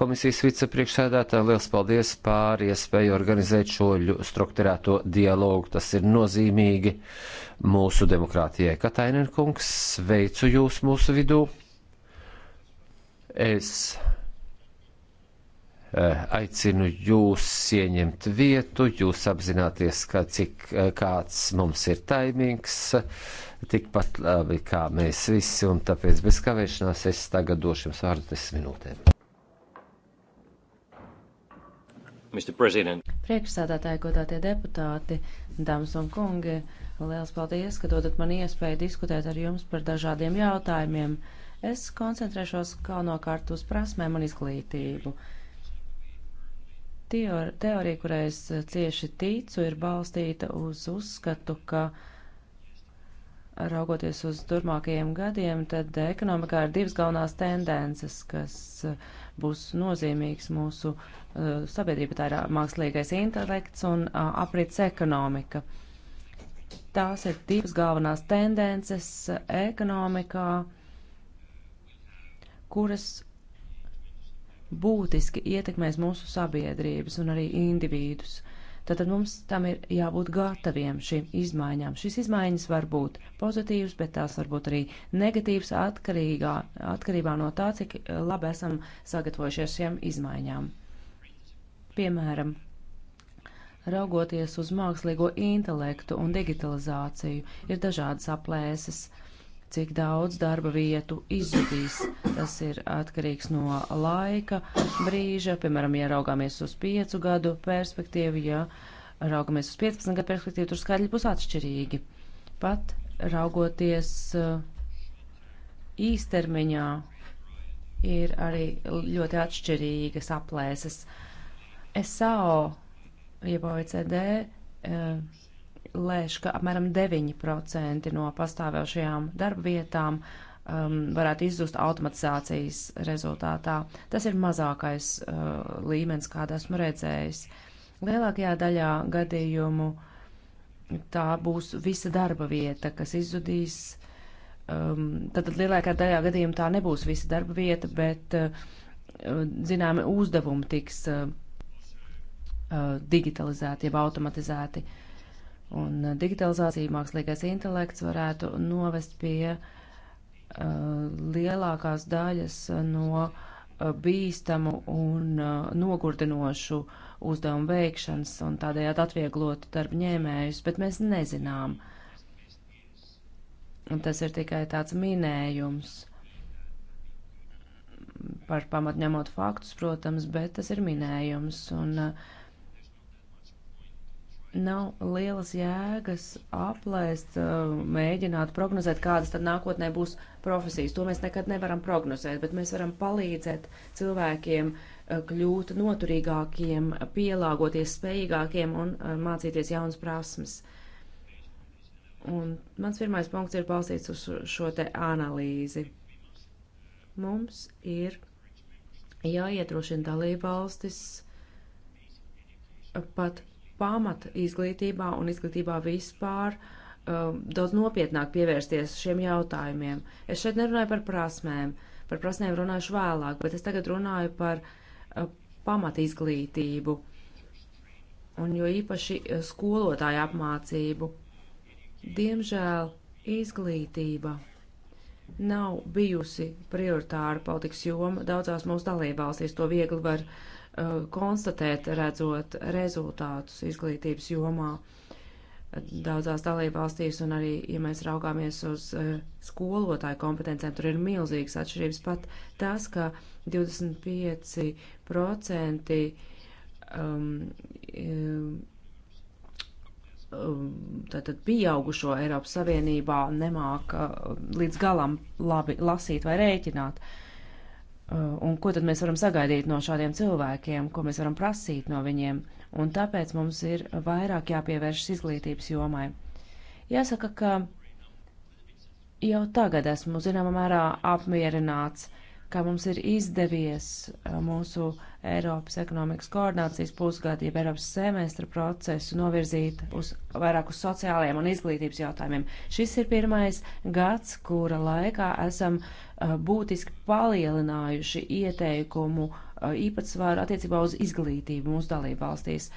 Speaker 2: komisijas vicepriekšsēdētāju. Liels paldies pār iespēju organizēt šo strukturēto dialogu. Tas ir nozīmīgi mūsu demokrātijai. Katainen kungs, sveicu jūs mūsu vidū. Es eh, aicinu jūs ieņemt vietu, jūs apzināties, ka cik eh, kāds mums ir taimings tikpat labi kā mēs visi, un tāpēc bez kavēšanās es tagad došu jums vārdu desmit
Speaker 4: minūtēm. Priekšsādātāji, godātie deputāti, dāmas un kungi, liels paldies, ka dodat man iespēju diskutēt ar jums par dažādiem jautājumiem. Es koncentrēšos galvenokārt uz prasmēm un izglītību. Teorija, kurai es cieši ticu, ir balstīta uz uzskatu, ka uh, raugoties uz turmākajiem gadiem, tad ekonomikā ir divas galvenās tendences, kas uh, būs nozīmīgas mūsu uh, sabiedrība. Tā ir uh, mākslīgais intelekts un aprits ekonomika. Tās ir divas galvenās tendences ekonomikā, kuras būtiski ietekmēs mūsu sabiedrības un arī individus. Tātad mums tam ir jābūt gataviem šīm izmaiņām. Šīs izmaiņas var būt pozitīvas, bet tās var būt arī negatīvas atkarīgā, atkarībā no tā, cik labi esam sagatavojušies šiem izmaiņām. Piemēram, raugoties uz mākslīgo intelektu un digitalizāciju, ir dažādas aplēses. Uh, cik daudz darba vietu izzudīs. Tas ir atkarīgs no laika brīža, piemēram, ja raugāmies uz piecu gadu perspektīvu, ja raugamies uz 15 gadu perspektīvu, tur skaidri būs atšķirīgi. Pat raugoties uh, īstermiņā, ir arī ļoti atšķirīgas aplēses. SAO, jeb OECD, uh, lēš, ka apmēram 9% no pastāvējušajām darbvietām um, varētu izzust automatizācijas rezultātā. Tas ir mazākais uh, līmenis, kādu esmu redzējis. Lielākajā daļā gadījumu tā būs visa darba vieta, kas izzudīs. Um, tad, tad lielākajā daļā gadījumu tā nebūs visa darba vieta, bet uh, zināmi uzdevumi tiks uh, uh digitalizēti, jeb automatizēti. Uh, Un uh, digitalizācija, mākslīgais intelekts varētu novest pie uh, lielākās daļas uh, no uh, bīstamu un uh, nogurdinošu uzdevumu veikšanas un tādējādi atvieglot darba ņēmējus, bet mēs nezinām. Un tas ir tikai tāds minējums par pamatņemot faktus, protams, bet tas ir minējums. Un, uh, nav lielas jēgas aplēst, uh, mēģināt prognozēt, kādas tad nākotnē būs profesijas. To mēs nekad nevaram prognozēt, bet mēs varam palīdzēt cilvēkiem uh, kļūt noturīgākiem, pielāgoties spējīgākiem un uh, mācīties jaunas prasmes. Un mans pirmais punkts ir balstīts uz šo te analīzi. Mums ir jāiedrošina dalībvalstis pat pamat izglītībā un izglītībā vispār um, daudz nopietnāk pievērsties šiem jautājumiem. Es šeit nerunāju par prasmēm, par prasmēm runāšu vēlāk, bet es tagad runāju par uh, pamat izglītību un jo īpaši uh, skolotāju apmācību. Diemžēl izglītība nav bijusi prioritāra politikas joma daudzās mūsu dalībvalstīs. To viegli var uh, Uh, konstatēt, redzot rezultātus izglītības jomā daudzās dalībvalstīs, un arī, ja mēs raugāmies uz uh, skolotāju kompetencēm, tur ir milzīgas atšķirības. Pat tas, ka 25% um, um, tātad pieaugušo Eiropas Savienībā nemāk uh, līdz galam labi lasīt vai rēķināt. Uh, Uh, un ko tad mēs varam sagaidīt no šādiem cilvēkiem, ko mēs varam prasīt no viņiem? Un tāpēc mums ir vairāk jāpievēršas izglītības jomai. Jāsaka, ka jau tagad esmu zināmā mērā apmierināts kā mums ir izdevies uh, mūsu Eiropas ekonomikas koordinācijas pusgadu, jeb Eiropas semestra procesu novirzīt uz vairāk uz sociālajiem un izglītības jautājumiem. Šis ir pirmais gads, kura laikā esam uh, būtiski palielinājuši ieteikumu uh, īpatsvaru attiecībā uz izglītību mūsu dalību valstīs.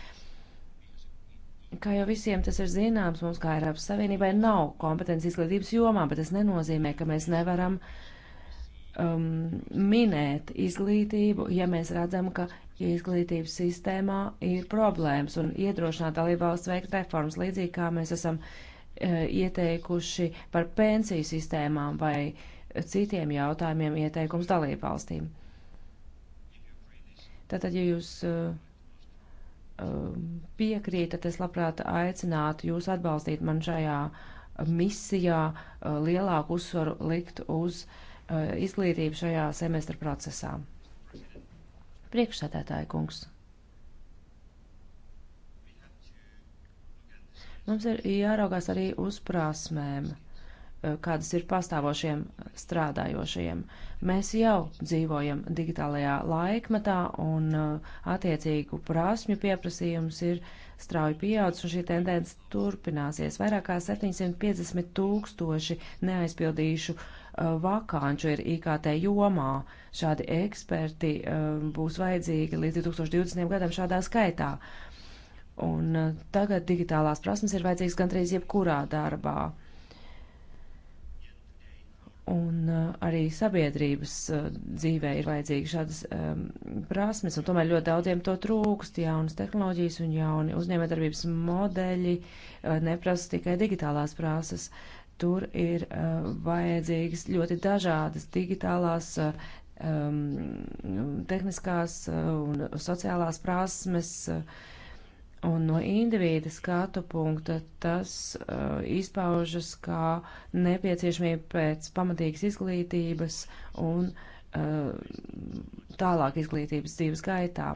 Speaker 4: Kā jau visiem tas ir zināms, mums kā Eiropas Savienībai nav kompetence izglītības jomā, bet tas nenozīmē, ka mēs nevaram uh, um, minēt izglītību, ja mēs redzam, ka izglītības sistēmā ir problēmas un iedrošināt dalībvalsts veikt reformas, līdzīgi kā mēs esam uh, ieteikuši par pensiju sistēmām vai citiem jautājumiem ieteikums dalībvalstīm. Tātad, ja jūs uh, piekrītat, es labprāt aicinātu jūs atbalstīt man šajā misijā uh, lielāku uzsvaru likt uz uh, Eh, izglītību šajā semestra procesā. Priekšsēdētāja kungs. Mums ir jāraugās arī uz prasmēm, eh, kādas ir pastāvošiem strādājošiem. Mēs jau dzīvojam digitālajā laikmetā, un eh, attiecīgu prasmju pieprasījums ir strauji pieaudzis, un šī tendence turpināsies. Vairāk kā 750 tūkstoši neaizpildījušu uh, Uh, vakanču ir IKT jomā. Šādi eksperti uh, būs vajadzīgi līdz 2020. gadam šādā skaitā. Un uh, tagad digitālās prasmes ir vajadzīgas gandrīz jebkurā darbā. Un arī sabiedrības dzīvē ir vajadzīgas šādas um, prasmes, un tomēr ļoti daudziem to trūkst. Jaunas tehnoloģijas un jauni uzņēmējdarbības modeļi uh, neprasa tikai digitālās prasmes. Uh, Tur ir uh, vajadzīgas ļoti dažādas digitālās, uh, um, tehniskās uh, un sociālās prasmes. Uh, un no indivīda skatu punkta tas uh, izpaužas kā nepieciešamība pēc pamatīgas izglītības un uh, tālāk izglītības dzīves gaitā.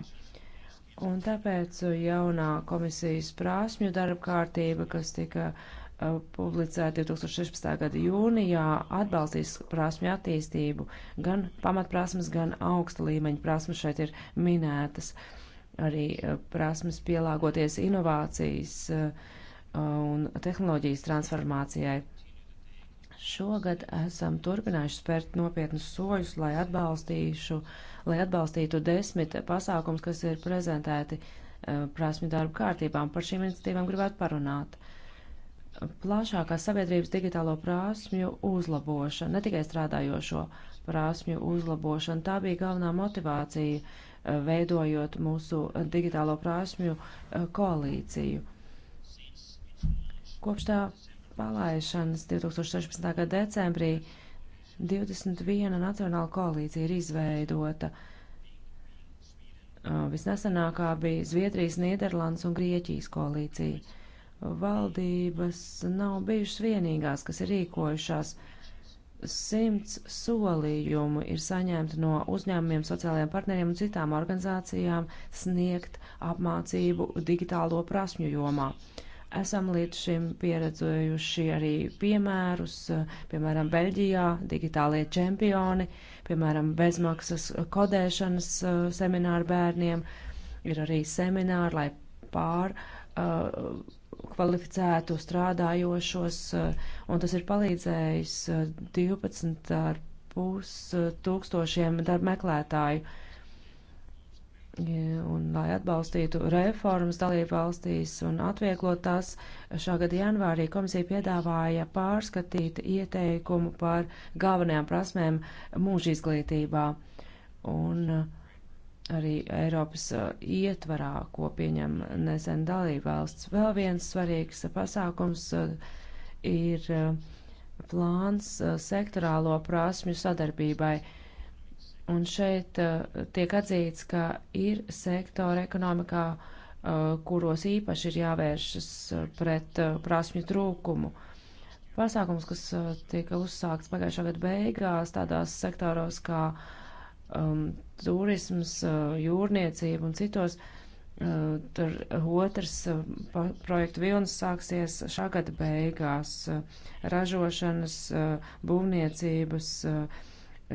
Speaker 4: Un tāpēc jaunā komisijas prasmju darba kārtība, kas tika uh, Eh, publicēta 2016. gada jūnijā, atbalstīs prasmju attīstību. Gan pamatprasmes, gan augsta līmeņa prasmes šeit ir minētas. Arī eh, prasmes pielāgoties inovācijas eh, un tehnoloģijas transformācijai. Šogad esam turpinājuši spērt nopietnus soļus, lai, lai atbalstītu desmit pasākums, kas ir prezentēti prasmju darba kārtībām. Par šīm iniciatīvām gribētu parunāt plašākā sabiedrības digitālo prasmju uzlabošana, ne tikai strādājošo prasmju uzlabošana. Tā bija galvenā motivācija eh, veidojot mūsu digitālo prasmju eh, koalīciju. Kopš tā palaišanas 2016. gada decembrī 21 nacionāla koalīcija ir izveidota. Eh, visnesenākā bija Zviedrijas, Nīderlandes un Grieķijas koalīcija valdības nav bijušas vienīgās, kas ir rīkojušās. Simts solījumu ir saņemti no uzņēmumiem, sociālajiem partneriem un citām organizācijām sniegt apmācību digitālo prasmju jomā. Esam līdz šim pieredzējuši arī piemērus, piemēram, Beļģijā digitālie čempioni, piemēram, bezmaksas kodēšanas eh, semināru bērniem, ir arī semināri, lai pār uh, kvalificētu strādājošos, eh, un tas ir palīdzējis 12,5 eh, eh, tūkstošiem darba meklētāju. Un, lai atbalstītu reformas dalību valstīs un atvieglot tās, šā gada janvārī komisija piedāvāja pārskatīt ieteikumu par galvenajām prasmēm mūža izglītībā. Un, uh, arī Eiropas ietvarā, ko pieņem nesen dalībvalsts. Vēl viens svarīgs pasākums ir plāns sektorālo prasmju sadarbībai. Un šeit tiek atzīts, ka ir sektori ekonomikā, kuros īpaši ir jāvēršas pret prasmju trūkumu. Pasākums, kas tika uzsākts pagājušā gada beigās, tādās sektoros kā uh, um, turisms, uh, jūrniecība un citos. Uh, tur otrs uh, projektu vilnis sāksies šā gada beigās uh, - ražošanas, uh, būvniecības, uh,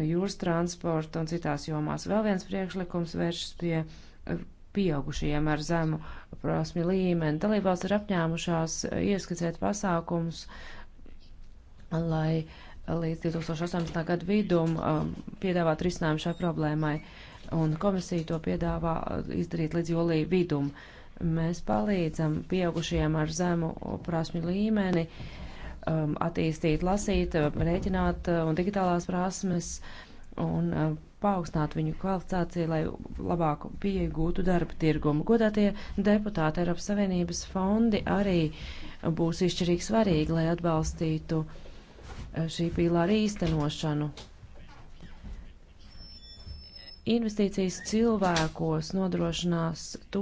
Speaker 4: jūras transporta un citās jomās. Vēl viens priekšlikums vēršas pie uh, pieaugušajiem ar zemu prasmi līmeni. Dalībvalsts ir apņēmušās uh, ieskicēt pasākums, lai uh, līdz 2018. gadu vidum um, piedāvāt risinājumu šai problēmai, un komisija to piedāvā uh, izdarīt līdz jūlija vidum. Mēs palīdzam pieaugušajiem ar zemu prasmju līmeni um, attīstīt, lasīt, uh, rēķināt uh, un digitālās prasmes un paaugstināt viņu kvalifikāciju, lai labāku pieeju gūtu darba tirgumu. Godātie deputāti Eiropas Savienības fondi arī būs izšķirīgi svarīgi, lai atbalstītu uh, Eh, šī pīlāra īstenošanu. Investīcijas cilvēkos nodrošinās to,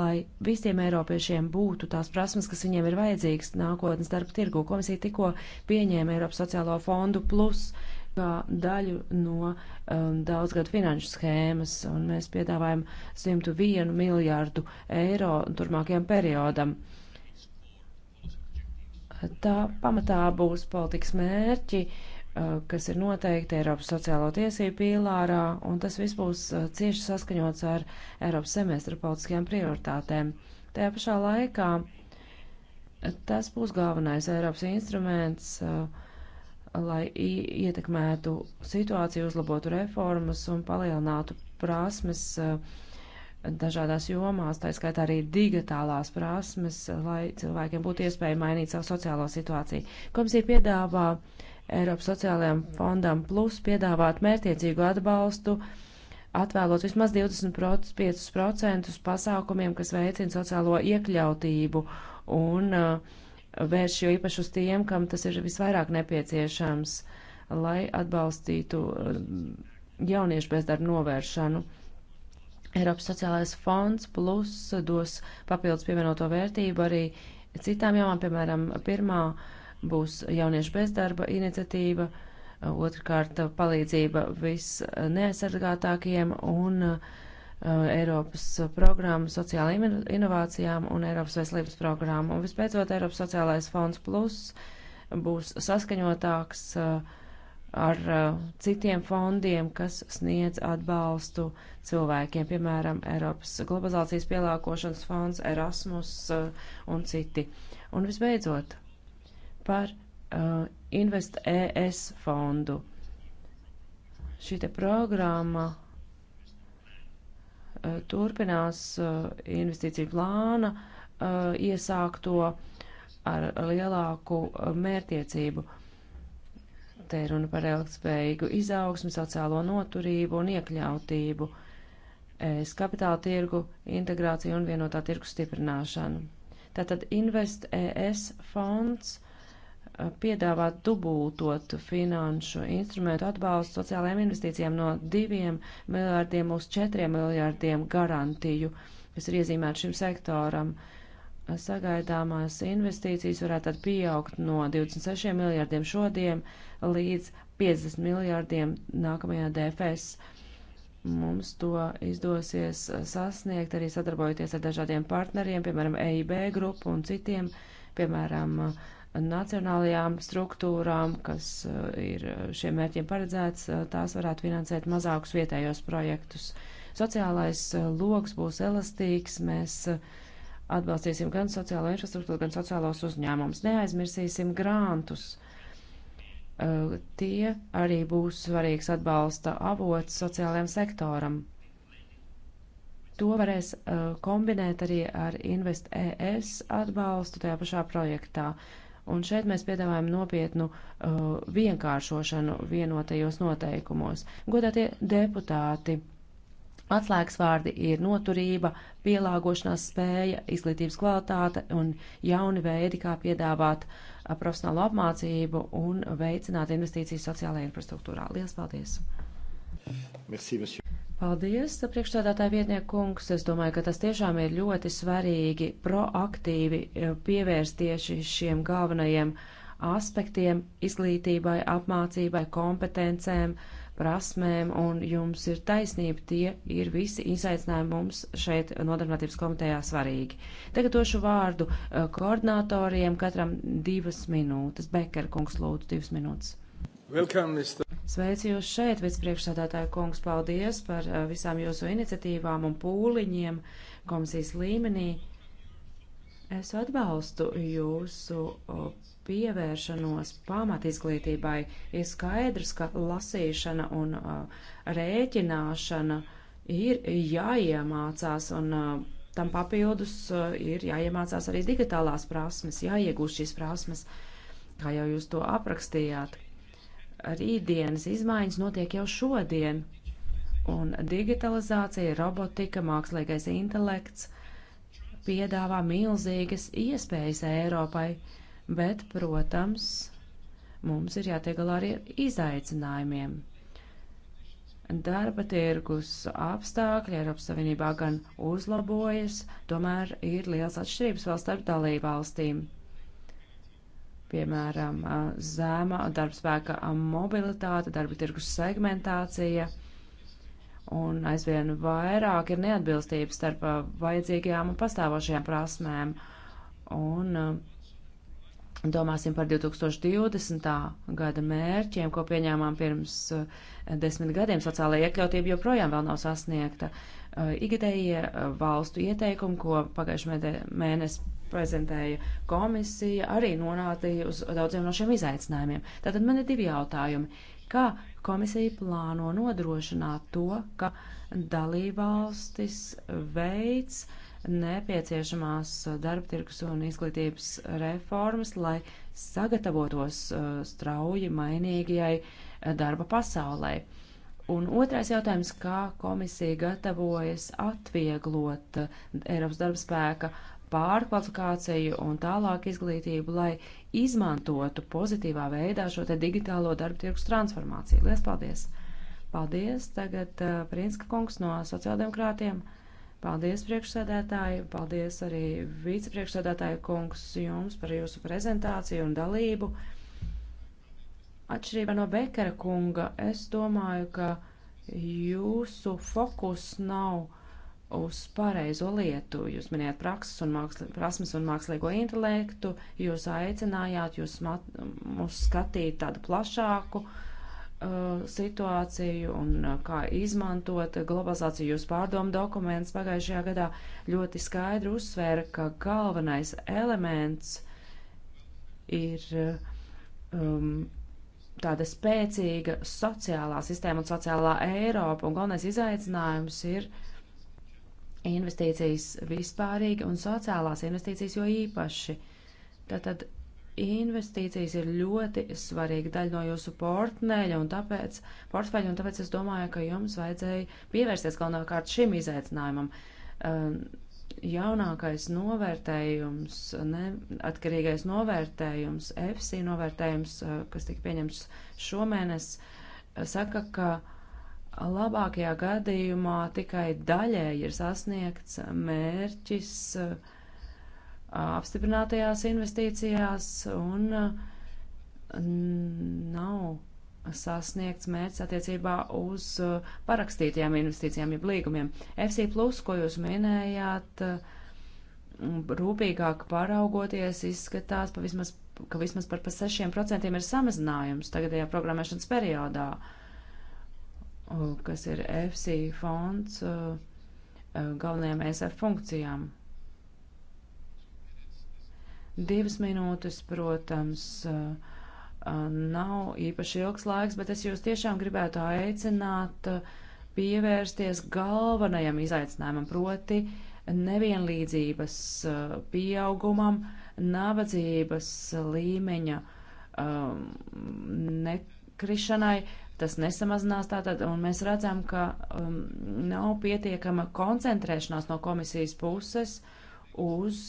Speaker 4: lai visiem eiropiešiem būtu tās prasmes, kas viņiem ir vajadzīgas nākotnes darba tirgu. Komisija tikko pieņēma Eiropas sociālo fondu plus kā daļu no um, daudzgadu finanšu schēmas, un mēs piedāvājam 101 miljārdu eiro turmākajam periodam. Uh, Tā pamatā būs politikas mērķi, uh, kas ir noteikti Eiropas sociālo tiesību pīlārā, un tas viss būs uh, cieši saskaņots ar Eiropas semestra politiskajām prioritātēm. Tajā pašā laikā uh, tas būs galvenais Eiropas instruments, lai ietekmētu situāciju, uzlabotu reformas un palielinātu prasmes uh, dažādās jomās, tā skaitā arī digitālās prasmes, lai cilvēkiem būtu iespēja mainīt savu sociālo situāciju. Komisija piedāvā Eiropas sociālajiem fondam plus piedāvāt mērtiecīgu atbalstu, atvēlot vismaz 25% pasākumiem, kas veicina sociālo iekļautību un uh, vērš jo īpaši uz tiem, kam tas ir visvairāk nepieciešams, lai atbalstītu uh, jauniešu bezdarbu novēršanu. Uh, Eiropas sociālais fonds plus dos papildus pievienoto vērtību arī citām jomām, piemēram, pirmā būs jauniešu bezdarba iniciatīva, otrkārt palīdzība visneaizsargātākajiem un uh, Eiropas programmu sociālajām inovācijām un Eiropas veselības programmu. Un vispēcot Eiropas sociālais fonds plus būs saskaņotāks uh, ar uh, citiem fondiem, kas sniedz atbalstu cilvēkiem, piemēram, Eiropas globalizācijas pielāgošanas fonds, Erasmus uh, un citi. Un visbeidzot, par uh, Invest ES fondu. Šī te programma uh, turpinās uh, investīciju plāna uh, iesākto ar lielāku uh, mērtiecību. Uh, Te ir runa par ilgspējīgu izaugsmu, sociālo noturību un iekļautību, es kapitāla tirgu, integrāciju un vienotā tirgu stiprināšanu. Tātad Invest ES fonds eh, piedāvā dubultot finanšu instrumentu atbalstu sociālajām investīcijām no 2 miljārdiem uz 4 miljārdiem garantiju, kas ir iezīmēta šim sektoram. Uh, sagaidāmās investīcijas varētu tad pieaugt no 26 miljārdiem šodien līdz 50 miljārdiem nākamajā DFS. Mums to izdosies sasniegt arī sadarbojoties ar dažādiem partneriem, piemēram, EIB grupu un citiem, piemēram, nacionālajām struktūrām, kas uh, ir uh, šiem mērķiem paredzēts, uh, tās varētu finansēt mazākus vietējos projektus. Sociālais loks būs elastīgs, mēs uh, Atbalstīsim gan sociālo infrastruktūru, gan sociālos uzņēmumus. Neaizmirsīsim grantus. Uh, tie arī būs svarīgs atbalsta avots sociālajam sektoram. To varēs uh, kombinēt arī ar Invest ES atbalstu tajā pašā projektā. Un šeit mēs piedāvājam nopietnu uh, vienkāršošanu vienotajos noteikumos. Godātie deputāti! Atslēgsvārdi ir noturība, pielāgošanās spēja, izglītības kvalitāte un jauni veidi, kā piedāvāt profesionālu apmācību un veicināt investīcijas sociālajā infrastruktūrā. Lielas paldies! Merci, monsieur. paldies, priekšstādātāja vietnieku kungs. Es domāju, ka tas tiešām ir ļoti svarīgi proaktīvi e, pievērst tieši šiem galvenajiem aspektiem - izglītībai, apmācībai, kompetencēm. Uh, prasmēm, un jums ir taisnība, tie ir visi izaicinājumi mums šeit nodarbinātības komitejā svarīgi. Tagad došu vārdu eh, koordinatoriem, katram divas minūtes. Beker kungs lūdzu divas minūtes. Welcome, Mr. Sveicu jūs šeit, vicepriekšsādātāja kungs, paldies par eh, visām jūsu iniciatīvām un pūliņiem komisijas līmenī. Es atbalstu jūsu pievēršanos pamatizglītībai, ir skaidrs, ka lasīšana un uh, rēķināšana ir jāiemācās un uh, tam papildus uh, ir jāiemācās arī digitālās prasmes, jāiegūst šīs prasmes, kā jau jūs to aprakstījāt. Rītdienas izmaiņas notiek jau šodien, un digitalizācija, robotika, mākslīgais intelekts piedāvā milzīgas iespējas Eiropai. Uh, bet, protams, mums ir jātiek galā arī ar izaicinājumiem. Darba tirgus apstākļi Eiropas Savienībā gan uzlabojas, tomēr ir liels atšķirības vēl starp dalībvalstīm. Piemēram, zēma darbspēka mobilitāte, darba tirgus segmentācija un aizvien vairāk ir neatbilstības starp vajadzīgajām un pastāvošajām prasmēm. Un uh, Domāsim par 2020. gada mērķiem, ko pieņēmām pirms eh, desmit gadiem. Sociālā iekļautība joprojām vēl nav sasniegta. Eh, Igadējie eh, valstu ieteikumi, ko pagājušajā mēnesī prezentēja komisija, arī norādīja uz daudziem no šiem izaicinājumiem. Tātad man ir divi jautājumi. Kā komisija plāno nodrošināt to, ka dalībvalstis veids uh, nepieciešamās eh, darbtirgus un izglītības reformas, lai sagatavotos eh, strauji mainīgajai eh, darba pasaulē. Un otrais jautājums, kā komisija gatavojas atvieglot Eiropas darba spēka pārkvalifikāciju un tālāk izglītību, lai izmantotu pozitīvā veidā šo te digitālo darbtirgus transformāciju. Lielas paldies! Paldies! Tagad uh, Prinska kungs no sociāldemokrātiem. Uh, Paldies, priekšsēdētāji, paldies arī vicepriekšsēdētāju kungs jums par jūsu prezentāciju un dalību. Atšķirībā no Bekara kunga, es domāju, ka jūsu fokus nav uz pareizo lietu. Jūs minējāt prakses un māksli, prasmes un mākslīgo intelektu, jūs aicinājāt jūs mat, mums skatīt tādu plašāku uh, Uh, situāciju un uh, kā izmantot globalizāciju. Jūs pārdomu dokuments pagājušajā gadā ļoti skaidri uzsvēra, ka galvenais elements ir uh, um, tāda spēcīga sociālā sistēma un sociālā Eiropa, un galvenais izaicinājums ir investīcijas vispārīgi un sociālās investīcijas jo īpaši. Tātad Investīcijas ir ļoti svarīga daļa no jūsu portfeļa, un tāpēc, portfeļa, un tāpēc es domāju, ka jums vajadzēja pievērsties galvenokārt šim izaicinājumam. Ehm, jaunākais novērtējums, neatkarīgais novērtējums, EFSI novērtējums, eh, kas tika pieņemts šomēnes, eh, saka, ka labākajā gadījumā tikai daļēji ir sasniegts mērķis uh, apstiprinātajās investīcijās un uh, nav sasniegts mērķis attiecībā uz uh, parakstītajām investīcijām, jeb līgumiem. FC plus, ko jūs minējāt, uh, rūpīgāk paraugoties, izskatās, pa vismaz, ka vismaz par pa 6% ir samazinājums tagadējā programmēšanas periodā, kas ir FC fonds galvenajām ESF funkcijām. Divas minūtes, protams, nav īpaši ilgs laiks, bet es jūs tiešām gribētu aicināt pievērsties galvenajam izaicinājumam, proti nevienlīdzības pieaugumam, nabadzības līmeņa nekrišanai, tas nesamazinās tātad, un mēs redzam, ka um, nav pietiekama koncentrēšanās no komisijas puses uz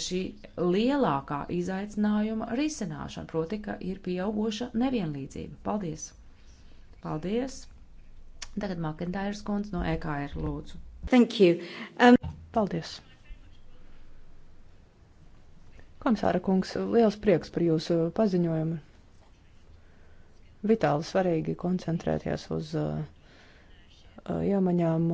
Speaker 4: šī lielākā izaicinājuma risināšana, proti, ka ir pieaugoša nevienlīdzība. Paldies! Paldies! Tagad Makintairs kundze no EKR lūdzu. Thank you. Um... Paldies!
Speaker 3: Komisāra kungs, liels prieks par jūsu paziņojumu. Vitāli svarīgi koncentrēties uz uh, uh iemaņām,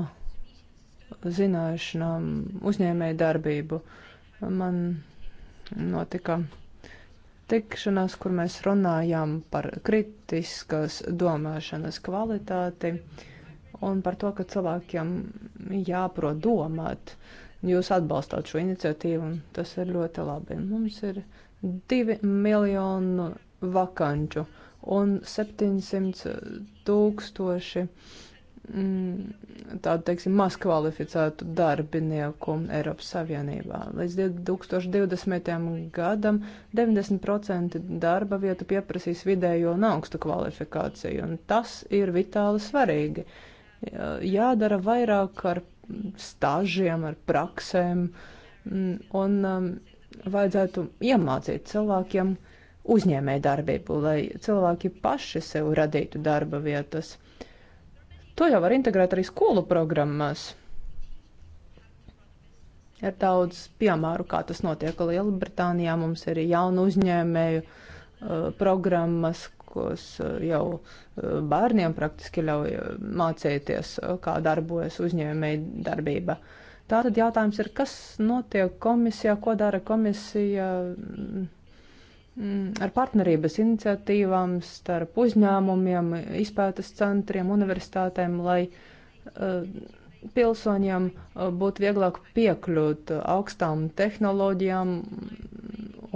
Speaker 3: zināšanām, uzņēmēju darbību. Uh, man notika tikšanās, kur mēs runājām par kritiskas domāšanas kvalitāti un par to, ka cilvēkiem jāprot domāt. Jūs atbalstāt šo iniciatīvu, un tas ir ļoti labi. Mums ir divi miljonu vakanču un 700 tūkstoši uh, Mm, tādu, teiksim, maz kvalificētu darbinieku Eiropas Savienībā. Līdz 2020. gadam 90% darba vietu pieprasīs vidējo un augstu kvalifikāciju, un tas ir vitāli svarīgi. Jādara vairāk ar stāžiem, ar praksēm, mm, un um, vajadzētu iemācīt cilvēkiem uzņēmē darbību, lai cilvēki paši sev radītu darba vietas To jau var integrēt arī skolu programmās. Ir daudz piemēru, kā tas notiek Lielbritānijā. Mums ir jaunu uzņēmēju uh, programmas, kuras uh, jau uh, bērniem praktiski ļauj uh, mācīties, kā darbojas uzņēmēji darbība. Tātad jautājums ir, kas notiek komisijā, ko dara komisija mm, Mm, ar partnerības iniciatīvām starp uzņēmumiem, izpētes centriem, universitātēm, lai eh, pilsoņiem eh, būtu vieglāk piekļūt augstām tehnoloģijām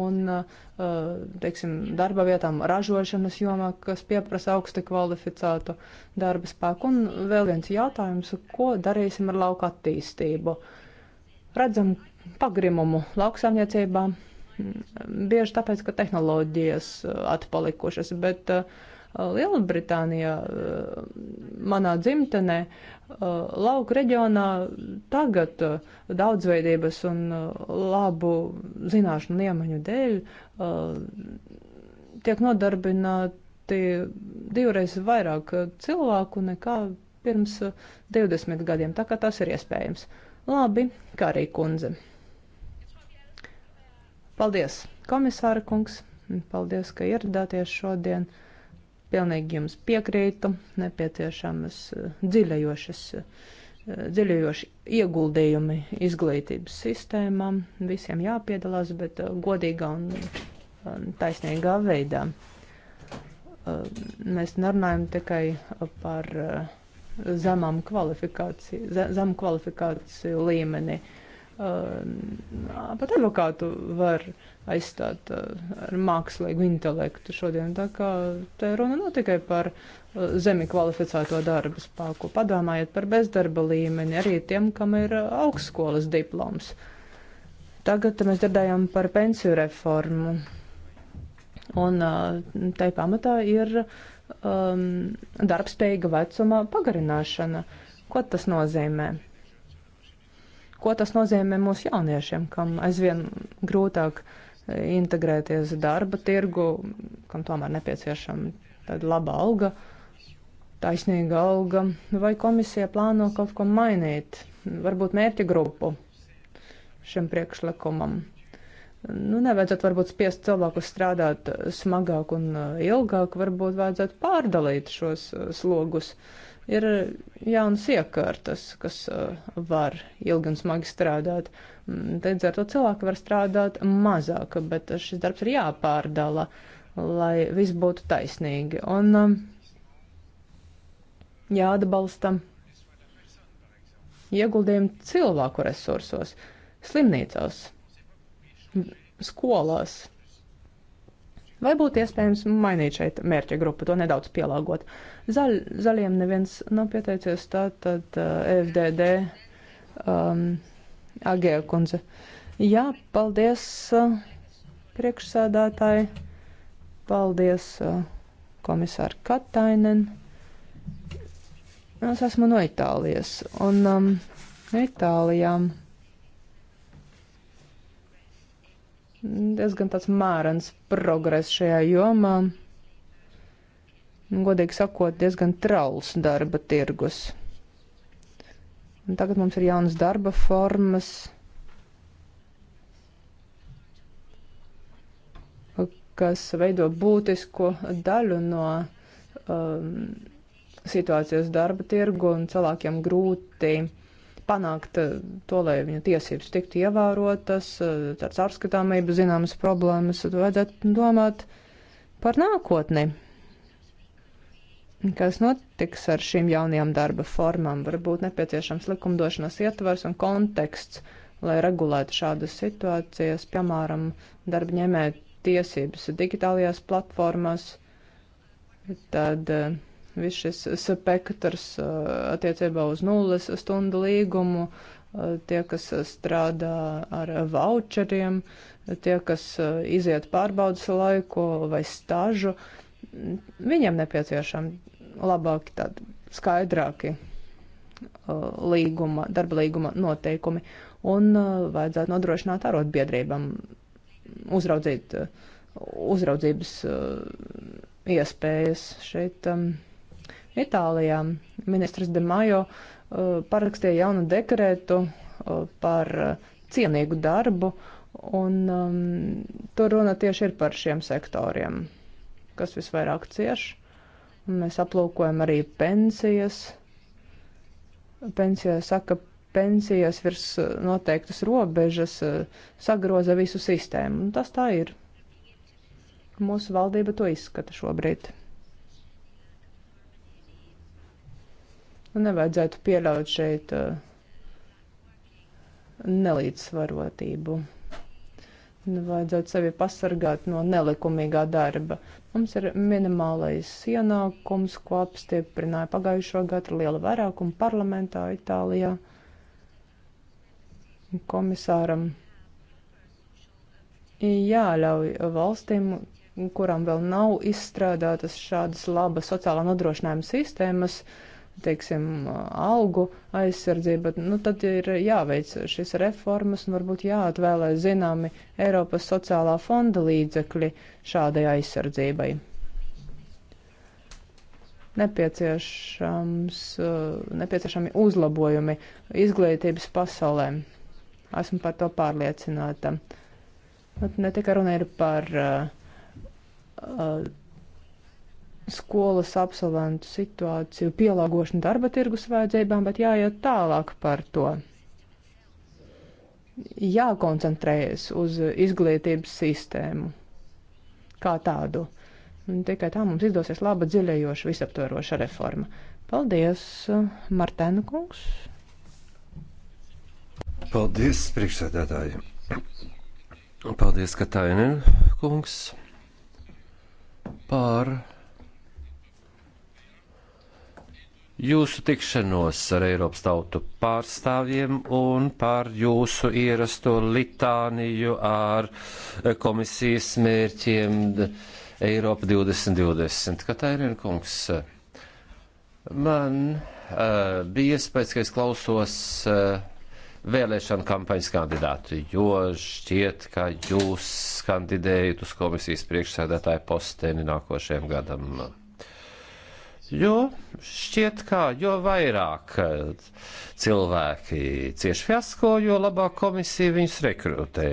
Speaker 3: un, eh, teiksim, darba vietām ražošanas jomā, kas pieprasa augsti kvalificētu darba spēku. Un vēl viens jautājums, ko darīsim ar lauka attīstību? Redzam pagrimumu lauksāmniecībā Bieži tāpēc, ka tehnoloģijas uh, atpalikušas, bet uh, Lielbritānijā, uh, manā dzimtenē, lauka reģionā tagad daudzveidības un labu zināšanu iemaņu dēļ tiek nodarbināti divreiz vairāk cilvēku nekā pirms 20 gadiem, tā kā tas ir iespējams. Labi, Karī kundze. Paldies, komisāra kungs! Paldies, ka ieradāties šodien. Pilnīgi jums piekrītu, nepieciešamas eh, dziļajošas, eh, dziļajoši ieguldījumi izglītības sistēmām. Visiem jāpiedalās, bet eh, godīgā un taisnīgā veidā. Mēs nerunājam tikai par zemām kvalifikāciju, zem kvalifikāciju līmeni. Uh, pat advokātu var aizstāt ar mākslīgu intelektu šodien. Tā kā te runa nav tikai par zemi kvalificēto darbu spēku. Padomājiet par bezdarba līmeni arī tiem, kam ir augstskolas diploms. Tagad mēs dzirdējām par pensiju reformu. Un tai pamatā ir um, darbspējīga vecuma pagarināšana. Ko tas nozīmē? ko tas nozīmē mūsu jauniešiem, kam aizvien grūtāk e, integrēties darba tirgu, kam tomēr nepieciešama tāda laba alga, taisnīga alga, vai komisija plāno kaut ko mainīt, varbūt mērķa grupu šim priekšlikumam. Nu, nevajadzētu varbūt spiest cilvēkus strādāt e, smagāk un e, ilgāk, varbūt vajadzētu pārdalīt šos slogus. Uh, ir eh, jaunas iekārtas, kas eh, var ilgi un smagi strādāt. Mm, līdz ar to cilvēki var strādāt mazāk, bet šis darbs ir jāpārdala, lai viss būtu taisnīgi. Un eh, jāatbalsta ieguldījumi cilvēku resursos, slimnīcās, skolās. Vai būtu iespējams mainīt šeit mērķa grupu, to nedaudz pielāgot? Zaļ, zaļiem neviens nav pieteicies, tātad FDD um, Agē kundze. Jā, paldies priekšsēdātāji, paldies komisāru Katainen. Es esmu no Itālijas, un um, Itālijām diezgan tāds mērens progress šajā jomā. Godīgi sakot, diezgan trauls darba tirgus. Un tagad mums ir jaunas darba formas, kas veido būtisku daļu no um, situācijas darba tirgu un cilvēkiem grūti uh, panākt eh, to, lai viņa tiesības tiktu ievērotas, eh, tāds apskatāmības zināmas problēmas, tad vajadzētu domāt par nākotni. Kas notiks ar šīm jaunajām darba formām? Varbūt nepieciešams likumdošanas ietvars un konteksts, lai regulētu šādas situācijas, piemēram, darba ņemēt tiesības digitālajās platformās. Tad uh, Viss šis spektrs attiecībā uz nulles stundu līgumu, tie, kas strādā ar voucheriem, tie, kas iziet pārbaudas laiku vai stažu, viņiem nepieciešami labāki, tādi skaidrāki līguma, darba līguma noteikumi. Un vajadzētu nodrošināt arotbiedrībām uzraudzīt, uzraudzības iespējas šeit. Um, Itālijā ministrs De Majo uh, parakstīja jaunu dekrētu uh, par uh, cienīgu darbu, un um, tur runa tieši ir par šiem sektoriem, kas visvairāk cieš. Mēs aplūkojam arī pensijas. Pensija saka, pensijas virs noteiktas robežas sagroza visu sistēmu. Un tas tā ir. Mūsu valdība to izskata šobrīd. Nu, nevajadzētu pieļaut šeit uh, nelīdzsvarotību. Nu, vajadzētu sevi pasargāt no nelikumīgā darba. Mums ir minimālais ienākums, ko apstiprināja pagājušo gadu liela vairākuma parlamentā Itālijā. Komisāram jāļauj valstīm, kurām vēl nav izstrādātas šādas labas sociālā nodrošinājuma sistēmas, uh, teiksim, algu aizsardzību, bet, nu, tad ir jāveic šīs reformas un varbūt jāatvēlē zināmi Eiropas sociālā fonda līdzekļi šādai aizsardzībai. Nepieciešams, uh, nepieciešami uzlabojumi izglītības pasaulē. Esmu par to pārliecināta. Bet ne tikai runa ir par uh, uh, skolas absolventu situāciju, pielāgošanu darba tirgus vajadzībām, bet jāiet tālāk par to. Jākoncentrējas uz izglītības sistēmu kā tādu. Un tikai tā mums izdosies laba, dziļējoša, visaptveroša reforma. Paldies, Martēna kungs!
Speaker 2: Paldies, priekšsēdētāji! Paldies, Katainen kungs, par jūsu tikšanos ar Eiropas tautu pārstāvjiem un par jūsu ierasto litāniju ar komisijas mērķiem Eiropa 2020. Katērina kungs, man uh, bija iespējas, ka es klausos. Uh, vēlēšanu kampaņas kandidātu, jo šķiet, ka jūs kandidējat uz komisijas priekšsēdētāju posteni nākošajam gadam. Jo šķiet, kā jo vairāk eh, cilvēki cieš fiasko, jo labāk komisija viņus rekrutē.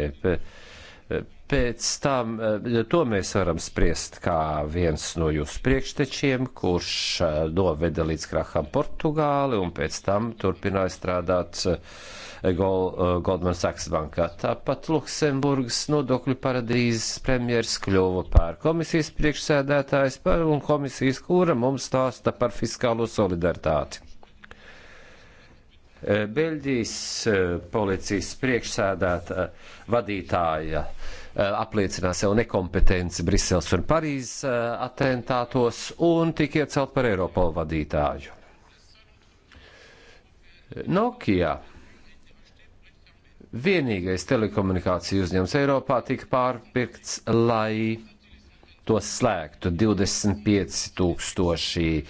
Speaker 2: Pēc tam eh, to mēs varam spriest kā viens no jūsu priekštečiem, kurš eh, noveda līdz kraham Portugāli un pēc tam turpināja strādāt uh, Gol, eh, Goldman Sachs bankā. Tāpat Luksemburgas nodokļu paradīzes premjers kļuva par komisijas priekšsēdētājs un komisijas, kura mums stāsta par fiskālo solidaritāti. Eh, Beļģijas eh, policijas priekšsēdētāja vadītāja apliecināja sev nekompetenci Briseles un Parīzes atentātos un tika iecelt par Eiropolu vadītāju. Nokia vienīgais telekomunikāciju uzņēmums Eiropā tika pārpirkts, lai to slēgtu. 25 tūkstoši e,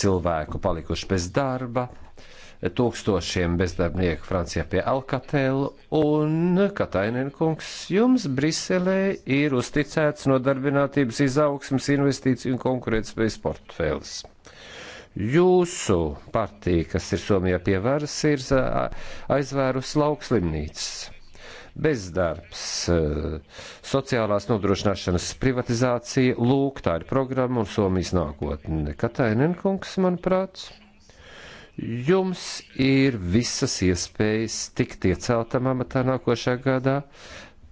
Speaker 2: cilvēku palikuši bez darba, tūkstošiem bezdarbnieku Francijā pie Alkatēla, un Katainenkungs jums Briselē ir uzticēts nodarbinātības izaugsmas, investīciju un konkurētspējas portfēlis. Jūsu partija, kas ir Somijā pie varas, ir aizvērus laukslimnīcas bezdarbs, sociālās nodrošināšanas privatizācija, lūk, tā ir programma un Somijas nākotne. Katainenkungs, manuprāt, jums ir visas iespējas tikt ieceltam amatā nākošajā gadā,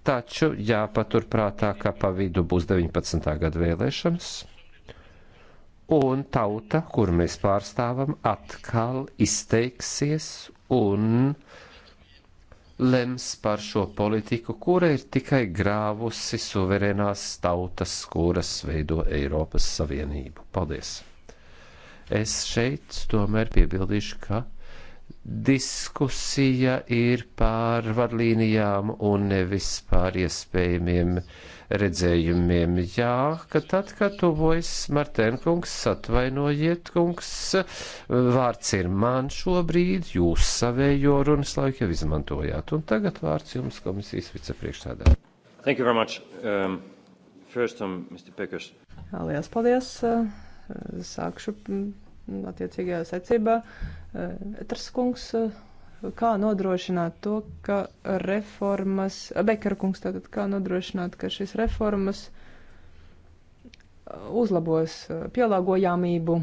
Speaker 2: taču jāpaturprātā, ka pa vidu būs 19. gada vēlēšanas un tauta, kuru mēs pārstāvam, atkal izteiksies un lems par šo politiku, kura ir tikai grāvusi suverēnās tautas, kuras veido Eiropas Savienību. Paldies! Es šeit tomēr piebildīšu, ka diskusija ir pār vadlīnijām un nevis pār iespējamiem uh, redzējumiem. Jā, ka tad, kad tuvojas Martēnkungs, atvainojiet, kungs, vārds ir man šobrīd, jūs savējo runas laiku jau izmantojāt. Un tagad vārds jums komisijas vicepriekšsēdā.
Speaker 1: Thank you very much. Um, first on um, Mr. Pekers.
Speaker 3: Lielas paldies. Uh, sākšu mm, attiecīgajā secībā. Uh, Etras kungs. Uh, kā nodrošināt to, ka reformas, Bekarkungs tātad, kā nodrošināt, ka šis reformas uh, uzlabos uh, pielāgojamību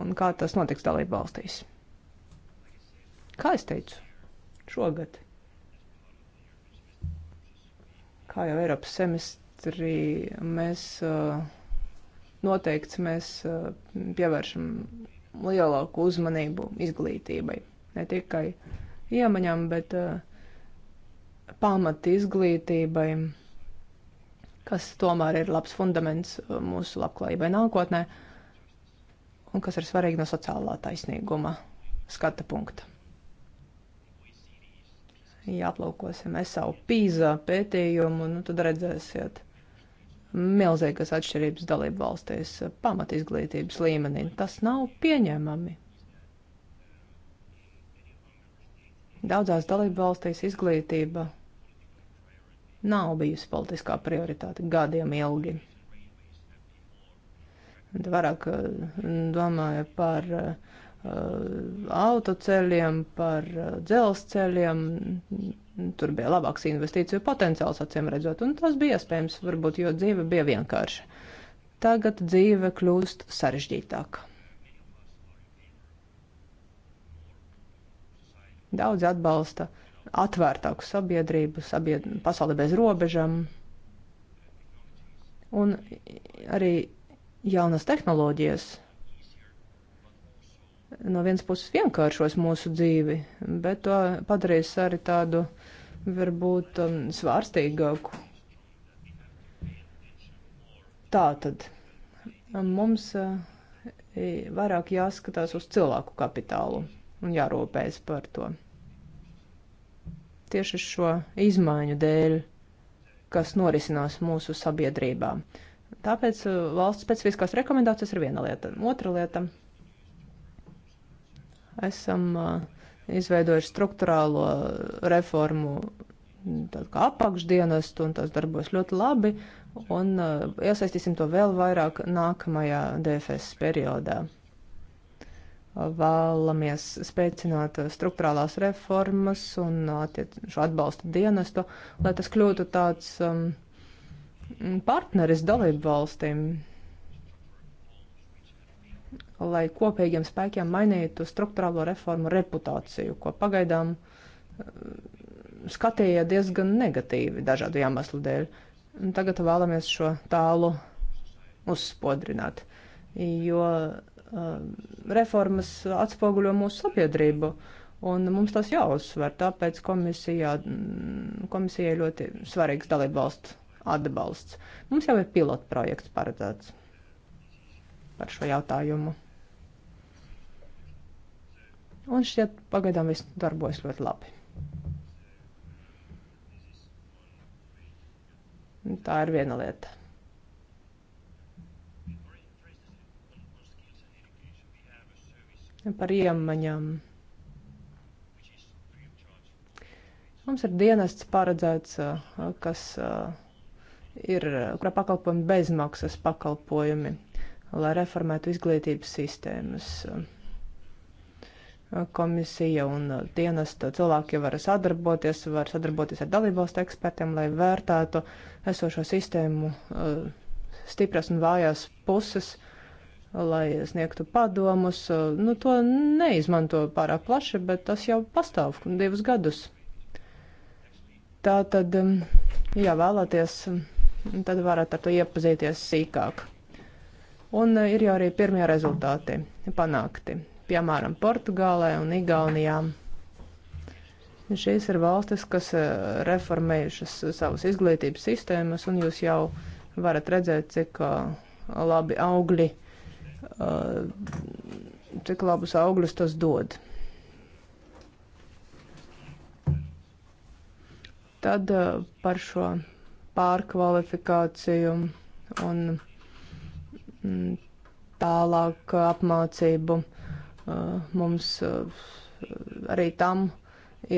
Speaker 3: un kā tas notiks dalību valstīs. Kā es teicu, šogad, kā jau Eiropas semestrī, mēs uh, noteikti mēs pievēršam lielāku uzmanību izglītībai. Ne tikai iemaņām, bet uh, pamat izglītībai, kas tomēr ir labs fundaments eh, mūsu labklājībai nākotnē un kas ir svarīgi no sociālā taisnīguma skata punkta. Ja aplūkosim SAU pīzā pētījumu, nu, tad redzēsiet, milzīgas atšķirības dalību valstīs eh, pamat izglītības līmenī. Tas nav pieņemami. Daudzās dalību valstīs izglītība nav bijusi politiskā prioritāte gadiem ilgi. Vairāk eh, domāju par uh, autoceļiem, par dzelzceļiem, Tur bija labāks investīciju potenciāls, acīm redzot, un tas bija iespējams, varbūt, jo dzīve bija vienkārša. Tagad dzīve kļūst sarežģītāka. Daudz atbalsta atvērtāku sabiedrību, sabied... pasauli bez robežām, un arī jaunas tehnoloģijas no vienas puses vienkāršos mūsu dzīvi, bet to padarīs arī tādu varbūt um, svārstīgāku. Tā tad mums uh, vairāk jāskatās uz cilvēku kapitālu un jārūpējas par to. Tieši šo izmaiņu dēļ, kas norisinās mūsu sabiedrībā. Tāpēc uh, valsts specifiskās rekomendācijas ir viena lieta. Otra lieta - esam uh, izveidojuši struktūrālo reformu apakšdienestu, un tas darbos ļoti labi, un uh, iesaistīsim to vēl vairāk nākamajā DFS periodā. Vēlamies spēcināt struktūrālās reformas un attiec, šo atbalstu dienestu, lai tas kļūtu tāds um, partneris dalību valstīm lai kopīgiem spēkiem mainītu struktūrālo reformu reputāciju, ko pagaidām eh, skatīja diezgan negatīvi dažādu iemeslu dēļ. Un tagad vēlamies šo tālu uzspodrināt, jo uh, reformas atspoguļo mūsu sabiedrību, un mums tas jāuzsver, tāpēc komisijā, mm, komisijai ļoti svarīgs dalībvalsts atbalsts. Mums jau ir pilotprojekts paredzēts par šo jautājumu. Un šķiet, pagaidām viss darbojas ļoti labi. Tā ir viena lieta. Par iemaņām. Mums ir dienests paredzēts, uh, kas uh, ir, kurā pakalpojumi bezmaksas pakalpojumi lai reformētu izglītības sistēmas. Komisija un dienesta cilvēki var sadarboties, var sadarboties ar dalībvalstu ekspertiem, lai vērtētu esošo sistēmu eh, stipras un vājās puses, lai sniegtu padomus. Nu, to neizmanto pārāk plaši, bet tas jau pastāv divus gadus. Tā tad, ja vēlaties, tad varat ar to iepazīties sīkāk un eh, ir jau arī pirmie rezultāti panākti, piemēram, Portugālē un Igaunijā. Šīs ir valstis, kas eh, reformējušas savas izglītības sistēmas, un jūs jau varat redzēt, cik eh, labi augļi, cik labus augļus tas dod. Tad par šo pārkvalifikāciju un Mm, tālāk apmācību. Uh, mums uh, arī tam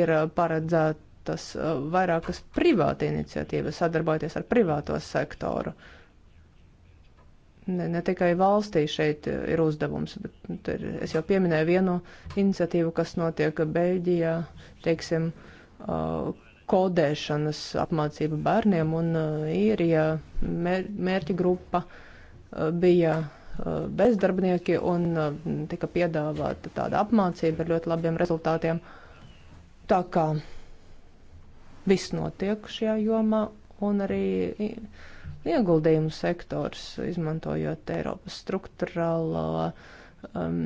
Speaker 3: ir paredzētas uh, vairākas privāta iniciatīvas, sadarbojoties ar privāto sektoru. Ne, ne tikai valstī šeit ir uzdevums, bet nu, ir, es jau pieminēju vienu iniciatīvu, kas notiek Beļģijā, teiksim, kodēšanas apmācība bērniem un īrija mērķi grupa uh, bija uh, bezdarbnieki un uh, tika piedāvāta tāda apmācība ar ļoti labiem rezultātiem. Tā kā viss notiek šajā jomā un arī ieguldījumu sektors, izmantojot Eiropas struktūrālo um,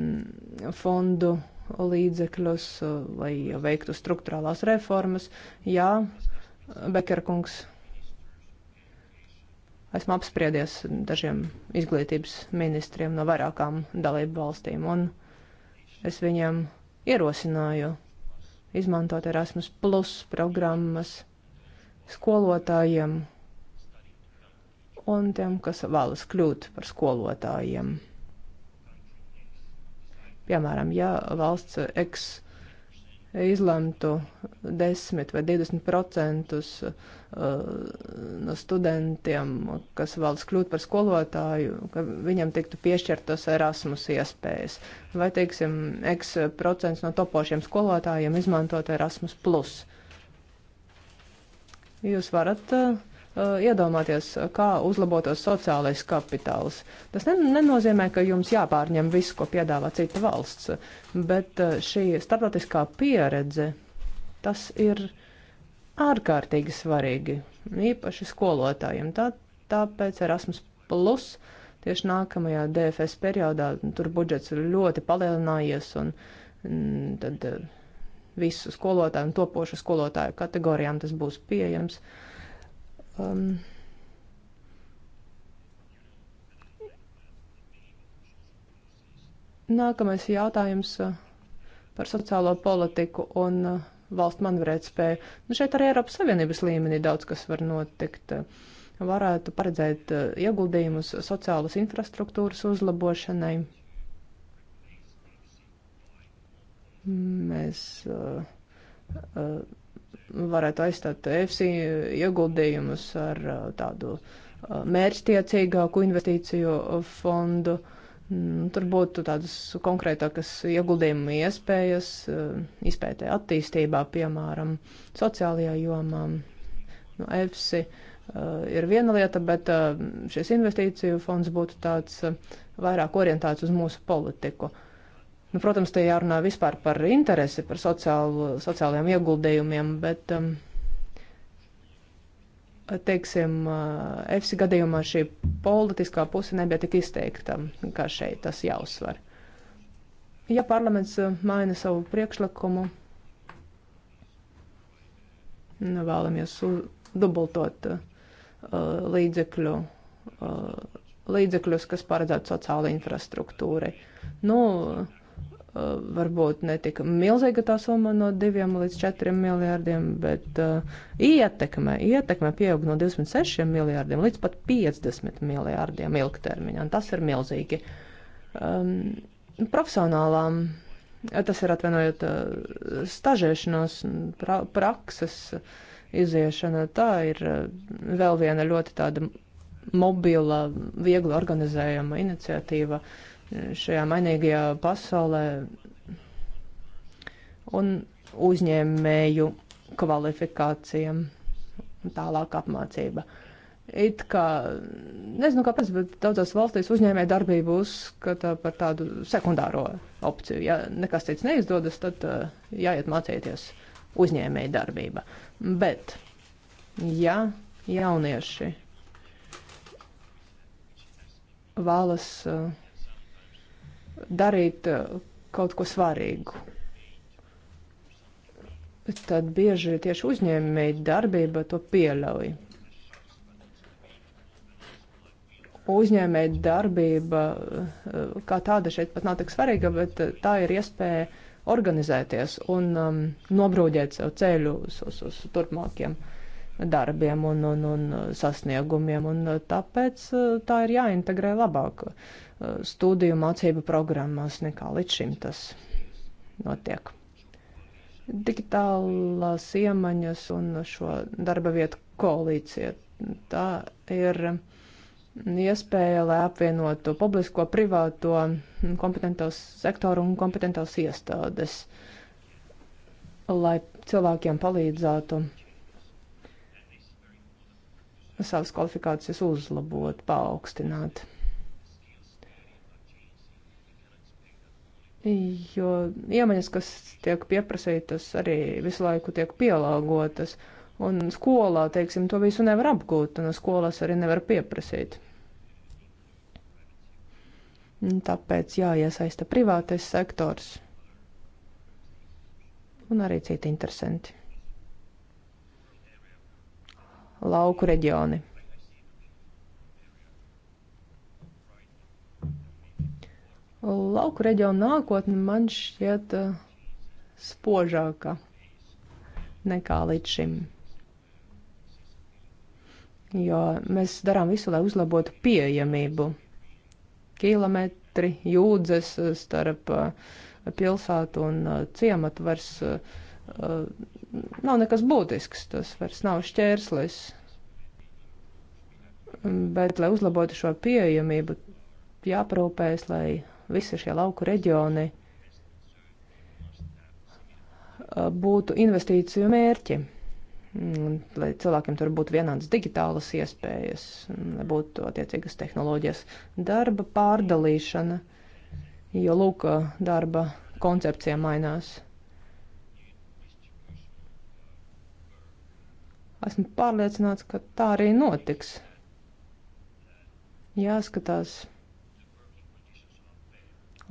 Speaker 3: fondu līdzekļus, uh, lai veiktu struktūrālās reformas. Jā, Bekerkungs esmu apspriedies dažiem izglītības ministriem no vairākām dalību valstīm, un es viņiem ierosināju izmantot Erasmus Plus programmas skolotājiem un tiem, kas vēlas kļūt par skolotājiem. Piemēram, ja valsts eks izlemtu 10 vai 20 procentus uh, no studentiem, kas vēlas kļūt par skolotāju, ka viņam tiktu piešķirtas Erasmus iespējas. Vai, teiksim, X procents no topošiem skolotājiem izmantot Erasmus. Jūs varat uh, Uh, iedomāties, uh, kā uzlabotos sociālais kapitāls. Tas nenozīmē, ka jums jāpārņem viss, ko piedāvā cita valsts, bet uh, šī starptautiskā pieredze, tas ir ārkārtīgi svarīgi, īpaši skolotājiem. Tā, tāpēc Erasmus Plus tieši nākamajā DFS periodā tur budžets ir ļoti palielinājies un mm, tad visu skolotāju un topošu skolotāju kategorijām tas būs pieejams. Uh, um, Nākamais jautājums uh, par sociālo politiku un uh, valstu manvarētspēju. Nu, šeit arī Eiropas Savienības līmenī daudz kas var notikt. Varētu paredzēt uh, ieguldījumus sociālas infrastruktūras uzlabošanai. Mēs uh, uh, varētu aizstāt EFSI ieguldījumus ar uh, tādu uh, mērķtiecīgāku investīciju fondu. Mm, tur būtu tādas konkrētākas ieguldījuma iespējas, uh, izpētē attīstībā, piemēram, sociālajā jomā. Nu, EFSI ir viena lieta, bet šis investīciju fonds būtu tāds vairāk orientēts uz mūsu politiku. Uh, Nu, protams, te jārunā vispār par interesi, par sociālu, sociālajiem ieguldījumiem, bet, um, teiksim, EFSI uh, gadījumā šī politiskā puse nebija tik izteikta, um, kā šeit tas jāuzsver. Ja parlaments uh, maina savu priekšlikumu, nu, vēlamies dubultot uh, līdzekļu, uh, līdzekļus, kas paredzētu sociālai infrastruktūrai. Nu, uh, Eh, varbūt netika milzīga tā summa no 2 līdz 4 miljārdiem, bet uh, ietekme, ietekme pieaug no 26 miljārdiem līdz pat 50 miljārdiem ilgtermiņā. Tas ir milzīgi. Um, profesionālām, tas ir atvainojot uh, eh, stažēšanos, pra, prakses iziešana, tā ir uh, vēl viena ļoti tāda mobila, viegli organizējama iniciatīva. Uh, šajā mainīgajā pasaulē un uzņēmēju kvalifikācijām tālāk apmācība. It kā, nezinu kāpēc, bet daudzās valstīs uzņēmē darbību uzskata par tādu sekundāro opciju. Ja nekas cits neizdodas, tad uh, jāiet mācīties uzņēmēja darbība. Bet, ja jaunieši vēlas uh, darīt eh, kaut ko svarīgu. Tad bieži tieši uzņēmēji darbība to pieļauj. Uzņēmēji darbība eh, kā tāda šeit pat nav tik svarīga, bet eh, tā ir iespēja organizēties un um, nobrūģēt sev ceļu uz, uz, uz turpmākiem darbiem un, un, un sasniegumiem. Un tāpēc tā ir jāintegrē labāk. Uh, studiju mācību programmās nekā līdz šim tas notiek. Digitālās iemaņas un šo darba vietu koalīcija. Tā ir iespēja, lai apvienotu publisko, privāto, kompetentos sektoru un kompetentos iestādes, lai cilvēkiem palīdzētu savas kvalifikācijas uzlabot, paaugstināt. jo iemaņas, kas tiek pieprasītas, arī visu laiku tiek pielāgotas. Un skolā, teiksim, to visu nevar apgūt, un skolās arī nevar pieprasīt. Tāpēc jāiesaista privātais sektors un arī citi interesanti. Lauku reģioni. lauku reģionu nākotne man šķiet eh, spožāka nekā līdz šim. Jo mēs darām visu, lai uzlabotu pieejamību. Kilometri jūdzes eh, starp eh, pilsētu un ciematu vairs nav nekas būtisks, tas vairs nav šķērslis. Mm, bet, lai uzlabotu šo pieejamību, jāparūpējas, lai visi šie lauku reģioni būtu investīciju mērķi, lai cilvēkiem tur būtu vienādas digitālas iespējas, lai būtu attiecīgas tehnoloģijas, darba pārdalīšana, jo lūk, darba koncepcija mainās. Esmu pārliecināts, ka tā arī notiks. Jāskatās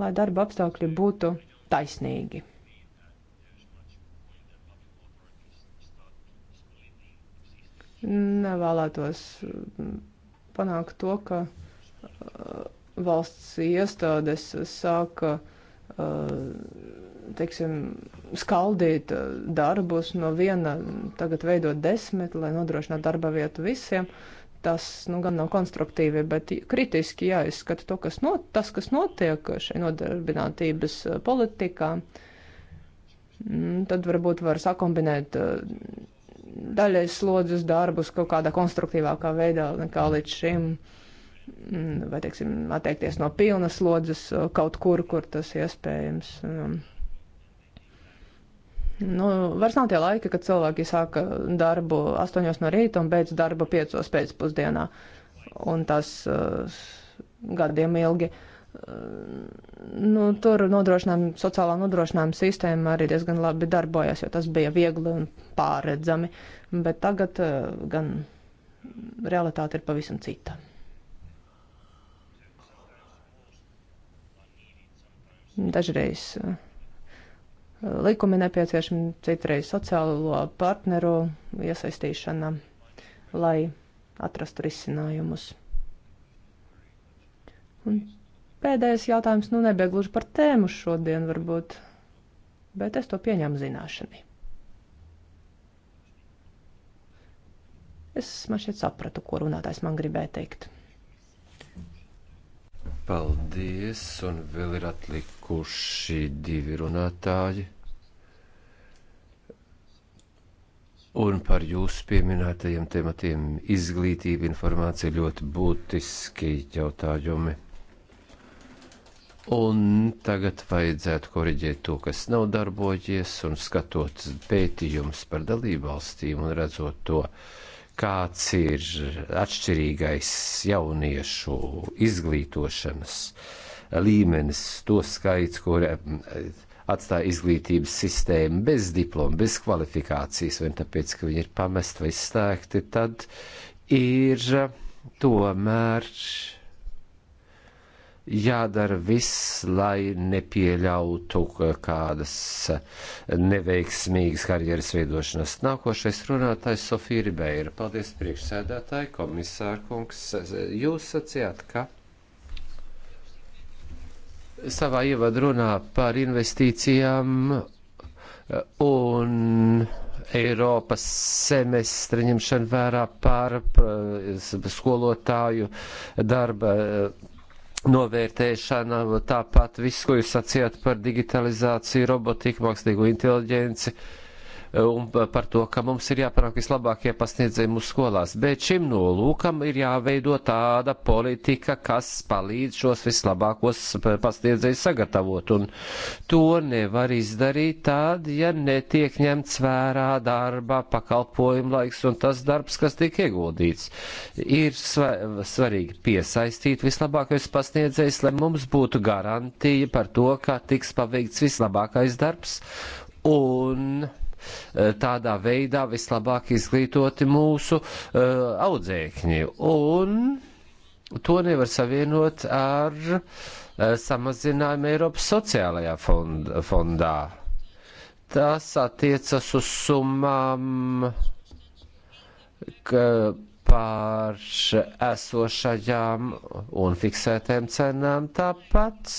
Speaker 3: lai darba apstākļi būtu taisnīgi. Nevēlētos mm, panākt to, ka uh, valsts iestādes sāka uh, teiksim, skaldīt uh, darbus no viena, tagad veidot desmit, lai nodrošinātu darba vietu visiem. Uh, tas nu, gan nav konstruktīvi, bet kritiski jāizskata to, kas not, tas, kas notiek šai nodarbinātības eh, politikā. Mm, tad varbūt var sakombinēt eh, daļai slodzes darbus kaut kādā konstruktīvākā veidā nekā līdz šim. Mm, vai, teiksim, atteikties no pilnas slodzes eh, kaut kur, kur tas iespējams. Um, Nu, vairs nav tie laiki, kad cilvēki sāka darbu 8 no rīta un beidz darbu 5 pēcpusdienā. Un tas uh, gadiem ilgi. Uh, nu, tur nodrošinājuma, sociālā nodrošinājuma sistēma arī diezgan labi darbojas, jo tas bija viegli un pārredzami. Bet tagad uh, gan realitāte ir pavisam cita. Dažreiz. Uh, Likumi nepieciešami citreiz sociālo partneru iesaistīšana, lai atrastu risinājumus. Un pēdējais jautājums, nu nebija gluži par tēmu šodien varbūt, bet es to pieņemu zināšanai. Es man šķiet sapratu, ko runātājs man gribēja teikt.
Speaker 2: Paldies, un vēl ir atlikuši divi runātāji. Un par jūsu pieminētajiem tematiem izglītība, informācija ļoti būtiski jautājumi. Un tagad vajadzētu koriģēt to, kas nav darbojies, un skatot pētījumus par dalībvalstīm un redzot to, uh, kāds ir atšķirīgais jauniešu izglītošanas līmenis, to skaits, kur eh, atstāja izglītības sistēmu bez diploma, bez kvalifikācijas, vai tāpēc, ka viņi ir pamesti vai izslēgti, tad ir eh, tomēr jādara viss, lai nepieļautu kādas neveiksmīgas karjeras veidošanas. Nākošais runātājs Sofija Ribeira. Paldies priekšsēdētāji, komisārkungs. Jūs sacījāt, ka savā ievadrunā par investīcijām un Eiropas semestra ņemšanu vērā par skolotāju darba novērtēšana, tāpat viss, ko jūs sacījāt par digitalizāciju, robotiku, mākslīgo inteliģenci. Uh, Eh, un par to, ka mums ir jāpanāk vislabākie pasniedzēji mūsu skolās. Bet šim nolūkam ir jāveido tāda politika, kas palīdz šos vislabākos eh, pasniedzējus sagatavot. Un to nevar izdarīt tad, ja netiek ņemts vērā darba pakalpojuma laiks un tas darbs, kas tiek ieguldīts. Ir svarīgi piesaistīt vislabākais pasniedzējs, lai mums būtu garantija par to, ka tiks paveikts vislabākais darbs un Eh, tādā veidā vislabāk izglītoti mūsu eh, audzēkņi. Un to nevar savienot ar eh, samazinājumu Eiropas sociālajā fondā. Tas attiecas uz summām par esošajām un fiksētām cenām, tāpat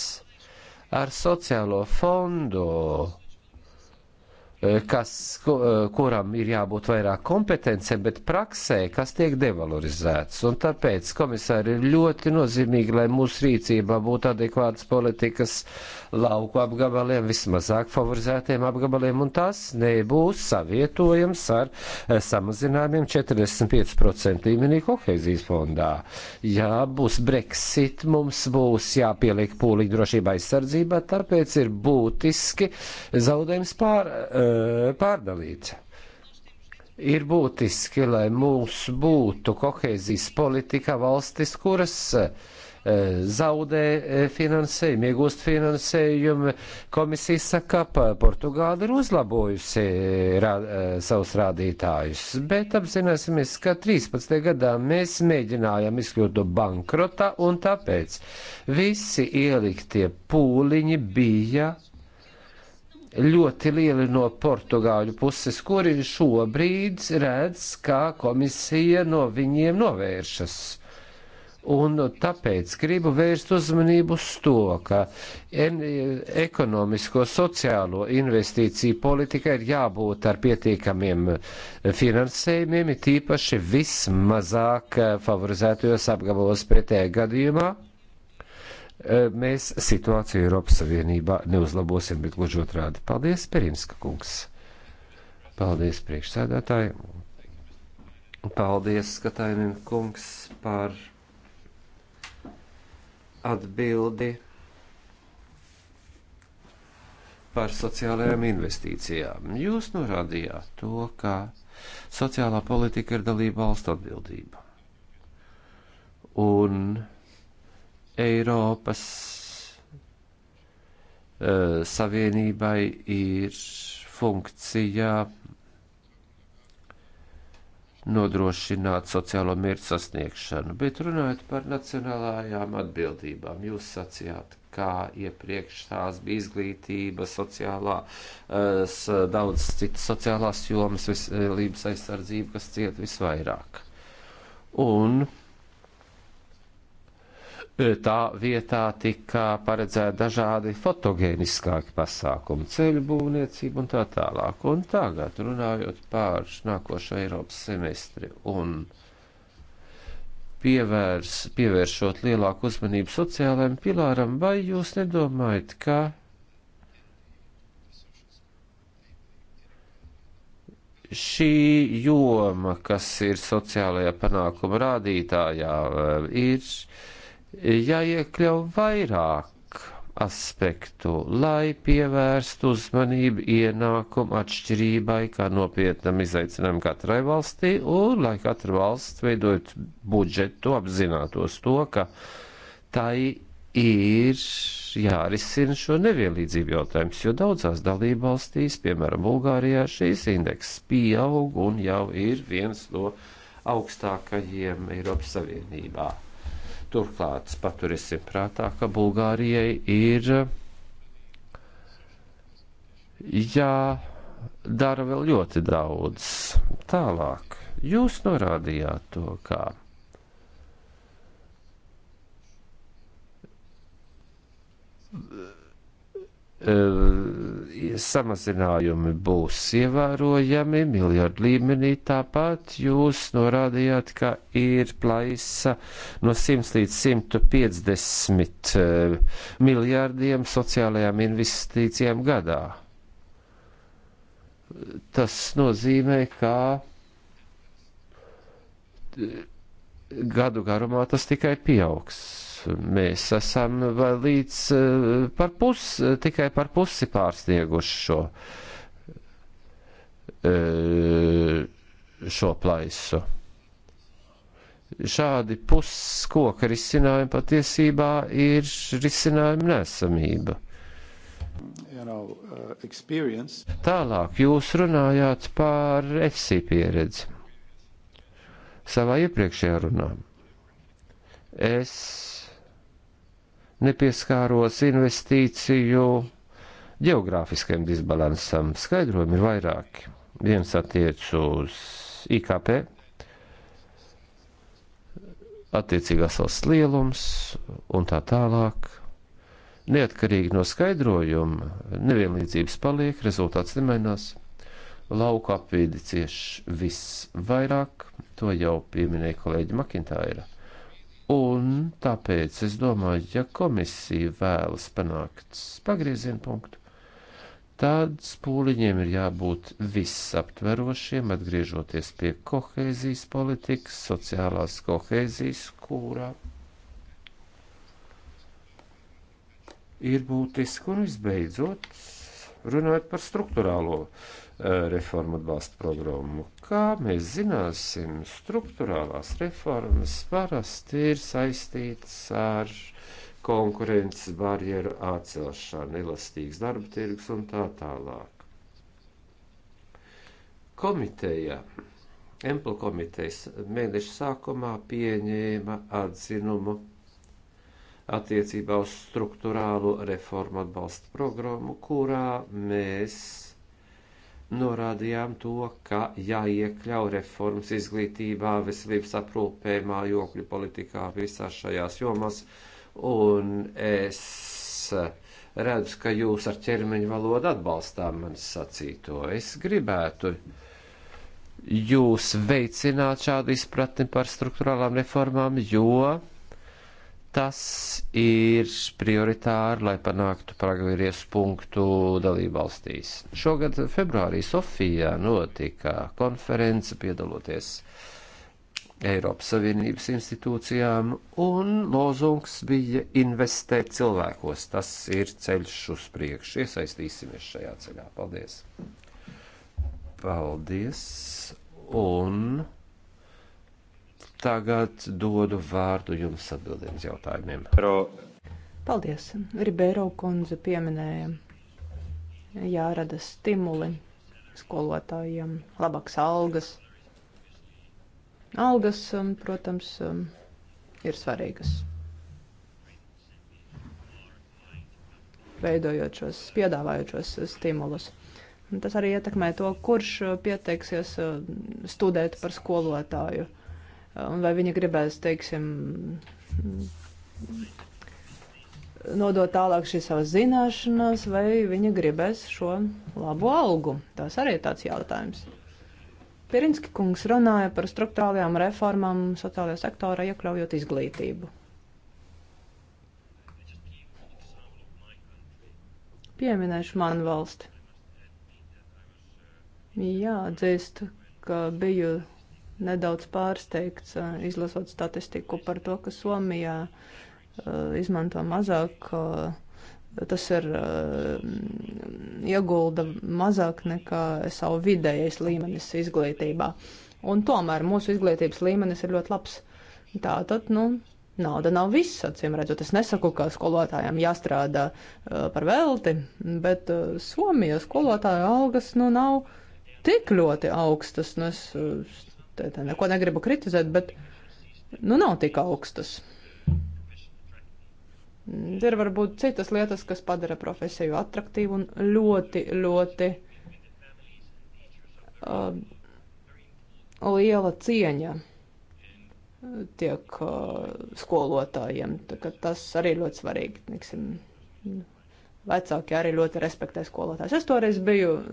Speaker 2: ar sociālo fondu Eh, kas, eh, kuram ir jābūt vairāk kompetencēm, bet praksē, kas tiek devalorizēts. Un tāpēc, komisāri, ir ļoti nozīmīgi, lai mūsu rīcībā būtu adekvātas politikas lauku apgabaliem, vismazāk favorizētiem apgabaliem, un tas nebūs savietojams ar eh, samazinājumiem 45% līmenī kohēzijas fondā. Jā, būs Brexit, mums būs jāpieliek pūliņu drošība aizsardzībā, tāpēc ir būtiski zaudējums pār. Uh, Eh, pārdalīts. Ir būtiski, lai mums būtu kohēzijas politika valstis, kuras eh, zaudē eh, finansējumu, iegūst finansējumu. Komisija saka, ka Portugāla ir uzlabojusi rā, savus rādītājus, bet apzināsimies, ka 13. gadā mēs mēģinājām izkļūt no bankrota, un tāpēc visi ieliktie pūliņi bija ļoti lieli no portugāļu puses, kuri šobrīd redz, kā komisija no viņiem novēršas. Un tāpēc gribu vērst uzmanību uz to, ka en, ekonomisko sociālo investīciju politika ir jābūt ar pietiekamiem finansējumiem, it īpaši vismazāk favorizētajos apgabalos pretējā gadījumā Eh, mēs situāciju Eiropas Savienībā neuzlabosim, bet gluži otrādi. Paldies, Perinska kungs! Paldies, priekšsēdētāji! Paldies, skatājumiem kungs, par atbildi par sociālajām investīcijām. Jūs norādījāt to, ka sociālā politika ir dalība valsts atbildība. Un Eiropas uh, Savienībai ir funkcija nodrošināt sociālo mērķu sasniegšanu, bet runājot par nacionālajām atbildībām, jūs sacījāt, kā iepriekš tās bija izglītība, sociālā, uh, daudz citas sociālās jomas, veselības eh, aizsardzība, kas ciet visvairāk. Un tā vietā tika paredzēti dažādi fotogēniskāki pasākumi, ceļu būvniecība un tā tālāk. Un tagad, runājot pār nākošo Eiropas semestri un pievērs, pievēršot lielāku uzmanību sociālajiem pilāram, vai jūs nedomājat, ka šī joma, kas ir sociālajā panākuma rādītājā, ir jāiekļauj vairāk aspektu, lai pievērstu uzmanību ienākumu atšķirībai, kā nopietnam izaicinājumam katrai valstī, un lai katra valsts veidojot budžetu apzinātos to, ka tai ir jārisina šo nevienlīdzību jautājums, jo daudzās dalība valstīs, piemēram, Bulgārijā, šīs indeks pieaug un jau ir viens no augstākajiem Eiropas Savienībā. Turklāt paturēsim prātā, ka Bulgārijai ir jādara vēl ļoti daudz. Tālāk, jūs norādījāt to, kā Eh, samazinājumi būs ievērojami miljardu līmenī. Tāpat jūs norādījāt, ka ir plaisa no 100 līdz 150 eh, miljārdiem sociālajām investīcijām gadā. Tas nozīmē, ka eh, gadu garumā tas tikai pieaugs mēs esam līdz eh, par pus, tikai par pusi pārsnieguši šo, eh, šo plaisu. Šādi puskoka risinājumi patiesībā ir risinājuma nesamība.
Speaker 1: You know, uh,
Speaker 2: Tālāk jūs runājāt par FC pieredzi savā iepriekšējā runā. Es nepieskāros investīciju geogrāfiskajam disbalansam. Skaidrojumi ir vairāki. Viens attiec uz IKP, attiecīgās valsts lielums un tā tālāk. Neatkarīgi no skaidrojuma, nevienlīdzības paliek, rezultāts nemainās. Lauka apvīdi cieš visvairāk, to jau pieminēja kolēģi Makintāra. Un tāpēc es domāju, ja komisija vēlas panākt pagriezienu punktu, tad spūliņiem ir jābūt visaptverošiem, atgriežoties pie kohēzijas politikas, sociālās kohēzijas, kurā ir būtiski un visbeidzot runājot par struktūrālo eh, reformu atbalsta programmu, kā mēs zināsim, struktūrālās reformas parasti ir saistītas ar konkurences barjeru atcelšanu, elastīgs darba tirgus un tā tālāk. Komiteja, Empla komitejas mēneša sākumā pieņēma atzinumu attiecībā uz struktūrālo reformu atbalsta programmu, kurā mēs norādījām to, ka jāiekļau reformas izglītībā, veselības aprūpē, mājokļu politikā, visās šajās jomās, un es redzu, ka jūs ar ķermeņa valodu atbalstām man sacīto. Es gribētu jūs veicināt šādu izpratni par struktūrālām reformām, jo Tas ir prioritāri, lai panāktu progress punktu dalībvalstīs. Šogad februārī Sofijā notika konference piedaloties Eiropas Savienības institūcijām, un lozungs bija investēt cilvēkos. Tas ir ceļš uz priekšu. Iesaistīsimies šajā ceļā. Paldies! Paldies! Un Tagad dodu vārdu jums atbildēt uz jautājumiem. Pro.
Speaker 3: Paldies! Ribeiro kundze pieminēja jārada stimuli skolotājiem, labāks algas. Algas, um, protams, um, ir svarīgas. Veidojot šos, piedāvājot šos stimulus. Un tas arī ietekmē to, kurš pieteiksies um, studēt par skolotāju. Uh, un vai viņi gribēs, teiksim, nodot tālāk šīs savas zināšanas, vai viņa gribēs šo labo algu. Tas arī ir tāds jautājums. Pirinski kungs runāja par struktūrālajām reformām sociālajā sektorā, iekļaujot izglītību. Pieminēšu manu valsti. Jāatzīst, ka biju nedaudz pārsteigts, eh, izlasot statistiku par to, ka Somijā eh, izmanto mazāk, eh, tas ir iegulda mazāk nekā savu vidējais līmenis izglītībā. Un tomēr mūsu izglītības līmenis ir ļoti labs. Tā tad, nu, nauda nav viss, acīm redzot. Es nesaku, ka skolotājiem jāstrādā par velti, bet Somijā skolotāja algas, nu, nav tik ļoti augstas. Nu, es Tad neko negribu kritizēt, bet nu nav tik augstas. Ir varbūt citas lietas, kas padara profesiju attraktīvu un ļoti, ļoti uh, liela cieņa tiek uh, skolotājiem. Tas arī ļoti svarīgi. Tiksim, vecāki arī ļoti respektē skolotājus. Es toreiz biju uh,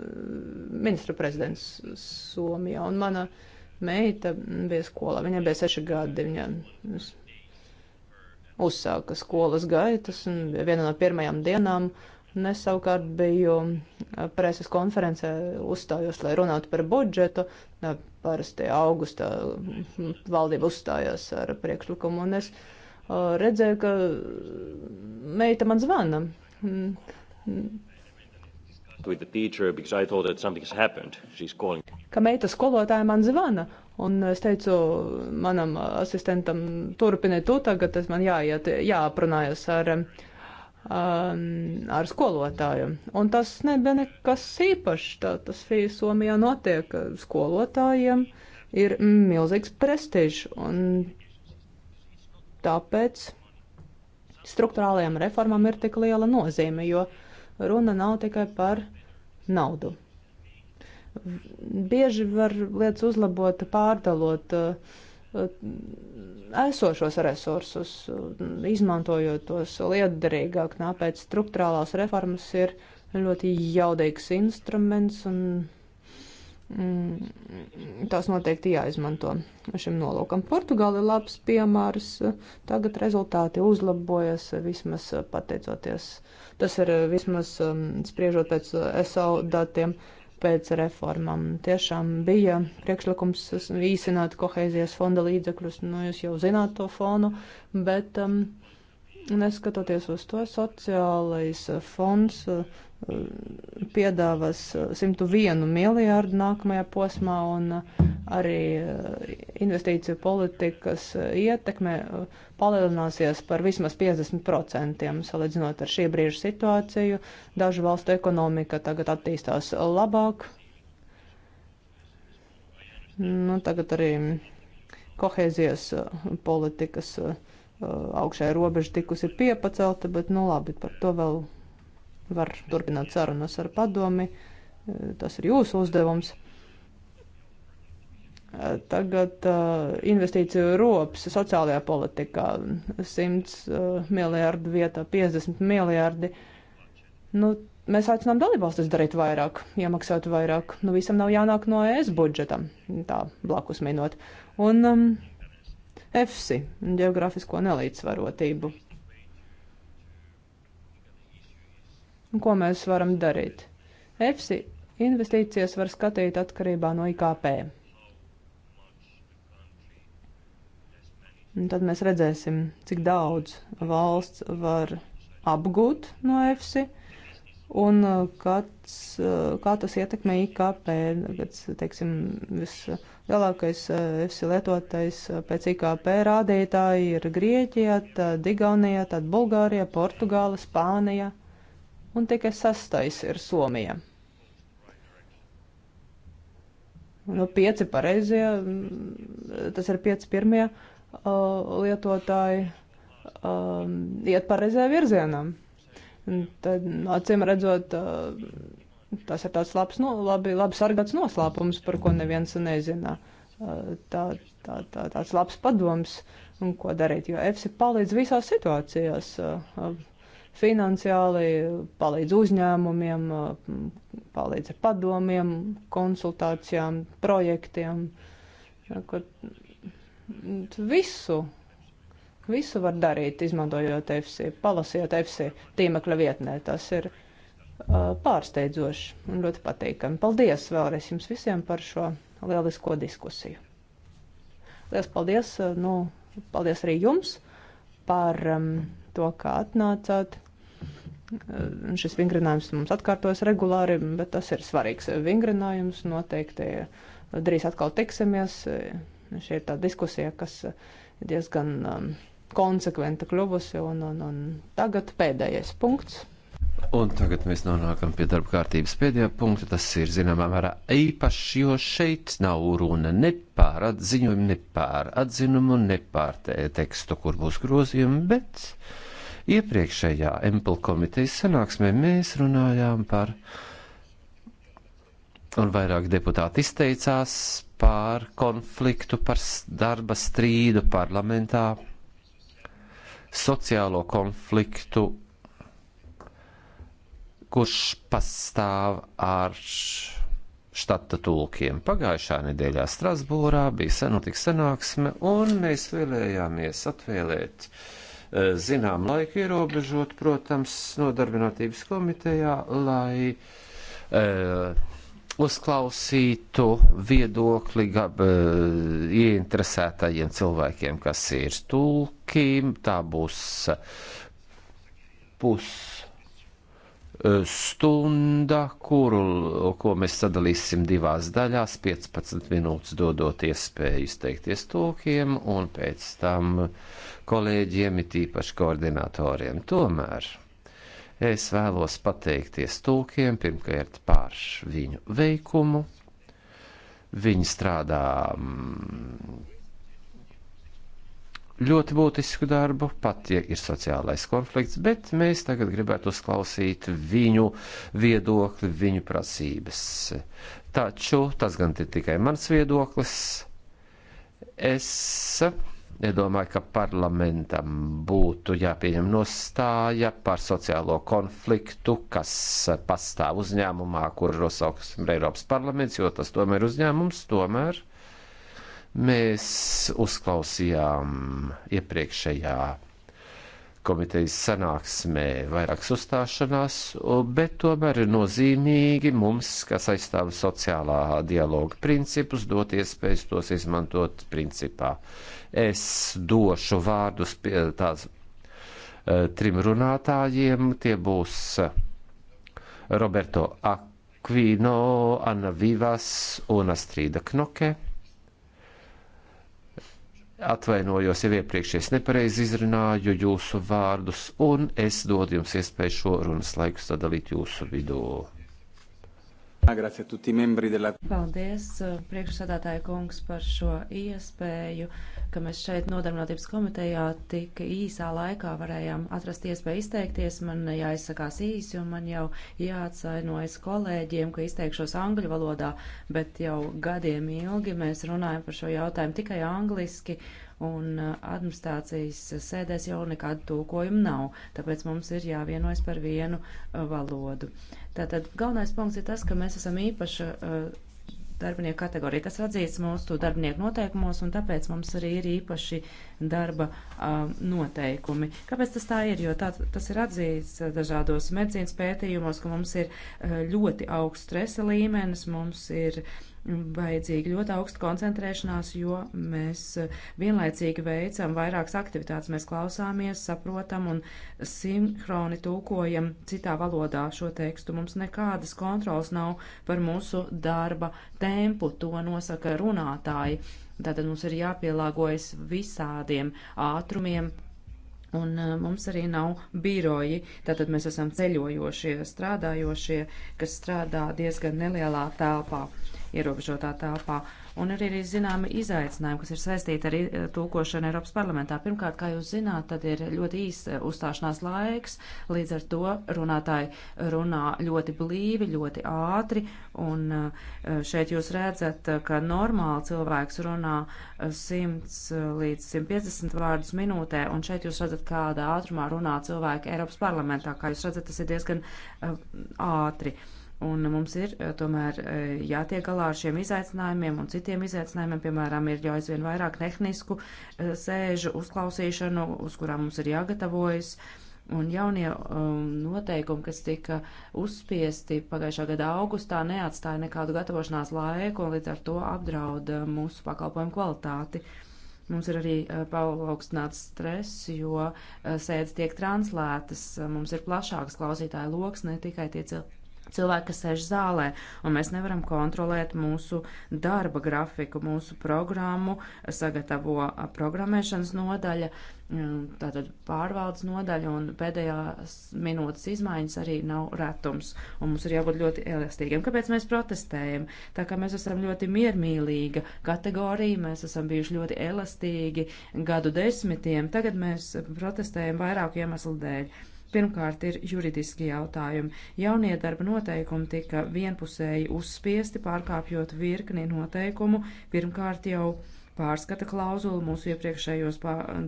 Speaker 3: ministra prezidents Somijā, un mana uh, meita bija skolā. Viņai bija seši gadi. Viņa uzsāka skolas gaitas un viena no pirmajām dienām. Un es savukārt biju preses konferencē uzstājos, lai runātu par budžetu. Parasti augustā valdība uzstājās ar priekšlikumu, un es redzēju, ka meita man zvana.
Speaker 1: With the teacher, because I thought that something has happened. She's calling
Speaker 3: ka meita skolotāja man zvana. Un es teicu manam asistentam, turpiniet tu tagad, tas man jāiet, jāaprunājas ar, um, ar skolotāju. Un tas nebija nekas īpašs, tā tas bija Somijā notiek. Skolotājiem ir milzīgs prestižs, un tāpēc struktūrālajām reformām ir tik liela nozīme, jo runa nav tikai par naudu. Bieži var lietas uzlabot, pārdalot eh, esošos resursus, izmantojot tos liederīgāk. Tāpēc struktūrālās reformas ir ļoti jaudīgs instruments un mm, tās noteikti jāizmanto šim nolūkam. Portugāla ir labs piemērs. Tagad rezultāti uzlabojas vismaz pateicoties. Tas ir vismaz mm, spriežot pēc eh, SAU datiem pēc reformām. Tiešām bija priekšlikums īsināt kohēzijas fonda līdzekļus, nu jūs jau zināt to fonu, bet um, neskatoties uz to sociālais uh, fonds uh, piedāvās 101 uh, miljārdu nākamajā posmā un uh, arī uh, investīciju politikas ietekme palielināsies par vismaz 50% salīdzinot ar šī brīža situāciju. Dažu valstu ekonomika tagad attīstās labāk. Nu, tagad arī kohēzijas politikas augšējā robeža tikusi piepacelta, bet nu labi, par to vēl var turpināt sarunas ar padomi. Eh, tas ir jūsu uzdevums. Eh, tagad eh, investīciju rops sociālajā politikā - 100 miljārdu vietā 50 miljārdi. Nu, mēs aicinām dalībvalstis darīt vairāk, iemaksāt vairāk. Nu, visam nav jānāk no ES budžeta, tā blakus minot. Un um, ehm, EFSI - geogrāfisko nelīdzsvarotību. un ko mēs varam darīt. EFSI investīcijas var skatīt atkarībā no IKP. Un tad mēs redzēsim, cik daudz valsts var apgūt no EFSI un uh, kāds, uh, kā tas ietekmē IKP. Kad, teiksim, vislielākais EFSI uh, lietotais pēc IKP rādītāji ir Grieķija, tad Igaunija, tad Bulgārija, Portugāla, Spānija un tikai sastais ir Somija. Nu, pieci pareizie, mm, tas ir pieci pirmie uh, lietotāji uh, iet pareizajā virzienā. Tad, nu, acīm redzot, uh, tas ir tāds labs, no, labi, labi sargāts noslēpums, par ko neviens nezina. Uh, tā, tā, tā, tāds labs padoms, ko darīt, jo EFSI palīdz visās situācijās uh, finansiāli, palīdz uzņēmumiem, palīdz ar padomiem, konsultācijām, projektiem. Visu, visu var darīt, izmantojot EFSI, palasiet EFSI tīmekļa vietnē. Tas ir pārsteidzoši un ļoti patīkami. Paldies vēlreiz jums visiem par šo lielisko diskusiju. Lielas paldies, nu, paldies arī jums par um, to, kā atnācāt. Šis vingrinājums mums atkārtos regulāri, bet tas ir svarīgs vingrinājums. Noteikti drīz atkal tiksimies. Šī ir tā diskusija, kas diezgan um, konsekventa kļuvusi, un, un, un tagad pēdējais punkts.
Speaker 2: Un tagad mēs nonākam pie darba kārtības pēdējā punkta. Tas ir zināmā mērā īpašs, jo šeit nav runa ne pār atziņojumu, ne pār atzinumu, ne pār tekstu, kur būs grozījumi, bet iepriekšējā MPL komitejas sanāksmē mēs runājām par, un vairāk deputāti izteicās par konfliktu, par darba strīdu parlamentā, sociālo konfliktu kurš pastāv ar štata tulkiem. Pagājušā nedēļā Strasbūrā bija senotika sanāksme, un mēs vēlējāmies atvēlēt eh, zinām laiku ierobežot, protams, nodarbinātības komitejā, lai uh, uzklausītu viedokli gab, uh, ieinteresētajiem cilvēkiem, kas ir tulkiem. Tā būs pus stunda, kuru, ko mēs sadalīsim divās daļās, 15 minūtes dodot iespēju izteikties tūkiem un pēc tam kolēģiem, it īpaši koordinatoriem. Tomēr es vēlos pateikties tūkiem pirmkārt par viņu veikumu. Viņi strādā mm, ļoti būtisku darbu, pat ja ir sociālais konflikts, bet mēs tagad gribētu uzklausīt viņu viedokli, viņu prasības. Taču tas gan ir tikai mans viedoklis. Es nedomāju, ka parlamentam būtu jāpieņem nostāja par sociālo konfliktu, kas pastāv uzņēmumā, kur nosauks Eiropas parlaments, jo tas tomēr ir uzņēmums, tomēr Mēs uzklausījām iepriekšējā komitejas sanāksmē vairākas uzstāšanās, bet tomēr ir nozīmīgi mums, kas aizstāv sociālā dialoga principus, dot iespējas tos izmantot principā. Es došu vārdus pie tās e, trim runātājiem. Tie būs Roberto Aquino, Anna Vivas un Astrīda Knoke. Atvainojos, ja iepriekš es nepareizi izrunāju jūsu vārdus, un es dodu jums iespēju šo runas laiku sadalīt jūsu vidū. Paldies,
Speaker 4: eh, priekšsādātāja kungs, par šo iespēju, ka mēs šeit nodarbinātības komitejā tik īsā laikā varējām atrast iespēju izteikties. Man jāizsakās īsi un man jau jāatsainojas kolēģiem, ka izteikšos angļu valodā, bet jau gadiem ilgi mēs runājam par šo jautājumu tikai angliski un uh, administrācijas sēdēs jau nekādu tūkojumu nav, tāpēc mums ir jāvienojas par vienu uh, valodu. Tātad galvenais punkts ir tas, ka mēs esam īpaša uh, darbinieku kategorija. Tas atzīts mūsu darbinieku noteikumos, un tāpēc mums arī ir īpaši darba um, noteikumi. Kāpēc tas tā ir? Jo tā, tas ir atzīts dažādos medicīnas pētījumos, ka mums ir ļoti augsts stresa līmenis, mums ir uh, vajadzīga ļoti augsta koncentrēšanās, jo mēs eh, vienlaicīgi veicam vairākas aktivitātes. Mēs klausāmies, saprotam un sinhroni tūkojam citā valodā šo tekstu. Mums nekādas kontrols nav par mūsu darba tempu, to nosaka runātāji. Tātad mums ir jāpielāgojas visādiem ātrumiem. Un eh, mums arī nav biroji, tātad mēs esam ceļojošie, strādājošie, kas strādā diezgan nelielā telpā ierobežotā telpā. Un arī ir zināmi izaicinājumi, kas ir saistīti ar eh, tūkošanu Eiropas parlamentā. Pirmkārt, kā jūs zināt, tad ir ļoti īs eh, uzstāšanās laiks, līdz ar to runātāji runā ļoti blīvi, ļoti ātri, un eh, šeit jūs redzat, ka normāli cilvēks runā 100 līdz 150 vārdus minūtē, un šeit jūs redzat, kādā ātrumā runā cilvēki Eiropas parlamentā. Kā jūs redzat, tas ir diezgan ātri. Uh, Un mums ir eh, tomēr eh, jātiek galā ar šiem izaicinājumiem un citiem izaicinājumiem. Piemēram, ir jau aizvien vairāk tehnisku eh, sēžu uzklausīšanu, uz kurām mums ir jāgatavojas. Un jaunie um, noteikumi, kas tika uzspiesti pagājušā gada augustā, neatstāja nekādu gatavošanās laiku un līdz ar to apdrauda mūsu pakalpojumu kvalitāti. Mums ir arī uh, paaugstināts stress, jo uh, sēdes tiek translētas, uh, mums ir plašāks klausītāju lokus, ne tikai tie cilvēki cilvēki, kas sēž zālē, un mēs nevaram kontrolēt mūsu darba grafiku, mūsu programmu, sagatavo programmēšanas nodaļa, mm, tātad pārvaldes nodaļa, un pēdējās minūtes izmaiņas arī nav retums, un mums ir jābūt ļoti elastīgiem. Kāpēc mēs protestējam? Tā kā mēs esam ļoti miermīlīga kategorija, mēs esam bijuši ļoti elastīgi gadu desmitiem, tagad mēs protestējam vairāku iemeslu dēļ Pirmkārt ir juridiski jautājumi. Jaunie darba noteikumi tika vienpusēji uzspiesti, pārkāpjot virkni noteikumu, pirmkārt jau pārskata klauzulu mūsu iepriekšējos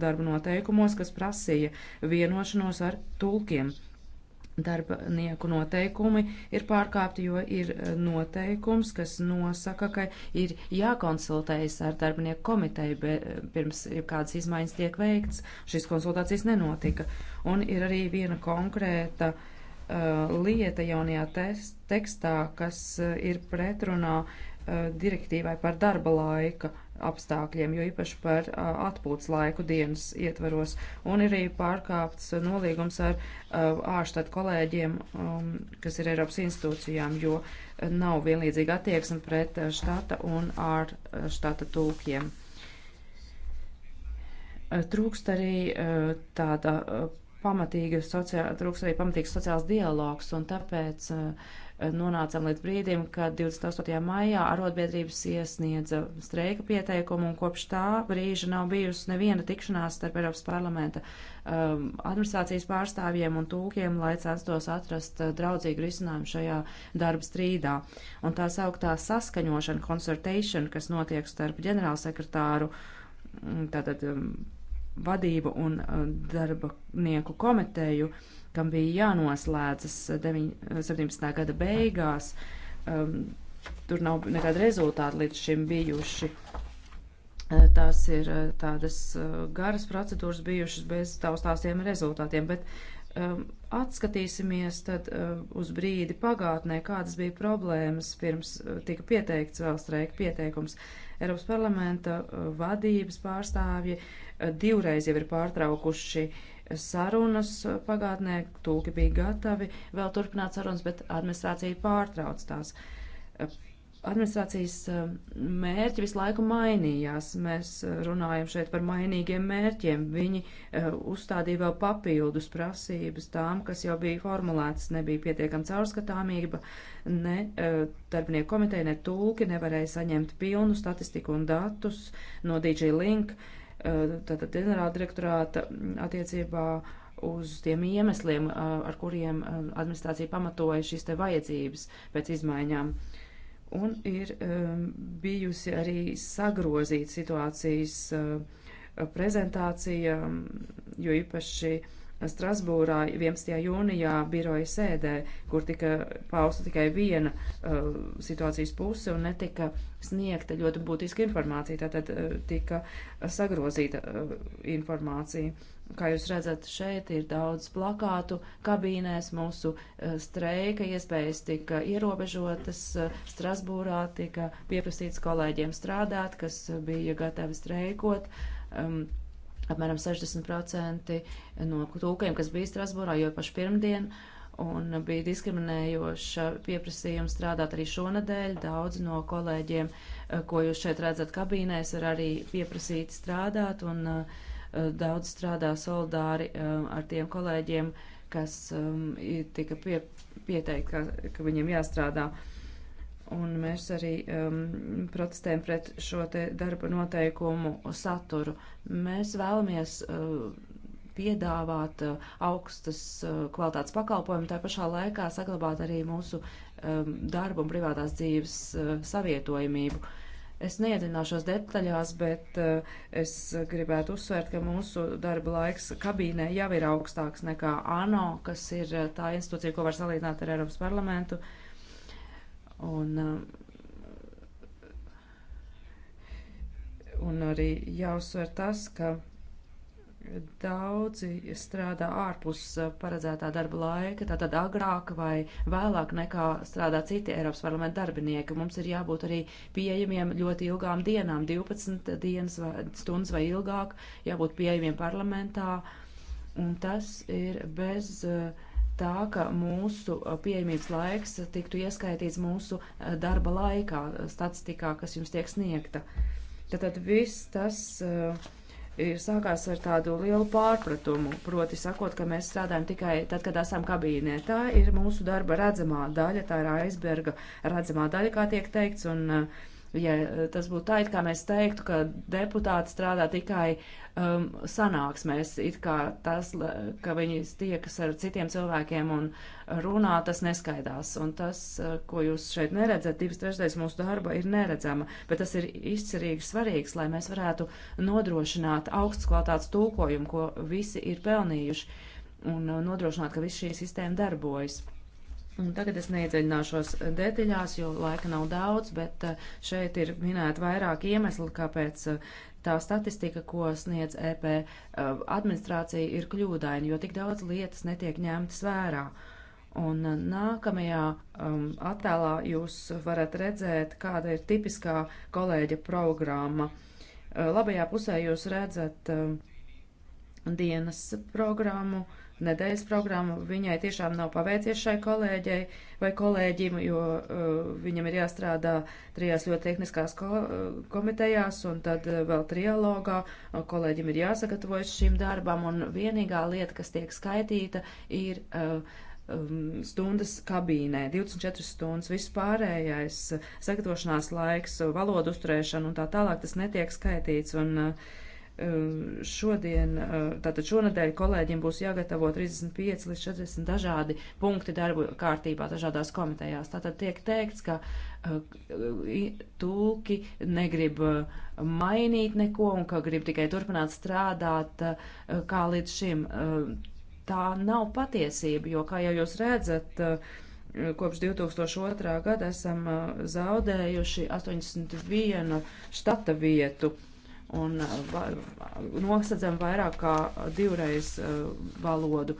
Speaker 4: darba noteikumos, kas prasīja vienošanos ar tulkiem darbinieku noteikumi ir pārkāpti, jo ir e, noteikums, kas nosaka, ka ir jākonsultējas ar darbinieku komiteju, bet e, pirms kādas izmaiņas tiek veikts, šīs konsultācijas nenotika. Un ir arī viena konkrēta uh, lieta jaunajā tekstā, kas uh, ir pretrunā uh, direktīvai par darba laika apstākļiem, jo īpaši par atpūtas laiku dienas ietvaros, un ir arī pārkāpts nolīgums ar ārštāt kolēģiem, um, kas ir Eiropas institūcijām, jo nav vienlīdzīga attieksme pret štata un ārštata tūkiem. Trūkst arī tāda pamatīga sociāla, trūkst arī pamatīgs sociāls dialogs, un tāpēc uh, nonācām līdz brīdim, kad 28. maijā arotbiedrības iesniedza streika pieteikumu, un kopš tā brīža nav bijusi neviena tikšanās starp Eiropas parlamenta um, administrācijas pārstāvjiem un tūkiem, lai censtos atrast uh, draudzīgu risinājumu šajā darba strīdā. Un tā sauktā saskaņošana, consultation, kas notiek starp ģenerālsekretāru, mm, tātad um, vadību un um, darba nieku komiteju, uh, kam bija jānoslēdzas 17. gada beigās. Um, tur nav nekāda rezultāta līdz šim bijuši. Uh, tās ir uh, tādas uh, garas procedūras bijušas bez taustāstiem rezultātiem, bet um, atskatīsimies tad uh, uz brīdi pagātnē, kādas bija problēmas pirms tika pieteikts vēl streika pieteikums. Eiropas parlamenta vadības pārstāvji divreiz jau ir pārtraukuši uh, sarunas pagātnē, tūki bija gatavi vēl turpināt sarunas, bet administrācija pārtrauc tās. Administrācijas eh, mērķi visu laiku mainījās. Mēs eh, runājam šeit par mainīgiem mērķiem. Viņi eh, uzstādīja vēl papildus prasības tām, kas jau bija formulētas. Nebija pietiekama caurskatāmība, ne darbinieku komiteja, ne tulki nevarēja saņemt pilnu statistiku un datus no DJ Link. Uh, Eh, tātad ģenerāla direktorāta mm, attiecībā uz tiem iemesliem, eh, ar kuriem eh, administrācija pamatoja šīs te vajadzības pēc izmaiņām. Un ir bijusi arī sagrozīta situācijas prezentācija, mm, jo īpaši uh, Strasbūrā 11. jūnijā biroja sēdē, kur tika pausta tikai viena uh, situācijas puse un netika sniegta ļoti būtiska informācija, tātad uh, tika sagrozīta uh, informācija. Kā jūs redzat, šeit ir daudz plakātu kabīnēs, mūsu uh, streika iespējas tika ierobežotas, uh, Strasbūrā tika pieprasīts kolēģiem strādāt, kas bija gatavi streikot. Um, apmēram 60% no tūkiem, kas bija Strasbūrā, jo paši pirmdien, un bija diskriminējoša pieprasījuma strādāt arī šonadēļ. Daudz no kolēģiem, eh, ko jūs šeit redzat kabīnēs, ir arī pieprasīti strādāt, un eh, daudz strādā solidāri eh, ar tiem kolēģiem, kas ehm, tika pie, pieteikti, ka, ka viņiem jāstrādā. Uh, un mēs arī um, protestējam pret šo te darba noteikumu saturu. Mēs vēlamies uh, piedāvāt uh, augstas uh, kvalitātes pakalpojumu, tā pašā laikā saglabāt arī mūsu um, darbu un privātās dzīves uh, savietojamību. Es neiedziļināšos detaļās, bet uh, es gribētu uzsvērt, ka mūsu darba laiks kabīnē jau ir augstāks nekā ANO, kas ir uh, tā institūcija, ko var salīdzināt ar Eiropas parlamentu. Uh, Un, um, un arī jāuzsver tas, ka daudzi strādā ārpus uh, paredzētā darba laika, tātad agrāk vai vēlāk nekā strādā citi Eiropas parlamenta darbinieki. Mums ir jābūt arī pieejamiem ļoti ilgām dienām, 12 dienas vai stundas vai ilgāk, jābūt pieejamiem parlamentā. Un tas ir bez uh, tā, ka mūsu pieejamības laiks tiktu ieskaitīts mūsu darba laikā, statistikā, kas jums tiek sniegta. Tātad viss tas uh, ir sākās ar tādu lielu pārpratumu, proti sakot, ka mēs strādājam tikai tad, kad esam kabīnē. Tā ir mūsu darba redzamā daļa, tā ir aizberga redzamā daļa, kā tiek teikts, un uh, ja tas būtu tā, it kā mēs teiktu, ka deputāti strādā tikai uh, um, sanāksmēs, it kā tas, ka viņi tiekas ar citiem cilvēkiem un runā, tas neskaidās. Un tas, uh, ko jūs šeit neredzat, divas trešdaļas mūsu darba ir neredzama, bet tas ir izcerīgi svarīgs, lai mēs varētu nodrošināt augsts kvalitātes tulkojumu, ko visi ir pelnījuši, un uh, nodrošināt, ka viss šī sistēma darbojas. Un tagad es neiedziļināšos detaļās, jo laika nav daudz, bet uh, šeit ir minēta vairāk iemesli, kāpēc tā statistika, ko sniedz EP eh, administrācija, ir kļūdaina, jo tik daudz lietas netiek ņemtas vērā. Un eh, nākamajā um, attēlā jūs varat redzēt, kāda ir tipiskā kolēģa programma. Eh, labajā pusē jūs redzat um, dienas programmu, uh, nedēļas programmu. Viņai tiešām nav paveicies šai kolēģei vai kolēģim, jo uh, viņam ir jāstrādā trijās ļoti tehniskās ko, uh, komitejās un tad uh, vēl trialogā. Uh, kolēģim ir jāsagatavojas šim darbam un vienīgā lieta, kas tiek skaitīta, ir. Uh, um, stundas kabīnē, 24 stundas, viss pārējais uh, sagatavošanās laiks, uh, valodu uzturēšana un tā tālāk, tas netiek skaitīts. Un, uh, Ehm, šodien, eh, tātad šonadēļ kolēģiem būs jāgatavo 35 līdz 40 dažādi punkti darbu kārtībā dažādās komitejās. Tātad tiek teikts, ka eh, tulki negrib eh, mainīt neko un ka grib tikai turpināt strādāt kā līdz šim. Ehm, tā nav patiesība, jo, kā jau jūs redzat, kopš 2002. gada esam zaudējuši 81 štata vietu un uh, nosacam vairāk kā divreiz uh, valodu.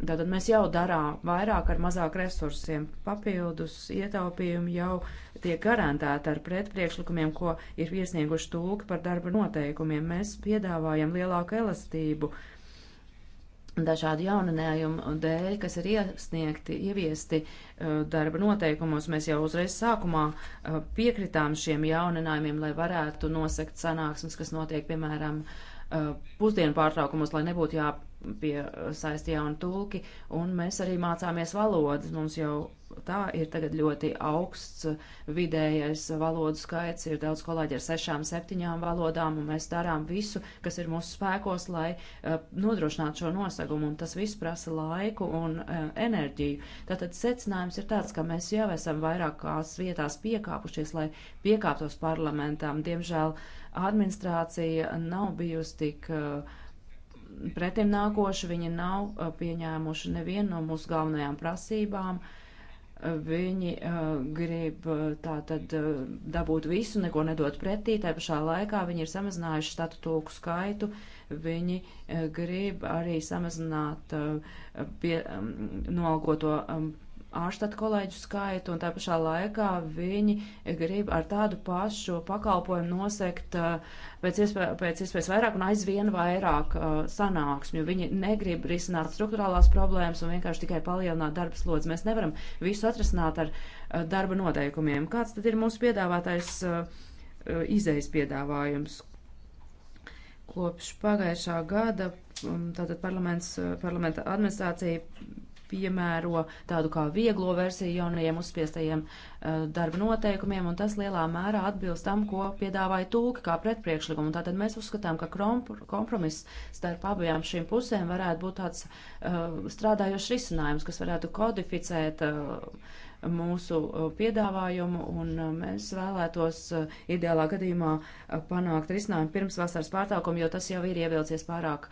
Speaker 4: Tātad mēs jau darām vairāk ar mazāk resursiem. Papildus ietaupījumi jau tiek garantēti ar pretpriekšlikumiem, ko ir iesnieguši tūki par darba noteikumiem. Mēs piedāvājam lielāku elastību uh, dažādu jauninājumu dēļ, kas ir iesniegti, ieviesti uh, darba noteikumos, mēs jau uzreiz sākumā uh, piekritām šiem jauninājumiem, lai varētu nosekt sanāksmes, kas notiek, piemēram, uh, pusdienu pārtraukumos, lai nebūtu jā, piesaist jauni tulki, un mēs arī mācāmies valodas. Mums jau tā ir tagad ļoti augsts vidējais valodu skaits, ir daudz kolēģi ar sešām, septiņām valodām, un mēs darām visu, kas ir mūsu spēkos, lai uh, nodrošinātu šo nosagumu, un tas viss prasa laiku un uh, enerģiju. Tātad secinājums ir tāds, ka mēs jau esam vairākās vietās piekāpušies, lai piekāptos parlamentām. Diemžēl administrācija nav bijusi tik. Uh, pretim nākoši, viņi nav uh, pieņēmuši nevienu no mūsu galvenajām prasībām. Uh, viņi uh, grib uh, tā tad dabūt visu, neko nedot pretī, tai pašā laikā viņi ir samazinājuši statu tulku skaitu, viņi uh, grib arī samazināt uh, pie, um, nolgoto um, ārštatu kolēģu skaitu, un tā pašā laikā viņi grib ar tādu pašu pakalpojumu nosekt pēc, iespē, pēc iespējas vairāk un aizvien vairāk sanāksmju. Viņi negrib risināt struktūrālās problēmas un vienkārši tikai palielināt darba slodzi. Mēs nevaram visu atrasināt ar darba noteikumiem. Kāds tad ir mūsu piedāvātais izejas piedāvājums? Kopš pagājušā gada tātad parlamenta administrācija piemēro tādu kā vieglo versiju jaunajiem uzspiestajiem uh, darba noteikumiem, un tas lielā mērā atbilst tam, ko piedāvāja tūki kā pretpriekšlikumu. Tātad mēs uzskatām, ka kompromiss starp abajām šīm pusēm varētu būt tāds uh, strādājošs risinājums, kas varētu kodificēt uh, mūsu piedāvājumu, un mēs vēlētos ideālā gadījumā panākt risinājumu pirms vasaras pārtraukuma, jo tas jau ir ievilcies pārāk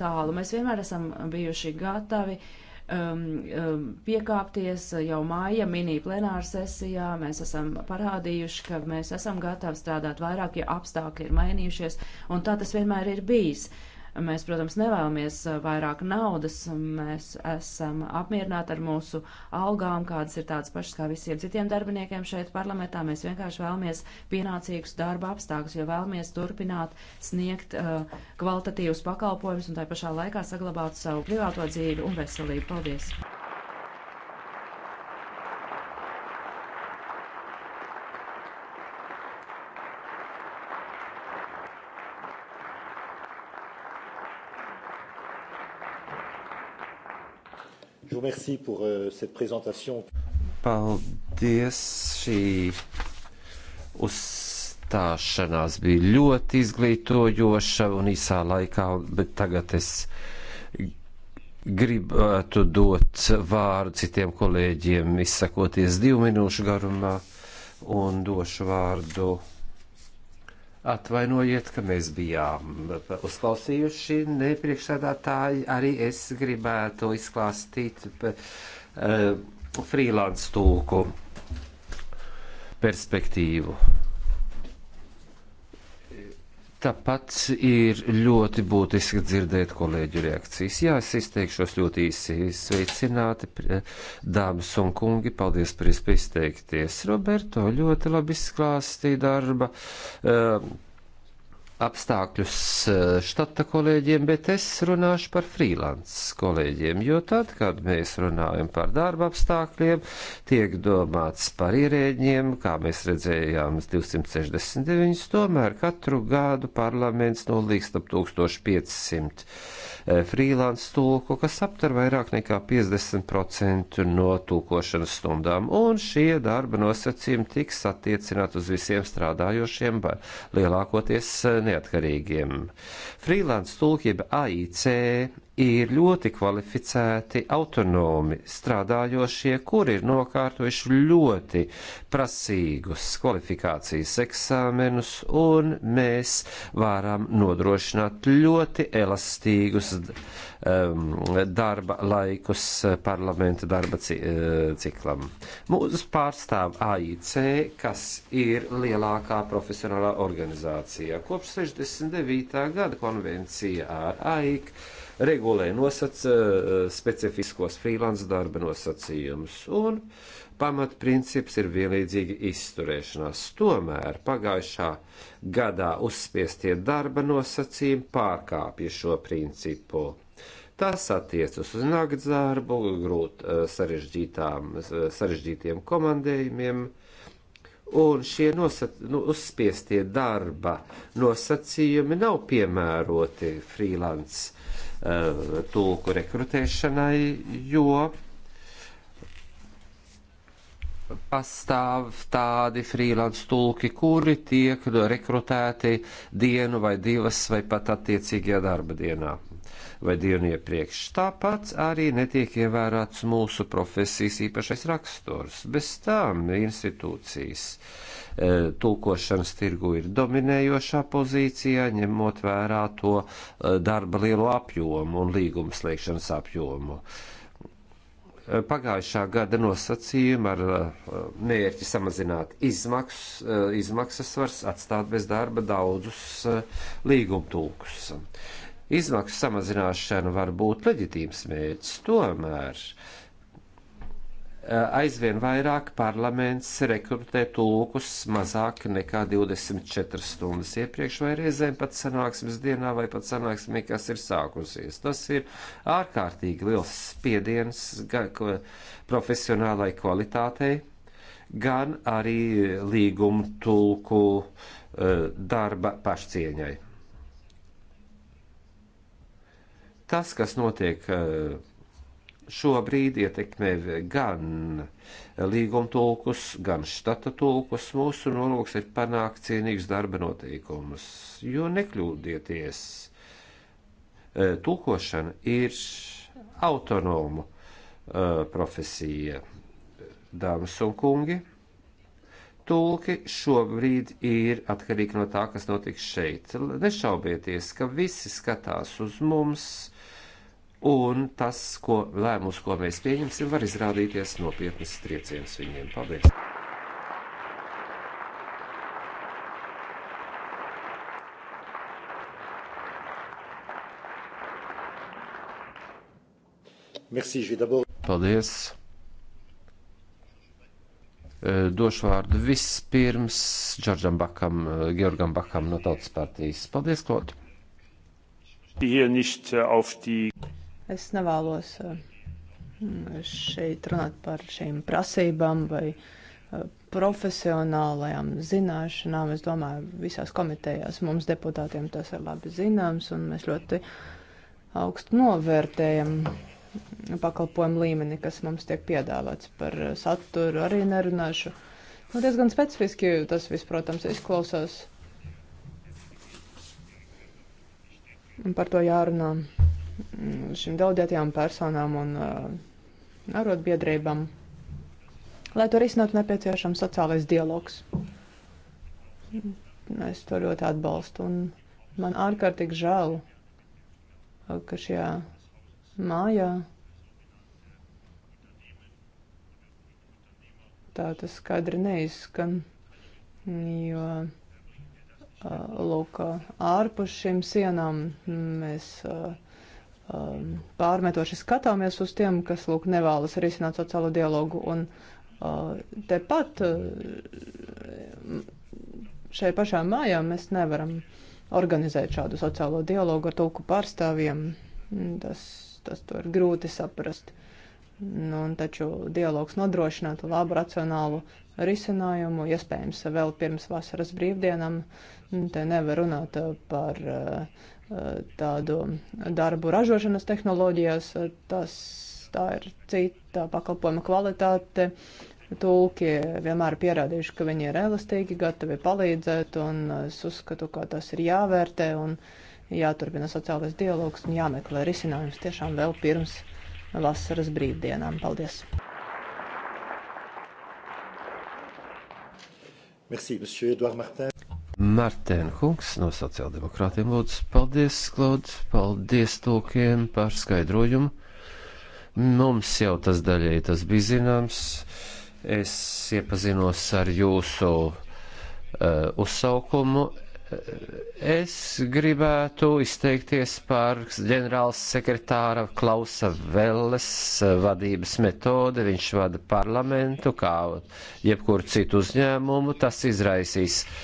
Speaker 4: tālu. Mēs vienmēr esam bijuši gatavi uh, Um, um, piekāpties jau māja mini plenāra sesijā. Mēs esam parādījuši, ka mēs esam gatavi strādāt vairāk, ja apstākļi ir mainījušies, un tā tas vienmēr ir bijis. Uh, Mēs, protams, nevēlamies eh, vairāk naudas, mēs esam apmierināti ar mūsu algām, kādas ir tādas pašas kā visiem citiem darbiniekiem šeit parlamentā. Mēs vienkārši vēlamies pienācīgus darba apstākļus, jo vēlamies turpināt sniegt uh, kvalitatīvus pakalpojumus un tā pašā laikā saglabāt savu privāto dzīvi un veselību. Paldies!
Speaker 1: remercie pour euh, cette présentation.
Speaker 2: Paldies! Šī uzstāšanās bija ļoti izglītojoša un īsā laikā, bet tagad es gribētu dot vārdu citiem kolēģiem, izsakoties divu minūšu garumā, un došu vārdu Atvainojiet, ka mēs bijām uzklausījuši nepriekšsēdātāji. Arī es gribētu izklāstīt uh, eh, frīlāns tulku perspektīvu. Tāpat ir ļoti būtiski dzirdēt kolēģu reakcijas. Jā, es izteikšos ļoti īsi. Sveicināti, dāmas un kungi, paldies par iespēju izteikties. Roberto ļoti labi izklāstīja darba. Uh, apstākļus eh, štata kolēģiem, bet es runāšu par freelance kolēģiem, jo tad, kad mēs runājam par darba apstākļiem, tiek domāts par ierēģiem, kā mēs redzējām, 269, tomēr katru gadu parlaments nolīgst ap 1500 Eh, frīlāns tulku, kas aptver vairāk nekā 50% no tulkošanas stundām, un šie darba nosacījumi tiks attiecināt uz visiem strādājošiem, lielākoties eh, neatkarīgiem. Frīlāns tulkība AIC ir ļoti kvalificēti autonomi strādājošie, kuri ir nokārtojuši ļoti prasīgus kvalifikācijas eksāmenus, un mēs varam nodrošināt ļoti elastīgus um, darba laikus parlamenta darba uh, ciklam. Mūs pārstāv AIC, kas ir lielākā profesionālā organizācija. Kopš 69. gada konvencija ar AIC regulē, nosaka eh, specifiskos freelance darba nosacījumus, un pamatprincips ir vienlīdzīga izturēšanās. Tomēr pagājušā gadā uzspiestie darba nosacījumi pārkāpja šo principu. Tas attiecas uz nakts darbu, grūti eh, eh, sarežģītiem komandējumiem, un šie nosat, nu, uzspiestie darba nosacījumi nav piemēroti freelance Uh, tulku rekrutēšanai, jo pastāv tādi frīlāns tulki, kuri tiek rekrutēti dienu vai divas vai pat attiecīgajā darba dienā vai dienu iepriekš. Tāpat arī netiek ievērots mūsu profesijas īpašais raksturs. Bez tām institūcijas uh, E, tulkošanas tirgu ir dominējošā pozīcijā, ņemot vērā to e, darba lielo apjomu un līguma slēgšanas apjomu. E, pagājušā gada nosacījumi ar mērķi samazināt izmaksas, izmaksas vairs atstāt bez darba daudzus līgumtulkus. Izmaksu samazināšana var būt leģitīms mērķis, tomēr uh, Eh, aizvien vairāk parlaments rekrutē tulkus mazāk nekā 24 stundas iepriekš vai reizēm pat sanāksmes dienā vai pat sanāksmē, kas ir sākusies. Tas ir ārkārtīgi liels spiediens gan profesionālai kvalitātei, gan arī līgumu tulku eh, darba pašcieņai. Tas, kas notiek uh, šobrīd ietekmē gan līgumtulkus, gan štata tulkus. Mūsu nolūks ir panākt cienīgus darba noteikumus, jo nekļūdieties. E, Tūkošana ir autonomu e, profesija, dāmas un kungi. Tulki šobrīd ir atkarīgi no tā, kas notiks šeit. Nešaubieties, ka visi skatās uz mums un tas, ko lēmums, ko mēs pieņemsim, var izrādīties nopietnas trieciens viņiem. Paldies! Merci, Paldies! E, došu vārdu vispirms Džordžam Bakam, e, Georgam Bakam no Tautas partijas. Paldies, Klot! Hier nicht auf die
Speaker 3: Es nevēlos eh, šeit runāt par šīm prasībām vai eh, profesionālajām zināšanām. Es domāju, visās komitejās mums deputātiem tas ir labi zināms, un mēs ļoti augstu novērtējam pakalpojumu līmeni, kas mums tiek piedāvāts par saturu, arī nerunāšu. Nu, diezgan specifiski tas viss, protams, izklausās. Un par to jārunā šīm daudētajām personām un uh, arotbiedrībām. Lai to risinātu, nepieciešams sociālais dialogs. Es to ļoti atbalstu. Un man ārkārtīgi žēl, uh, ka šajā mājā tā tas skaidri neizskan. Jo, uh, lūk, ārpus šīm sienām mēs. Uh, um, pārmetoši skatāmies uz tiem, kas lūk nevēlas risināt sociālo dialogu. Un uh, tepat uh, šai pašā mājā mēs nevaram organizēt šādu sociālo dialogu ar tulku pārstāvjiem. Tas, tas to ir grūti saprast. Nu, un taču dialogs nodrošinātu labu racionālu risinājumu, iespējams, vēl pirms vasaras brīvdienām. Nu, te nevar runāt par uh, tādu darbu ražošanas tehnoloģijās, tas tā ir cita pakalpojuma kvalitāte. Tūki vienmēr pierādījuši, ka viņi ir elastīgi, gatavi palīdzēt, un es uzskatu, ka tas ir jāvērtē un jāturpina sociālais dialogs un jāmeklē risinājums tiešām vēl pirms vasaras brīvdienām. Paldies!
Speaker 1: Merci, monsieur Edouard Martin.
Speaker 2: Martēna Kungs no sociāldemokrātiem lūdzu paldies, Klaud, paldies tulkiem par skaidrojumu. Mums jau tas daļai tas bija zināms. Es iepazinos ar jūsu uh, uzsaukumu. Es gribētu izteikties par ģenerāls sekretāra Klausa Velles eh, vadības metodi. Viņš vada parlamentu kā jebkuru citu uzņēmumu. Tas izraisīs uh,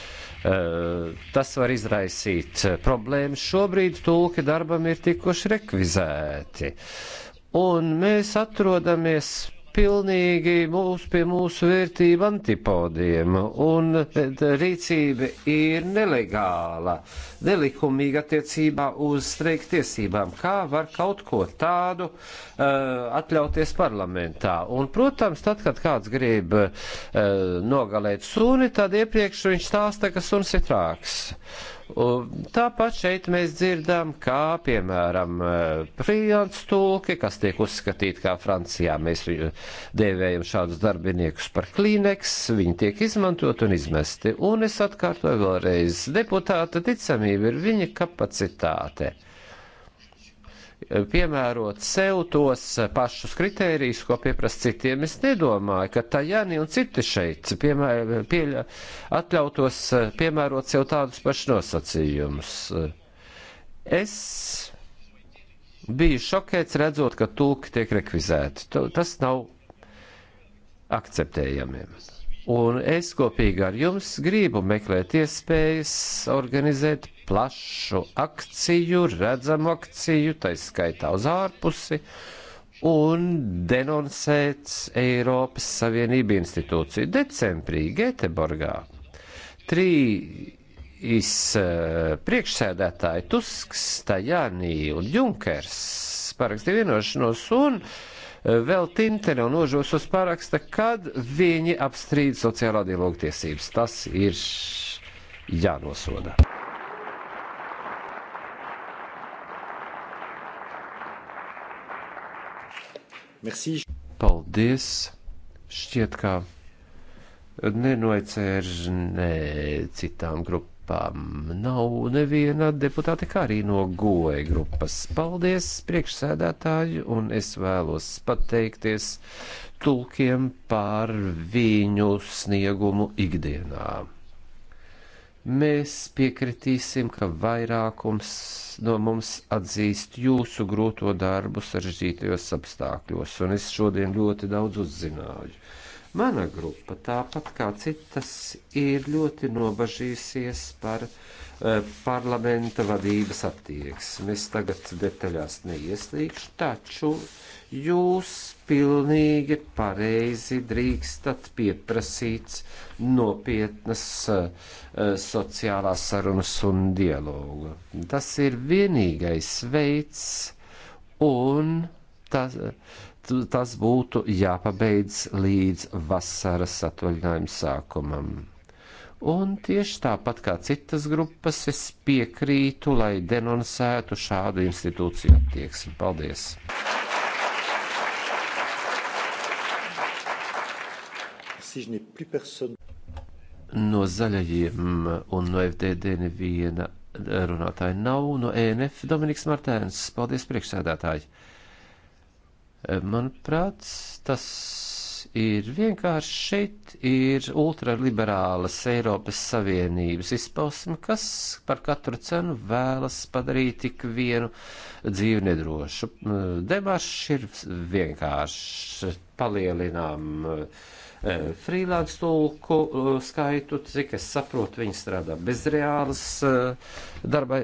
Speaker 2: Eh, tas var izraisīt eh, problēmas. Šobrīd tulki darbam ir tikuši rekvizēti. Un mēs atrodamies pilnīgi mūsu pie mūsu vērtību antipodiem, un e, rīcība ir nelegāla, nelikumīga attiecībā uz streika tiesībām. Kā var kaut ko tādu uh, atļauties parlamentā? Un, protams, tad, kad kāds grib uh, nogalēt suni, tad iepriekš viņš stāsta, ka suns ir trāks. Uh, Un tāpat šeit mēs dzirdam, kā piemēram eh, frīlants tulki, kas tiek uzskatīti kā Francijā, mēs eh, dēvējam šādus darbiniekus par klīneks, viņi tiek izmantot un izmesti. Un es atkārtoju vēlreiz, deputāta ticamība ir viņa kapacitāte piemērot sev tos pašus kritērijus, ko pieprast citiem. Es nedomāju, ka Tajani un citi šeit piemēr, pieļa, atļautos eh, piemērot sev tādus pašus nosacījumus. Es biju šokēts redzot, ka tulki tiek rekvizēti. Tas nav akceptējamiem. Un es kopīgi ar jums gribu meklēt iespējas organizēt plašu akciju, redzamu akciju, tā skaitā uz ārpusi, un denoncēt Eiropas Savienību institūciju decembrī Geteborgā. Trīs eh, priekšsēdētāji Tusks, Tajānī un Junkers parakstīja vienošanos un uh, Eh, vēl Tintene un Ožos uz paraksta, kad viņi apstrīd sociālā dialoga tiesības. Tas ir jānosoda. Merci. Paldies! Šķiet, ka nenoicērž ne citām grupām grupām. Nav neviena deputāte, kā arī no goja grupas. Paldies, priekšsēdētāji, un es vēlos pateikties tulkiem par viņu sniegumu ikdienā. Mēs piekritīsim, ka vairākums no mums atzīst jūsu grūto darbu sarežģītajos apstākļos, un es šodien ļoti daudz uzzināju Mana grupa, tāpat kā citas, ir ļoti nobažījusies par eh, parlamenta vadības attieksmi. Es tagad detaļās neieslīgšu, taču jūs pilnīgi pareizi drīkstat pieprasīt nopietnas eh, sociālās sarunas un dialogu. Tas ir vienīgais veids, un tas tas būtu jāpabeidz līdz vasaras atvaļinājuma sākumam. Un tieši tāpat kā citas grupas, es piekrītu, lai denonsētu šādu institūciju attieksmi. Paldies! No zaļajiem un no FDD neviena runātāja nav, no ENF Dominiks Martēns. Paldies, priekšsēdētāji! Manuprāt, tas ir vienkārši šeit ir ultraliberālas Eiropas Savienības izpausme, kas par katru cenu vēlas padarīt tik vienu dzīvi nedrošu. Demaršs ir vienkārši palielinām uh, Eh, frīlāns tulku eh, skaitu, cik es saprotu, viņi strādā bez reālas eh, darba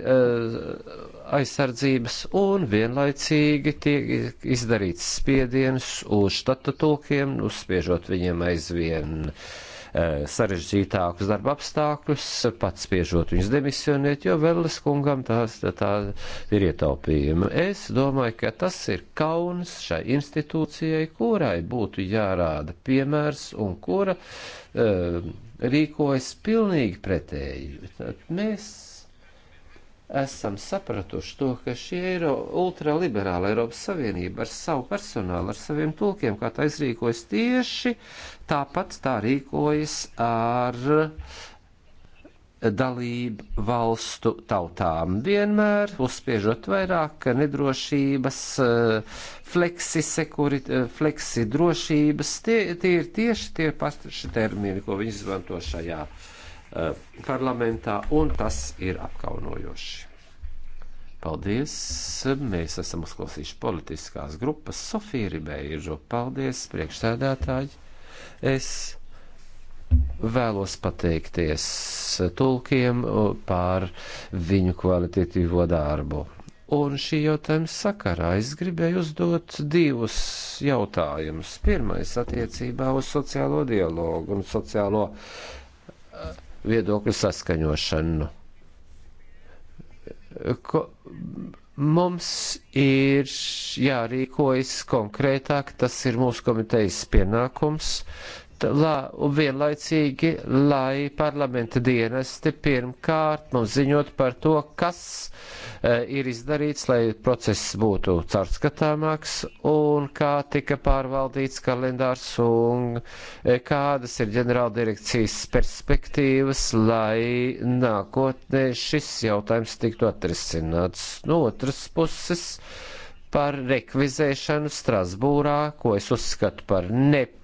Speaker 2: aizsardzības un vienlaicīgi tiek izdarīts spiediens uz štata tulkiem, uzspiežot viņiem aizvien uh, Eh, sarežģītākus darba apstākļus, pats spiežot viņus demisionēt, jo Veles kungam tās tā ir ietaupījuma. Es domāju, ka tas ir kauns šai institūcijai, kurai būtu jārāda piemērs un kura uh, rīkojas pilnīgi pretēji. Tad mēs esam sapratuši to, ka šī Eiro, ultraliberāla Eiropas Savienība ar savu personālu, ar saviem tulkiem, kā tā izrīkojas tieši Tāpat tā rīkojas ar dalību valstu tautām, vienmēr uzspiežot vairāk nedrošības, eh, fleksi, sekuri, eh, fleksi drošības. Tie, tie ir tieši tie paši termini, ko viņi izmanto šajā eh, parlamentā, un tas ir apkaunojoši. Paldies! Mēs esam uzklausījuši politiskās grupas Sofiju Ribeiro. Paldies, priekšsēdētāji! Es vēlos pateikties tulkiem par viņu kvalitatīvo darbu. Un šī jautājuma sakarā es gribēju uzdot divus jautājumus. Pirmais attiecībā uz sociālo dialogu un sociālo eh, viedokļu saskaņošanu. Ko, Mums ir jārīkojas konkrētāk, tas ir mūsu komitejas pienākums la, un vienlaicīgi, lai parlamenta dienesti pirmkārt mums ziņot par to, kas e, ir izdarīts, lai process būtu caurskatāmāks un kā tika pārvaldīts kalendārs un e, kādas ir ģenerāldirekcijas perspektīvas, lai nākotnē šis jautājums tiktu atrisināts. No otras puses, par rekvizēšanu Strasbūrā, ko es uzskatu par nepārādību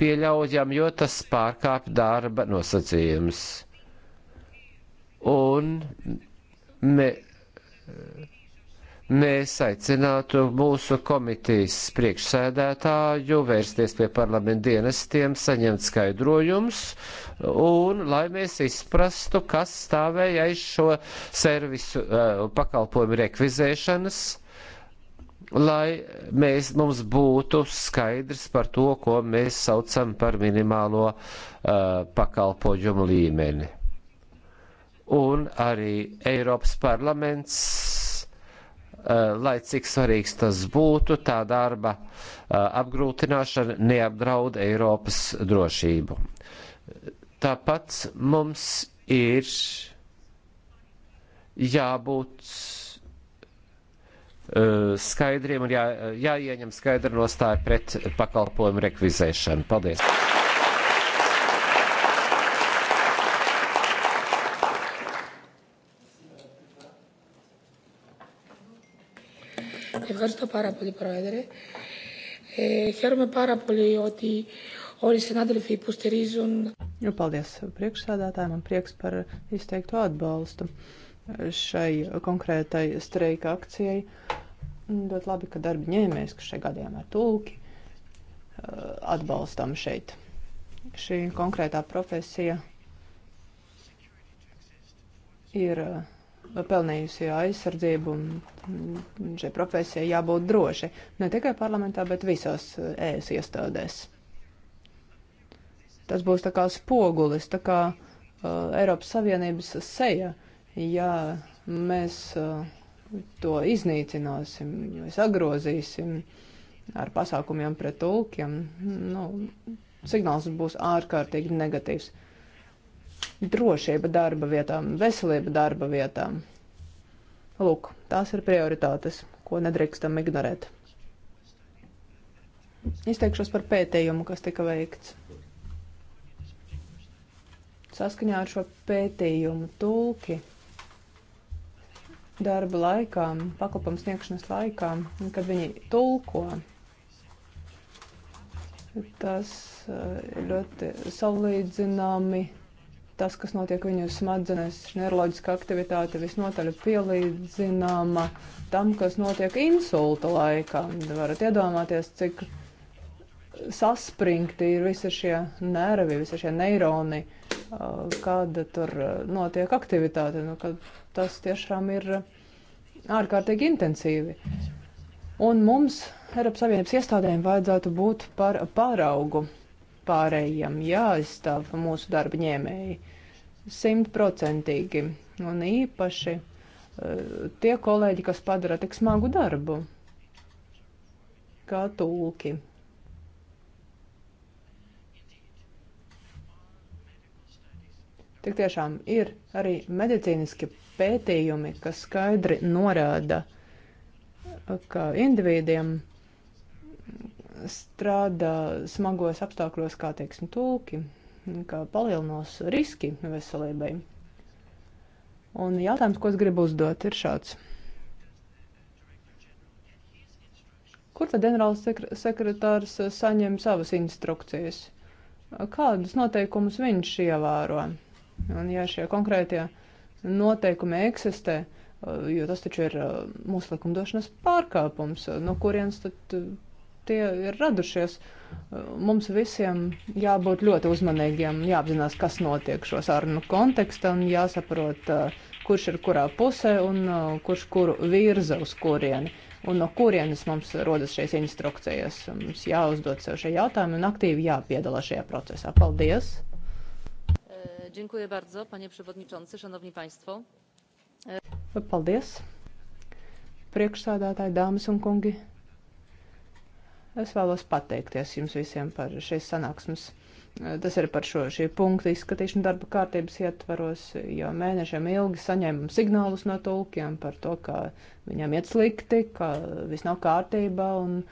Speaker 2: pieļaujam, jo tas pārkāp darba nosacījumus. Un me, mēs aicinātu mūsu komitejas priekšsēdētāju vērsties pie parlamenta dienestiem, saņemt skaidrojumus un lai mēs izprastu, kas stāvēja aiz šo servisu uh, pakalpojumu rekvizēšanas lai mēs, mums būtu skaidrs par to, ko mēs saucam par minimālo uh, pakalpojumu līmeni. Un arī Eiropas parlaments, uh, lai cik svarīgs tas būtu, tā darba uh, apgrūtināšana neapdraud Eiropas drošību. Tāpat mums ir jābūt Eh, skaidriem un jā, jāieņem skaidra nostāja pret pakalpojumu rekvizēšanu. Paldies!
Speaker 4: Ευχαριστώ πάρα πολύ, Πρόεδρε. Ε, χαίρομαι πάρα
Speaker 3: πολύ ότι όλοι οι συνάδελφοι που στηρίζουν. Paldies priekšsādātājiem un prieks par izteikto atbalstu. Uh, šai konkrētai streika akcijai. Ļoti labi, ka darba ņēmējs, kas šeit gadījumā ir tulki, uh, atbalstam šeit. Šī konkrētā profesija ir uh, pelnījusi aizsardzību, un šai profesijai jābūt droši ne tikai parlamentā, bet visās uh, ēs iestādēs. Tas būs tā kā spogulis, tā kā uh, Eiropas Savienības seja. Uh, ja mēs uh, to iznīcināsim, jo sagrozīsim ar pasākumiem pret tulkiem, nu, signāls būs ārkārtīgi negatīvs. Drošība darba vietām, veselība darba vietām. Lūk, tās ir prioritātes, ko nedrīkstam ignorēt. Izteikšos par pētījumu, kas tika veikts. Saskaņā ar šo pētījumu tulki darba laikā, pakalpojumu sniegšanas laikā, kad viņi tulko. Tas ir eh, ļoti salīdzināmi. Tas, kas notiek viņu smadzenēs, neiroloģiska aktivitāte visnotaļ pielīdzināma tam, kas notiek insulta laikā. Varat iedomāties, cik saspringti ir visi šie nervi, visi šie neironi. Uh, Eh, kāda tur eh, notiek aktivitāte, nu, ka tas tiešām ir eh, ārkārtīgi intensīvi. Un mums, Eiropas Savienības iestādēm, vajadzētu būt par pāraugu pārējiem, jāaizstāv mūsu darba ņēmēji simtprocentīgi un īpaši tie kolēģi, kas padara tik smagu darbu, kā tulki, Tik tiešām ir arī medicīniski pētījumi, kas skaidri norāda, ka individiem strādā smagos apstākļos, kā teiksim, tulki, ka palielinās riski veselībai. Un jautājums, ko es gribu uzdot, ir šāds. Kur tad ģenerāls sekretārs saņem savas instrukcijas? Kādus noteikumus viņš ievēro? Un ja šie konkrētie noteikumi eksistē, eh, jo tas taču ir eh, mūsu likumdošanas pārkāpums, eh, no kurienes tad tie ir radušies, mums visiem jābūt ļoti uzmanīgiem, jāapzinās, kas notiek šo sarunu kontekstā un jāsaprot, kurš ir kurā pusē un kurš kuru virza uz kurieni. Un no kurienes mums rodas šīs instrukcijas? Mums jāuzdod sev šie jautājumi un aktīvi jāpiedalās šajā procesā. Paldies!
Speaker 4: E, dziękuję bardzo, panie przewodniczący, szanowni państwo.
Speaker 3: E, Paldies. Priekšsādātāji, dāmas un kungi. Es vēlos pateikties jums visiem par šīs sanāksmes. E, tas ir par šo šī punktu izskatīšanu darba kārtības ietvaros, jo mēnešiem ilgi saņēmām signālus no tulkiem par to, ka viņiem iet slikti, ka viss nav kārtībā, un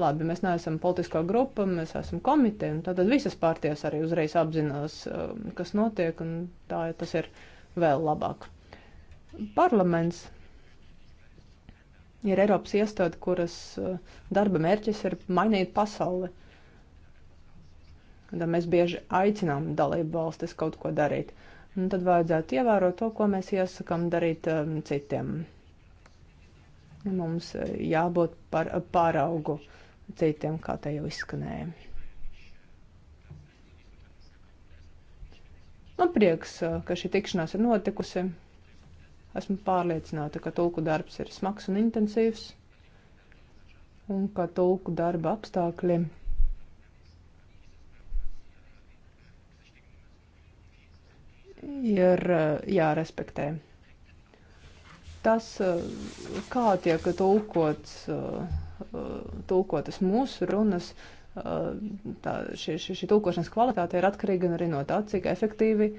Speaker 3: labi, mēs neesam politiskā grupa, mēs esam komiteja, un tātad visas pārties arī uzreiz apzinās, kas notiek, un tā tas ir vēl labāk. Parlaments ir Eiropas iestāde, kuras darba mērķis ir mainīt pasauli. Tad mēs bieži aicinām dalību valstis kaut ko darīt. Un tad vajadzētu ievērot to, ko mēs iesakām darīt um, citiem. Nu, mums e, jābūt par paraugu citiem, kā te jau izskanēja. Man prieks, e, ka šī tikšanās ir notikusi. Esmu pārliecināta, ka tulku darbs ir smags un intensīvs, un ka tulku darba apstākļi ir e, jārespektē tas, eh, kā tiek tulkots, eh, tulkotas mūsu runas, eh, tā, šī, šī, šī tulkošanas kvalitāte ir atkarīga arī no tā, cik efektīvi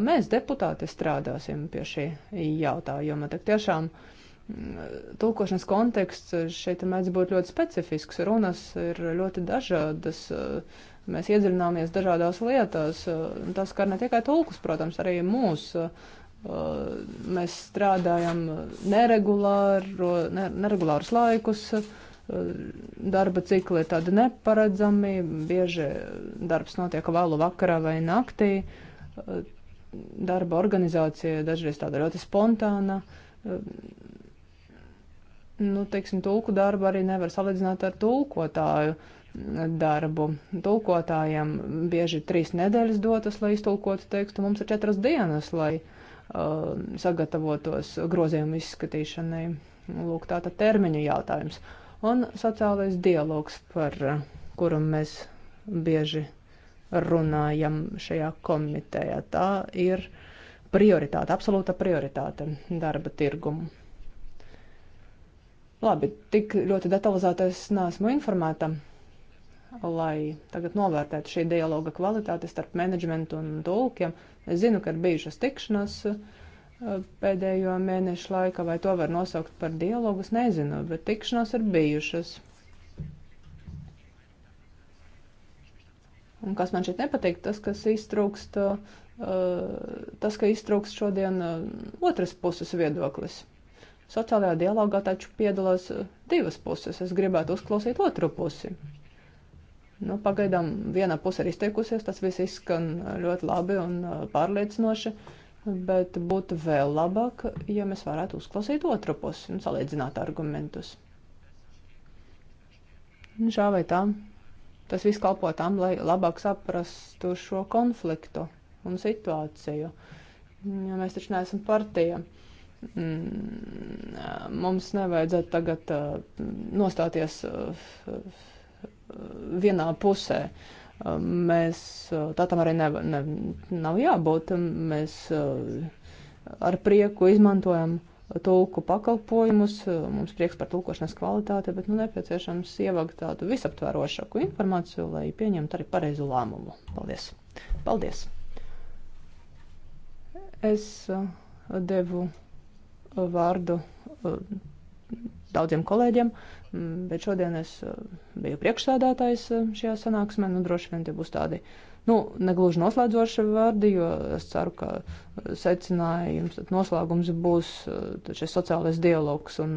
Speaker 3: mēs, deputāti, strādāsim pie šī jautājuma. Tik tiešām mm, tulkošanas konteksts šeit mēdz būt ļoti specifisks, runas ir ļoti dažādas. Mēs iedziļināmies dažādās lietās. Tas skar ne tikai tulkus, protams, arī mūsu Mēs strādājam neregulāru, neregulārus laikus, darba cikli ir tādi neparedzami, bieži darbs notiek vēlu vakarā vai naktī, darba organizācija dažreiz tāda ļoti spontāna. Nu, teiksim, tulku darbu arī nevar salīdzināt ar tulkotāju darbu. Tulkotājiem bieži ir trīs nedēļas dotas, lai iztulkotu tekstu, mums ir četras dienas, lai uh, Uh, sagatavotos grozījumu izskatīšanai. Lūk, tā tad termiņa jautājums. Un sociālais dialogs, par uh, kuru mēs bieži runājam šajā komitejā, tā ir prioritāte, absolūta prioritāte darba tirgumu. Labi, tik ļoti detalizētais neesmu informēta, lai tagad novērtētu šī dialoga kvalitāti starp menedžmentu un tulkiem. Es zinu, ka ir bijušas tikšanās uh, pēdējo mēnešu laikā, vai to var nosaukt par dialogu, es nezinu, bet tikšanās ir bijušas. Un kas man šeit nepatīk, tas, kas iztrūkst, uh, tas, ka iztrūkst šodien uh, otras puses viedoklis. Sociālajā dialogā taču piedalās divas puses. Es gribētu uzklausīt otru pusi. Mm. Nu, pagaidām viena puse ir izteikusies, tas viss izskan ļoti labi un uh, pārliecinoši, bet būtu vēl labāk, ja mēs varētu uzklausīt otru pusi un salīdzināt argumentus. Šā vai tā, tas viss kalpo tam, lai labāk saprastu šo konfliktu un situāciju. Ja mēs taču neesam partija. Mm, mums nevajadzētu tagad uh, nostāties uh, vienā pusē. Mēs tā tam arī ne, ne, nav jābūt. Mēs eh, ar prieku izmantojam tulku pakalpojumus, mums prieks par tulkošanas kvalitāti, bet nu, nepieciešams ievākt tādu visaptvērošāku informāciju, lai pieņemtu arī pareizu lēmumu. Paldies! Paldies! Es eh, devu eh, vārdu daudziem kolēģiem, Mm, bet šodien es eh, biju priekšsēdētājs eh, šajā sanāksmē, nu droši vien tie būs tādi, nu, negluži noslēdzoši vārdi, jo es ceru, ka eh, secinājums, tad noslēgums būs šis sociālais dialogs un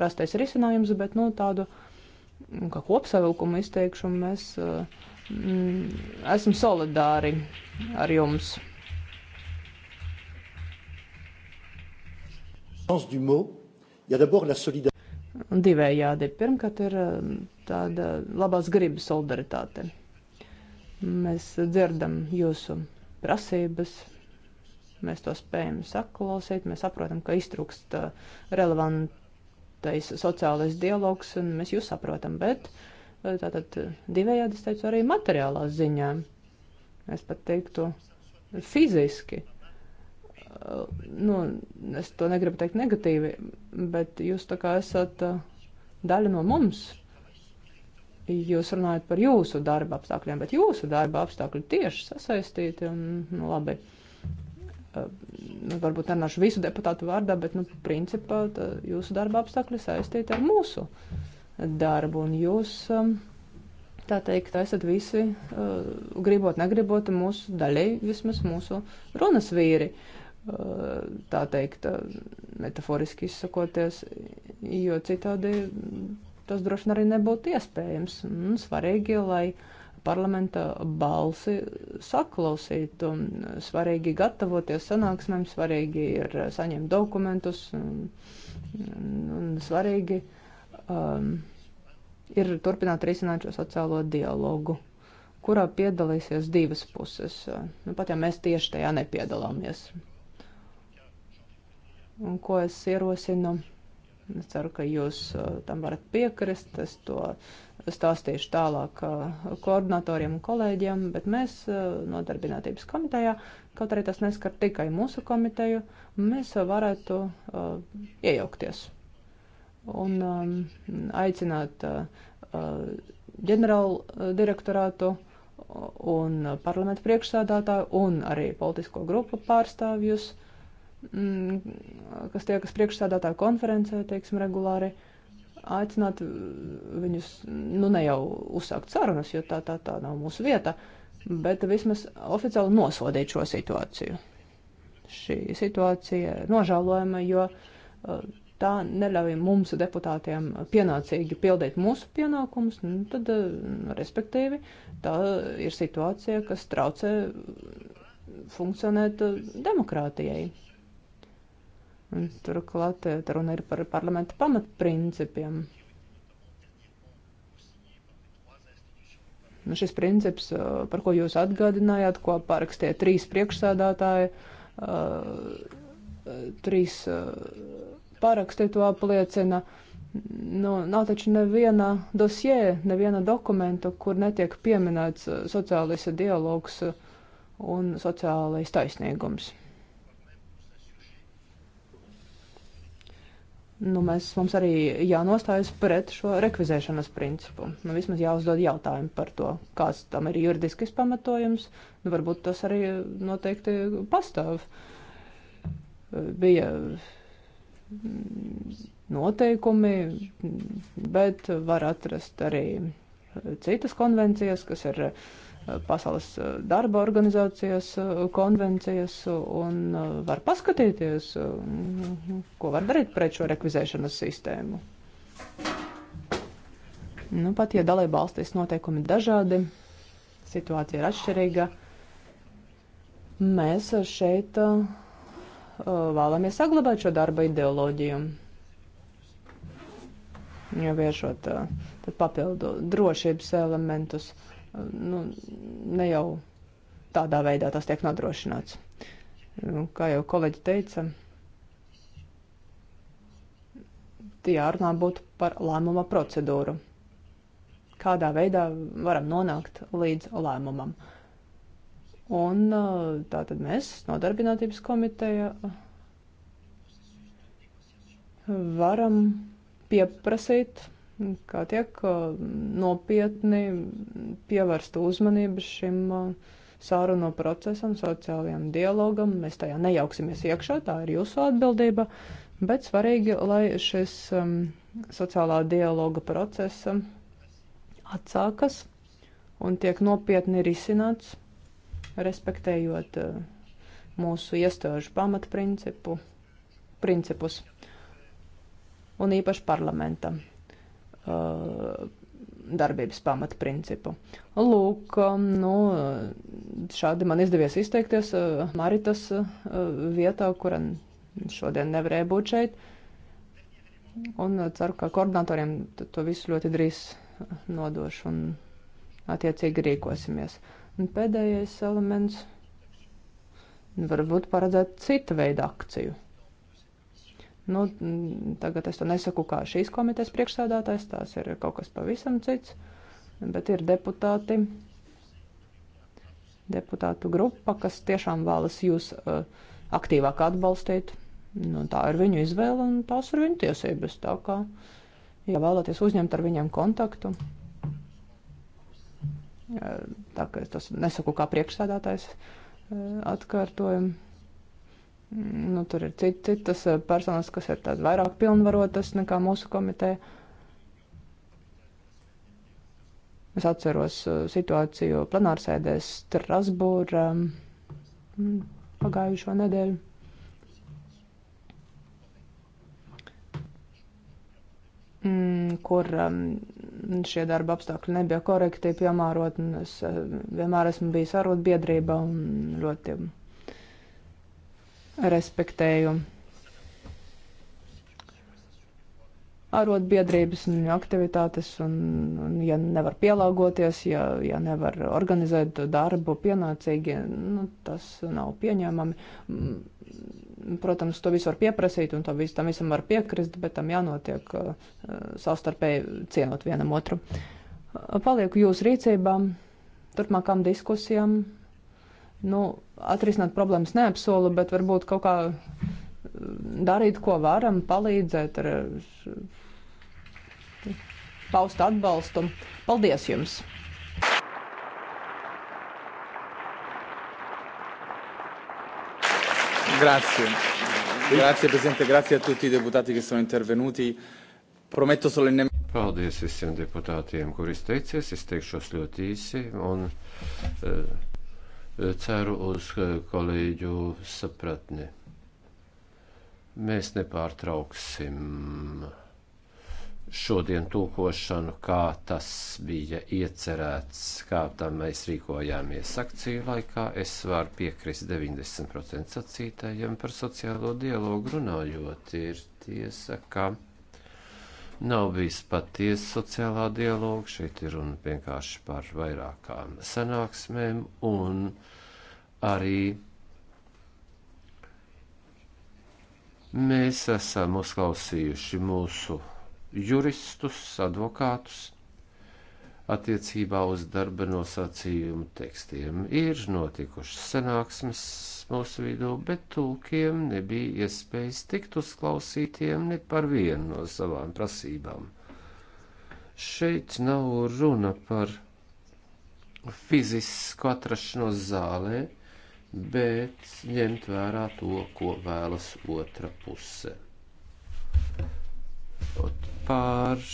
Speaker 3: rastais risinājums, bet, nu, tādu, mm, kā kopsavilkumu izteikšu, mēs mm, esam solidāri ar jums. Du mot, il y a d'abord la solidarité divējādi. Pirmkārt, ir um, tāda labās gribas solidaritāte. Mēs dzirdam jūsu prasības, mēs to spējam saklausīt, mēs saprotam, ka iztrūkst uh, relevantais sociālais dialogs, un mēs jūs saprotam, bet uh, tātad divējādi, es teicu, arī materiālā ziņā. Es pat teiktu fiziski. Eh, nu, es to negribu teikt negatīvi, bet jūs tā kā esat eh, daļa no mums. Jūs runājat par jūsu darba apstākļiem, bet jūsu darba apstākļi tieši sasaistīti un nu, labi. Eh, nu, varbūt nerunāšu visu deputātu vārdā, bet nu, principā tā, jūsu darba apstākļi saistīti ar mūsu darbu. Un jūs, tā teikt, esat visi, gribot, negribot, mūsu daļai vismaz mūsu runas vīri. Uh, tā teikt, metaforiski izsakoties, jo citādi tas droši vien arī nebūtu iespējams. Svarīgi, lai parlamenta balsi saklausītu, svarīgi gatavoties sanāksmēm, svarīgi ir saņemt dokumentus, un, un svarīgi um, ir turpināt risināt šo sociālo dialogu kurā piedalīsies divas puses. Nu, pat ja mēs tieši tajā nepiedalāmies, un ko es ierosinu. Es ceru, ka jūs uh, tam varat piekrist. Es to stāstīšu tālāk uh, koordinatoriem un kolēģiem, bet mēs uh, nodarbinātības komitejā, kaut arī tas neskar tikai mūsu komiteju, mēs varētu uh, iejaukties un um, aicināt uh, ģenerālu direktorātu un parlamentu priekšsādātāju un arī politisko grupu pārstāvjus uh, Mm, kas tiekas priekšsādātāju konferencē, teiksim, regulāri, aicināt viņus, nu ne jau uzsākt sarunas, jo tā, tā, tā nav mūsu vieta, bet vismaz oficiāli nosodīt šo situāciju. Šī situācija nožēlojama, jo uh, tā neļauj mums deputātiem pienācīgi pildīt mūsu pienākumus, nu, tad, uh, respektīvi, tā ir situācija, kas traucē funkcionēt uh, demokrātijai. Un turklāt eh, runa ir par parlamenta pamatprincipiem. Nu, šis princips, eh, par ko jūs atgādinājāt, ko parakstīja trīs priekšsēdātāji, eh, trīs paraksti to apliecina. Nu, nav taču neviena dosjē, neviena dokumenta, kur netiek pieminēts sociālais dialogs un sociālais taisnīgums. nu, mēs, mums arī jānostājas pret šo rekvizēšanas principu. Nu, vismaz jāuzdod jautājumu par to, kāds tam ir juridiskis pamatojums. Nu, varbūt tas arī noteikti pastāv. Bija mm, noteikumi, bet var atrast arī citas konvencijas, kas ir. Ar pasaules eh, darba organizācijas eh, konvencijas un eh, var paskatīties, ko var darīt pret šo rekvizēšanas sistēmu. Nu, pat ja dalība valstīs noteikumi dažādi, situācija ir atšķirīga, mēs šeit uh, vēlamies saglabāt šo darba ideoloģiju ieviešot papildu drošības elementus nu, ne jau tādā veidā tas tiek nodrošināts. Kā jau kolēģi teica, tie jārunā būtu par lēmuma procedūru. Kādā veidā varam nonākt līdz lēmumam. Un tā tad mēs, nodarbinātības komiteja, varam pieprasīt kā tiek nopietni pievērsta uzmanība šim sārunu procesam, sociālajam dialogam. Mēs tajā nejauksimies iekšā, tā ir jūsu atbildība, bet svarīgi, lai šis um, sociālā dialoga process atsākas un tiek nopietni risināts, respektējot uh, mūsu iestāžu pamatprincipu, principus un īpaši parlamentam. Uh, darbības pamatprincipu. Lūk, um, nu, šādi man izdevies izteikties uh, Maritas uh, vietā, kura šodien nevarēja būt šeit. Un ceru, ka koordinatoriem to visu ļoti drīz nodošu un attiecīgi rīkosimies. Un pēdējais elements varbūt paredzēt cita veida akciju. Nu, tagad es to nesaku kā šīs komitejas priekšsēdētājs, tās ir kaut kas pavisam cits, bet ir deputāti, deputātu grupa, kas tiešām vēlas jūs uh, aktīvāk atbalstīt. Nu, tā ir viņu izvēle un tās ir viņu tiesības. Tā kā, ja vēlaties uzņemt ar viņiem kontaktu, e, tā kā es to nesaku kā priekšsēdētājs, uh, atkārtojumu. Nu, tur ir cit, citas eh, personas, kas ir tādas vairāk pilnvarotas nekā mūsu komiteja. Es atceros eh, situāciju plenārsēdē Strasbūrā mm, pagājušo nedēļu. Mm, kur mm, šie darba apstākļi nebija korekti piemērot. Es eh, vienmēr esmu bijis arotbiedrība un ļoti respektēju arotbiedrības un viņu aktivitātes, un, un ja nevar pielāgoties, ja, ja nevar organizēt darbu pienācīgi, nu, tas nav pieņēmami. Mm, protams, to visu var pieprasīt, un vis, tam visam var piekrist, bet tam jānotiek uh, savstarpēji cienot vienam otru. Palieku jūsu rīcībām, turpmākām diskusijām nu, atrisināt problēmas neapsolu, bet varbūt kaut kā mm, darīt, ko varam, palīdzēt ar mm, paust atbalstu. Paldies jums!
Speaker 4: Grazie. Grazie Presidente, grazie a tutti i deputati che sono intervenuti. Prometto solennemente.
Speaker 2: Paldies visiem deputātiem, kur izteicies. Es teikšos ļoti īsi un uh, ceru uz e, kolēģu sapratni. Mēs nepārtrauksim šodien tūkošanu, kā tas bija iecerēts, kā tam mēs rīkojāmies akciju laikā. Es varu piekrist 90% sacītājiem par sociālo dialogu runājot. Ir tiesa, ka nav bijis patiesa sociālā dialoga. Šeit ir runa vienkārši par vairākām sanāksmēm un arī mēs esam uzklausījuši mūsu juristus, advokātus attiecībā uz darba nosacījumu tekstiem. Ir notikušas sanāksmes mūsu vidū, bet tulkiem nebija iespējas tikt uzklausītiem ne par vienu no savām prasībām. Šeit nav runa par fizisku atrašanos zālē, bet ņemt vērā to, ko vēlas otra puse. Par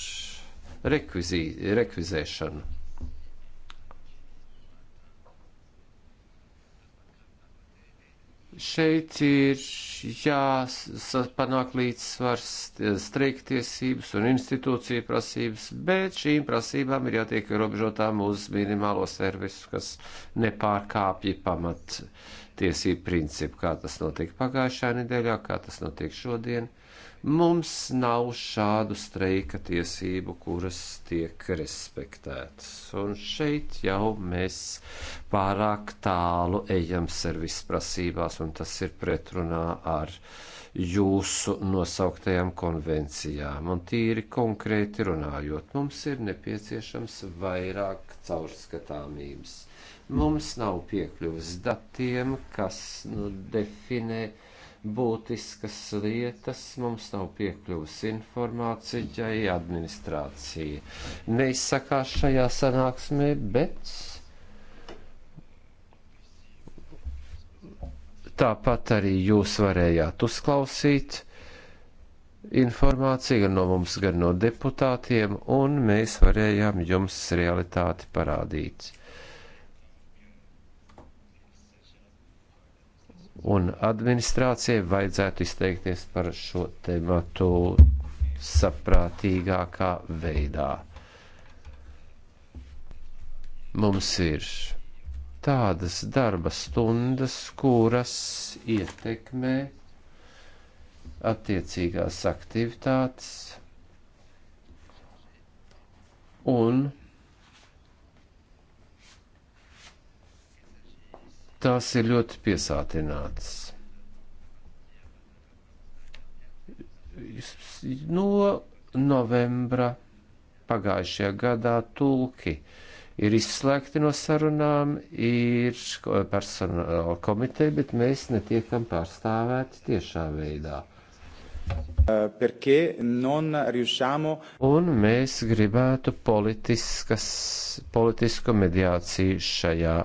Speaker 2: rekvizī, rekvizēšanu Šeit ir jāpanāk līdzsvars streiktiesības un institūcija prasības, bet šīm prasībām ir jātiek ierobežotām uz minimālo servisu, kas nepārkāpja pamat tiesību principu, kā tas notiek pagājušā nedēļā, kā tas notiek šodien. Uh, Mums nav šādu streika tiesību, kuras tiek respektētas. Un šeit jau mēs pārāk tālu ejam servis prasībās, un tas ir pretrunā ar jūsu nosauktajām konvencijām. Un tīri konkrēti runājot, mums ir nepieciešams vairāk caurskatāmības. Mums nav piekļuvis datiem, kas nu, definē uh, būtiskas lietas, mums nav piekļuvis informācijai, administrācija neizsakās šajā sanāksmē, bet tāpat arī jūs varējāt uzklausīt informāciju gan no mums, gan no deputātiem, un mēs varējām jums realitāti parādīt. un administrācijai vajadzētu izteikties par šo tematu saprātīgākā veidā. Mums ir tādas darba stundas, kuras ietekmē attiecīgās aktivitātes un tās ir ļoti piesātinātas. No novembra pagājušajā gadā tulki ir izslēgti no sarunām, ir personāla komiteja, bet mēs netiekam pārstāvēti tiešā veidā.
Speaker 4: Eh,
Speaker 2: Un mēs gribētu politisku mediāciju šajā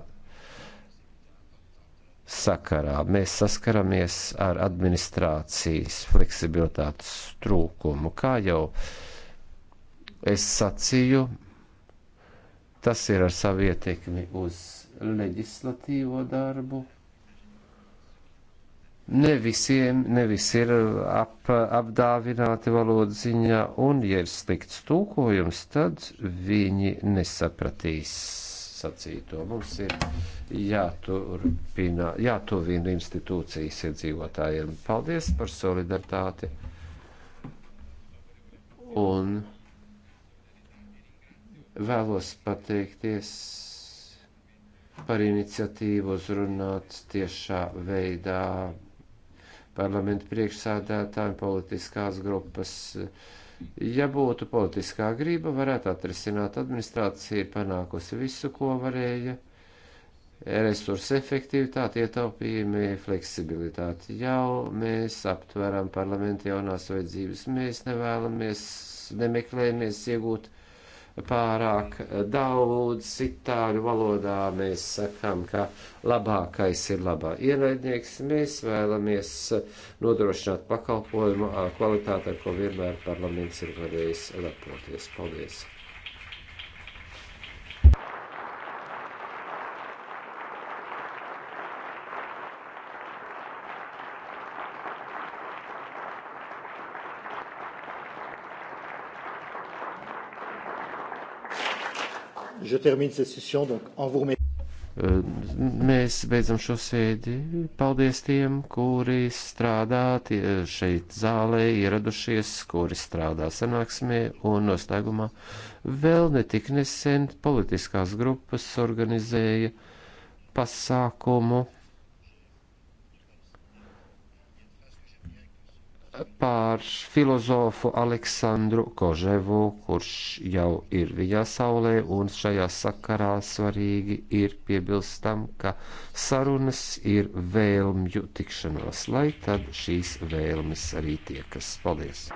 Speaker 2: sakarā. Mēs saskaramies ar administrācijas fleksibilitātes trūkumu. Kā jau es sacīju, tas ir ar savu ietekmi uz leģislatīvo darbu. Ne visiem, ne visi ir ap, apdāvināti valodas ziņā, un, ja ir slikts tūkojums, tad viņi nesapratīs sacīto. Mums ir jāturpina, jātuvina institūcijas iedzīvotājiem. Paldies par solidaritāti. Un vēlos pateikties par iniciatīvu uzrunāt tiešā veidā parlamentu priekšsādātājiem, politiskās grupas uh, Ja būtu politiskā grība, varētu atrisināt. Administrācija ir panākusi visu, ko varēja. Resursu efektivitāti, ietaupījumi, fleksibilitāti. Jau mēs aptveram parlamenta jaunās vajadzības. Mēs nevēlamies, nemeklējamies iegūt pārāk daudz itāļu valodā. Mēs sakām, ka labākais ir labā ienaidnieks. Mēs vēlamies nodrošināt pakalpojumu kvalitāti, ar ko vienmēr parlaments ir varējis lepoties. Paldies! Euh, mēs beidzam šo sēdi. Paldies tiem, kuri strādā tie šeit zālē, ieradušies, kuri strādā sanāksmē un nostaigumā. Vēl netik nesen politiskās grupas organizēja pasākumu. par filozofu Aleksandru Koževu, kurš jau ir viņa saulē, un šajā sakarā svarīgi ir piebilst tam, ka sarunas ir vēlmju tikšanās, lai tad šīs vēlmes arī tiekas. Paldies!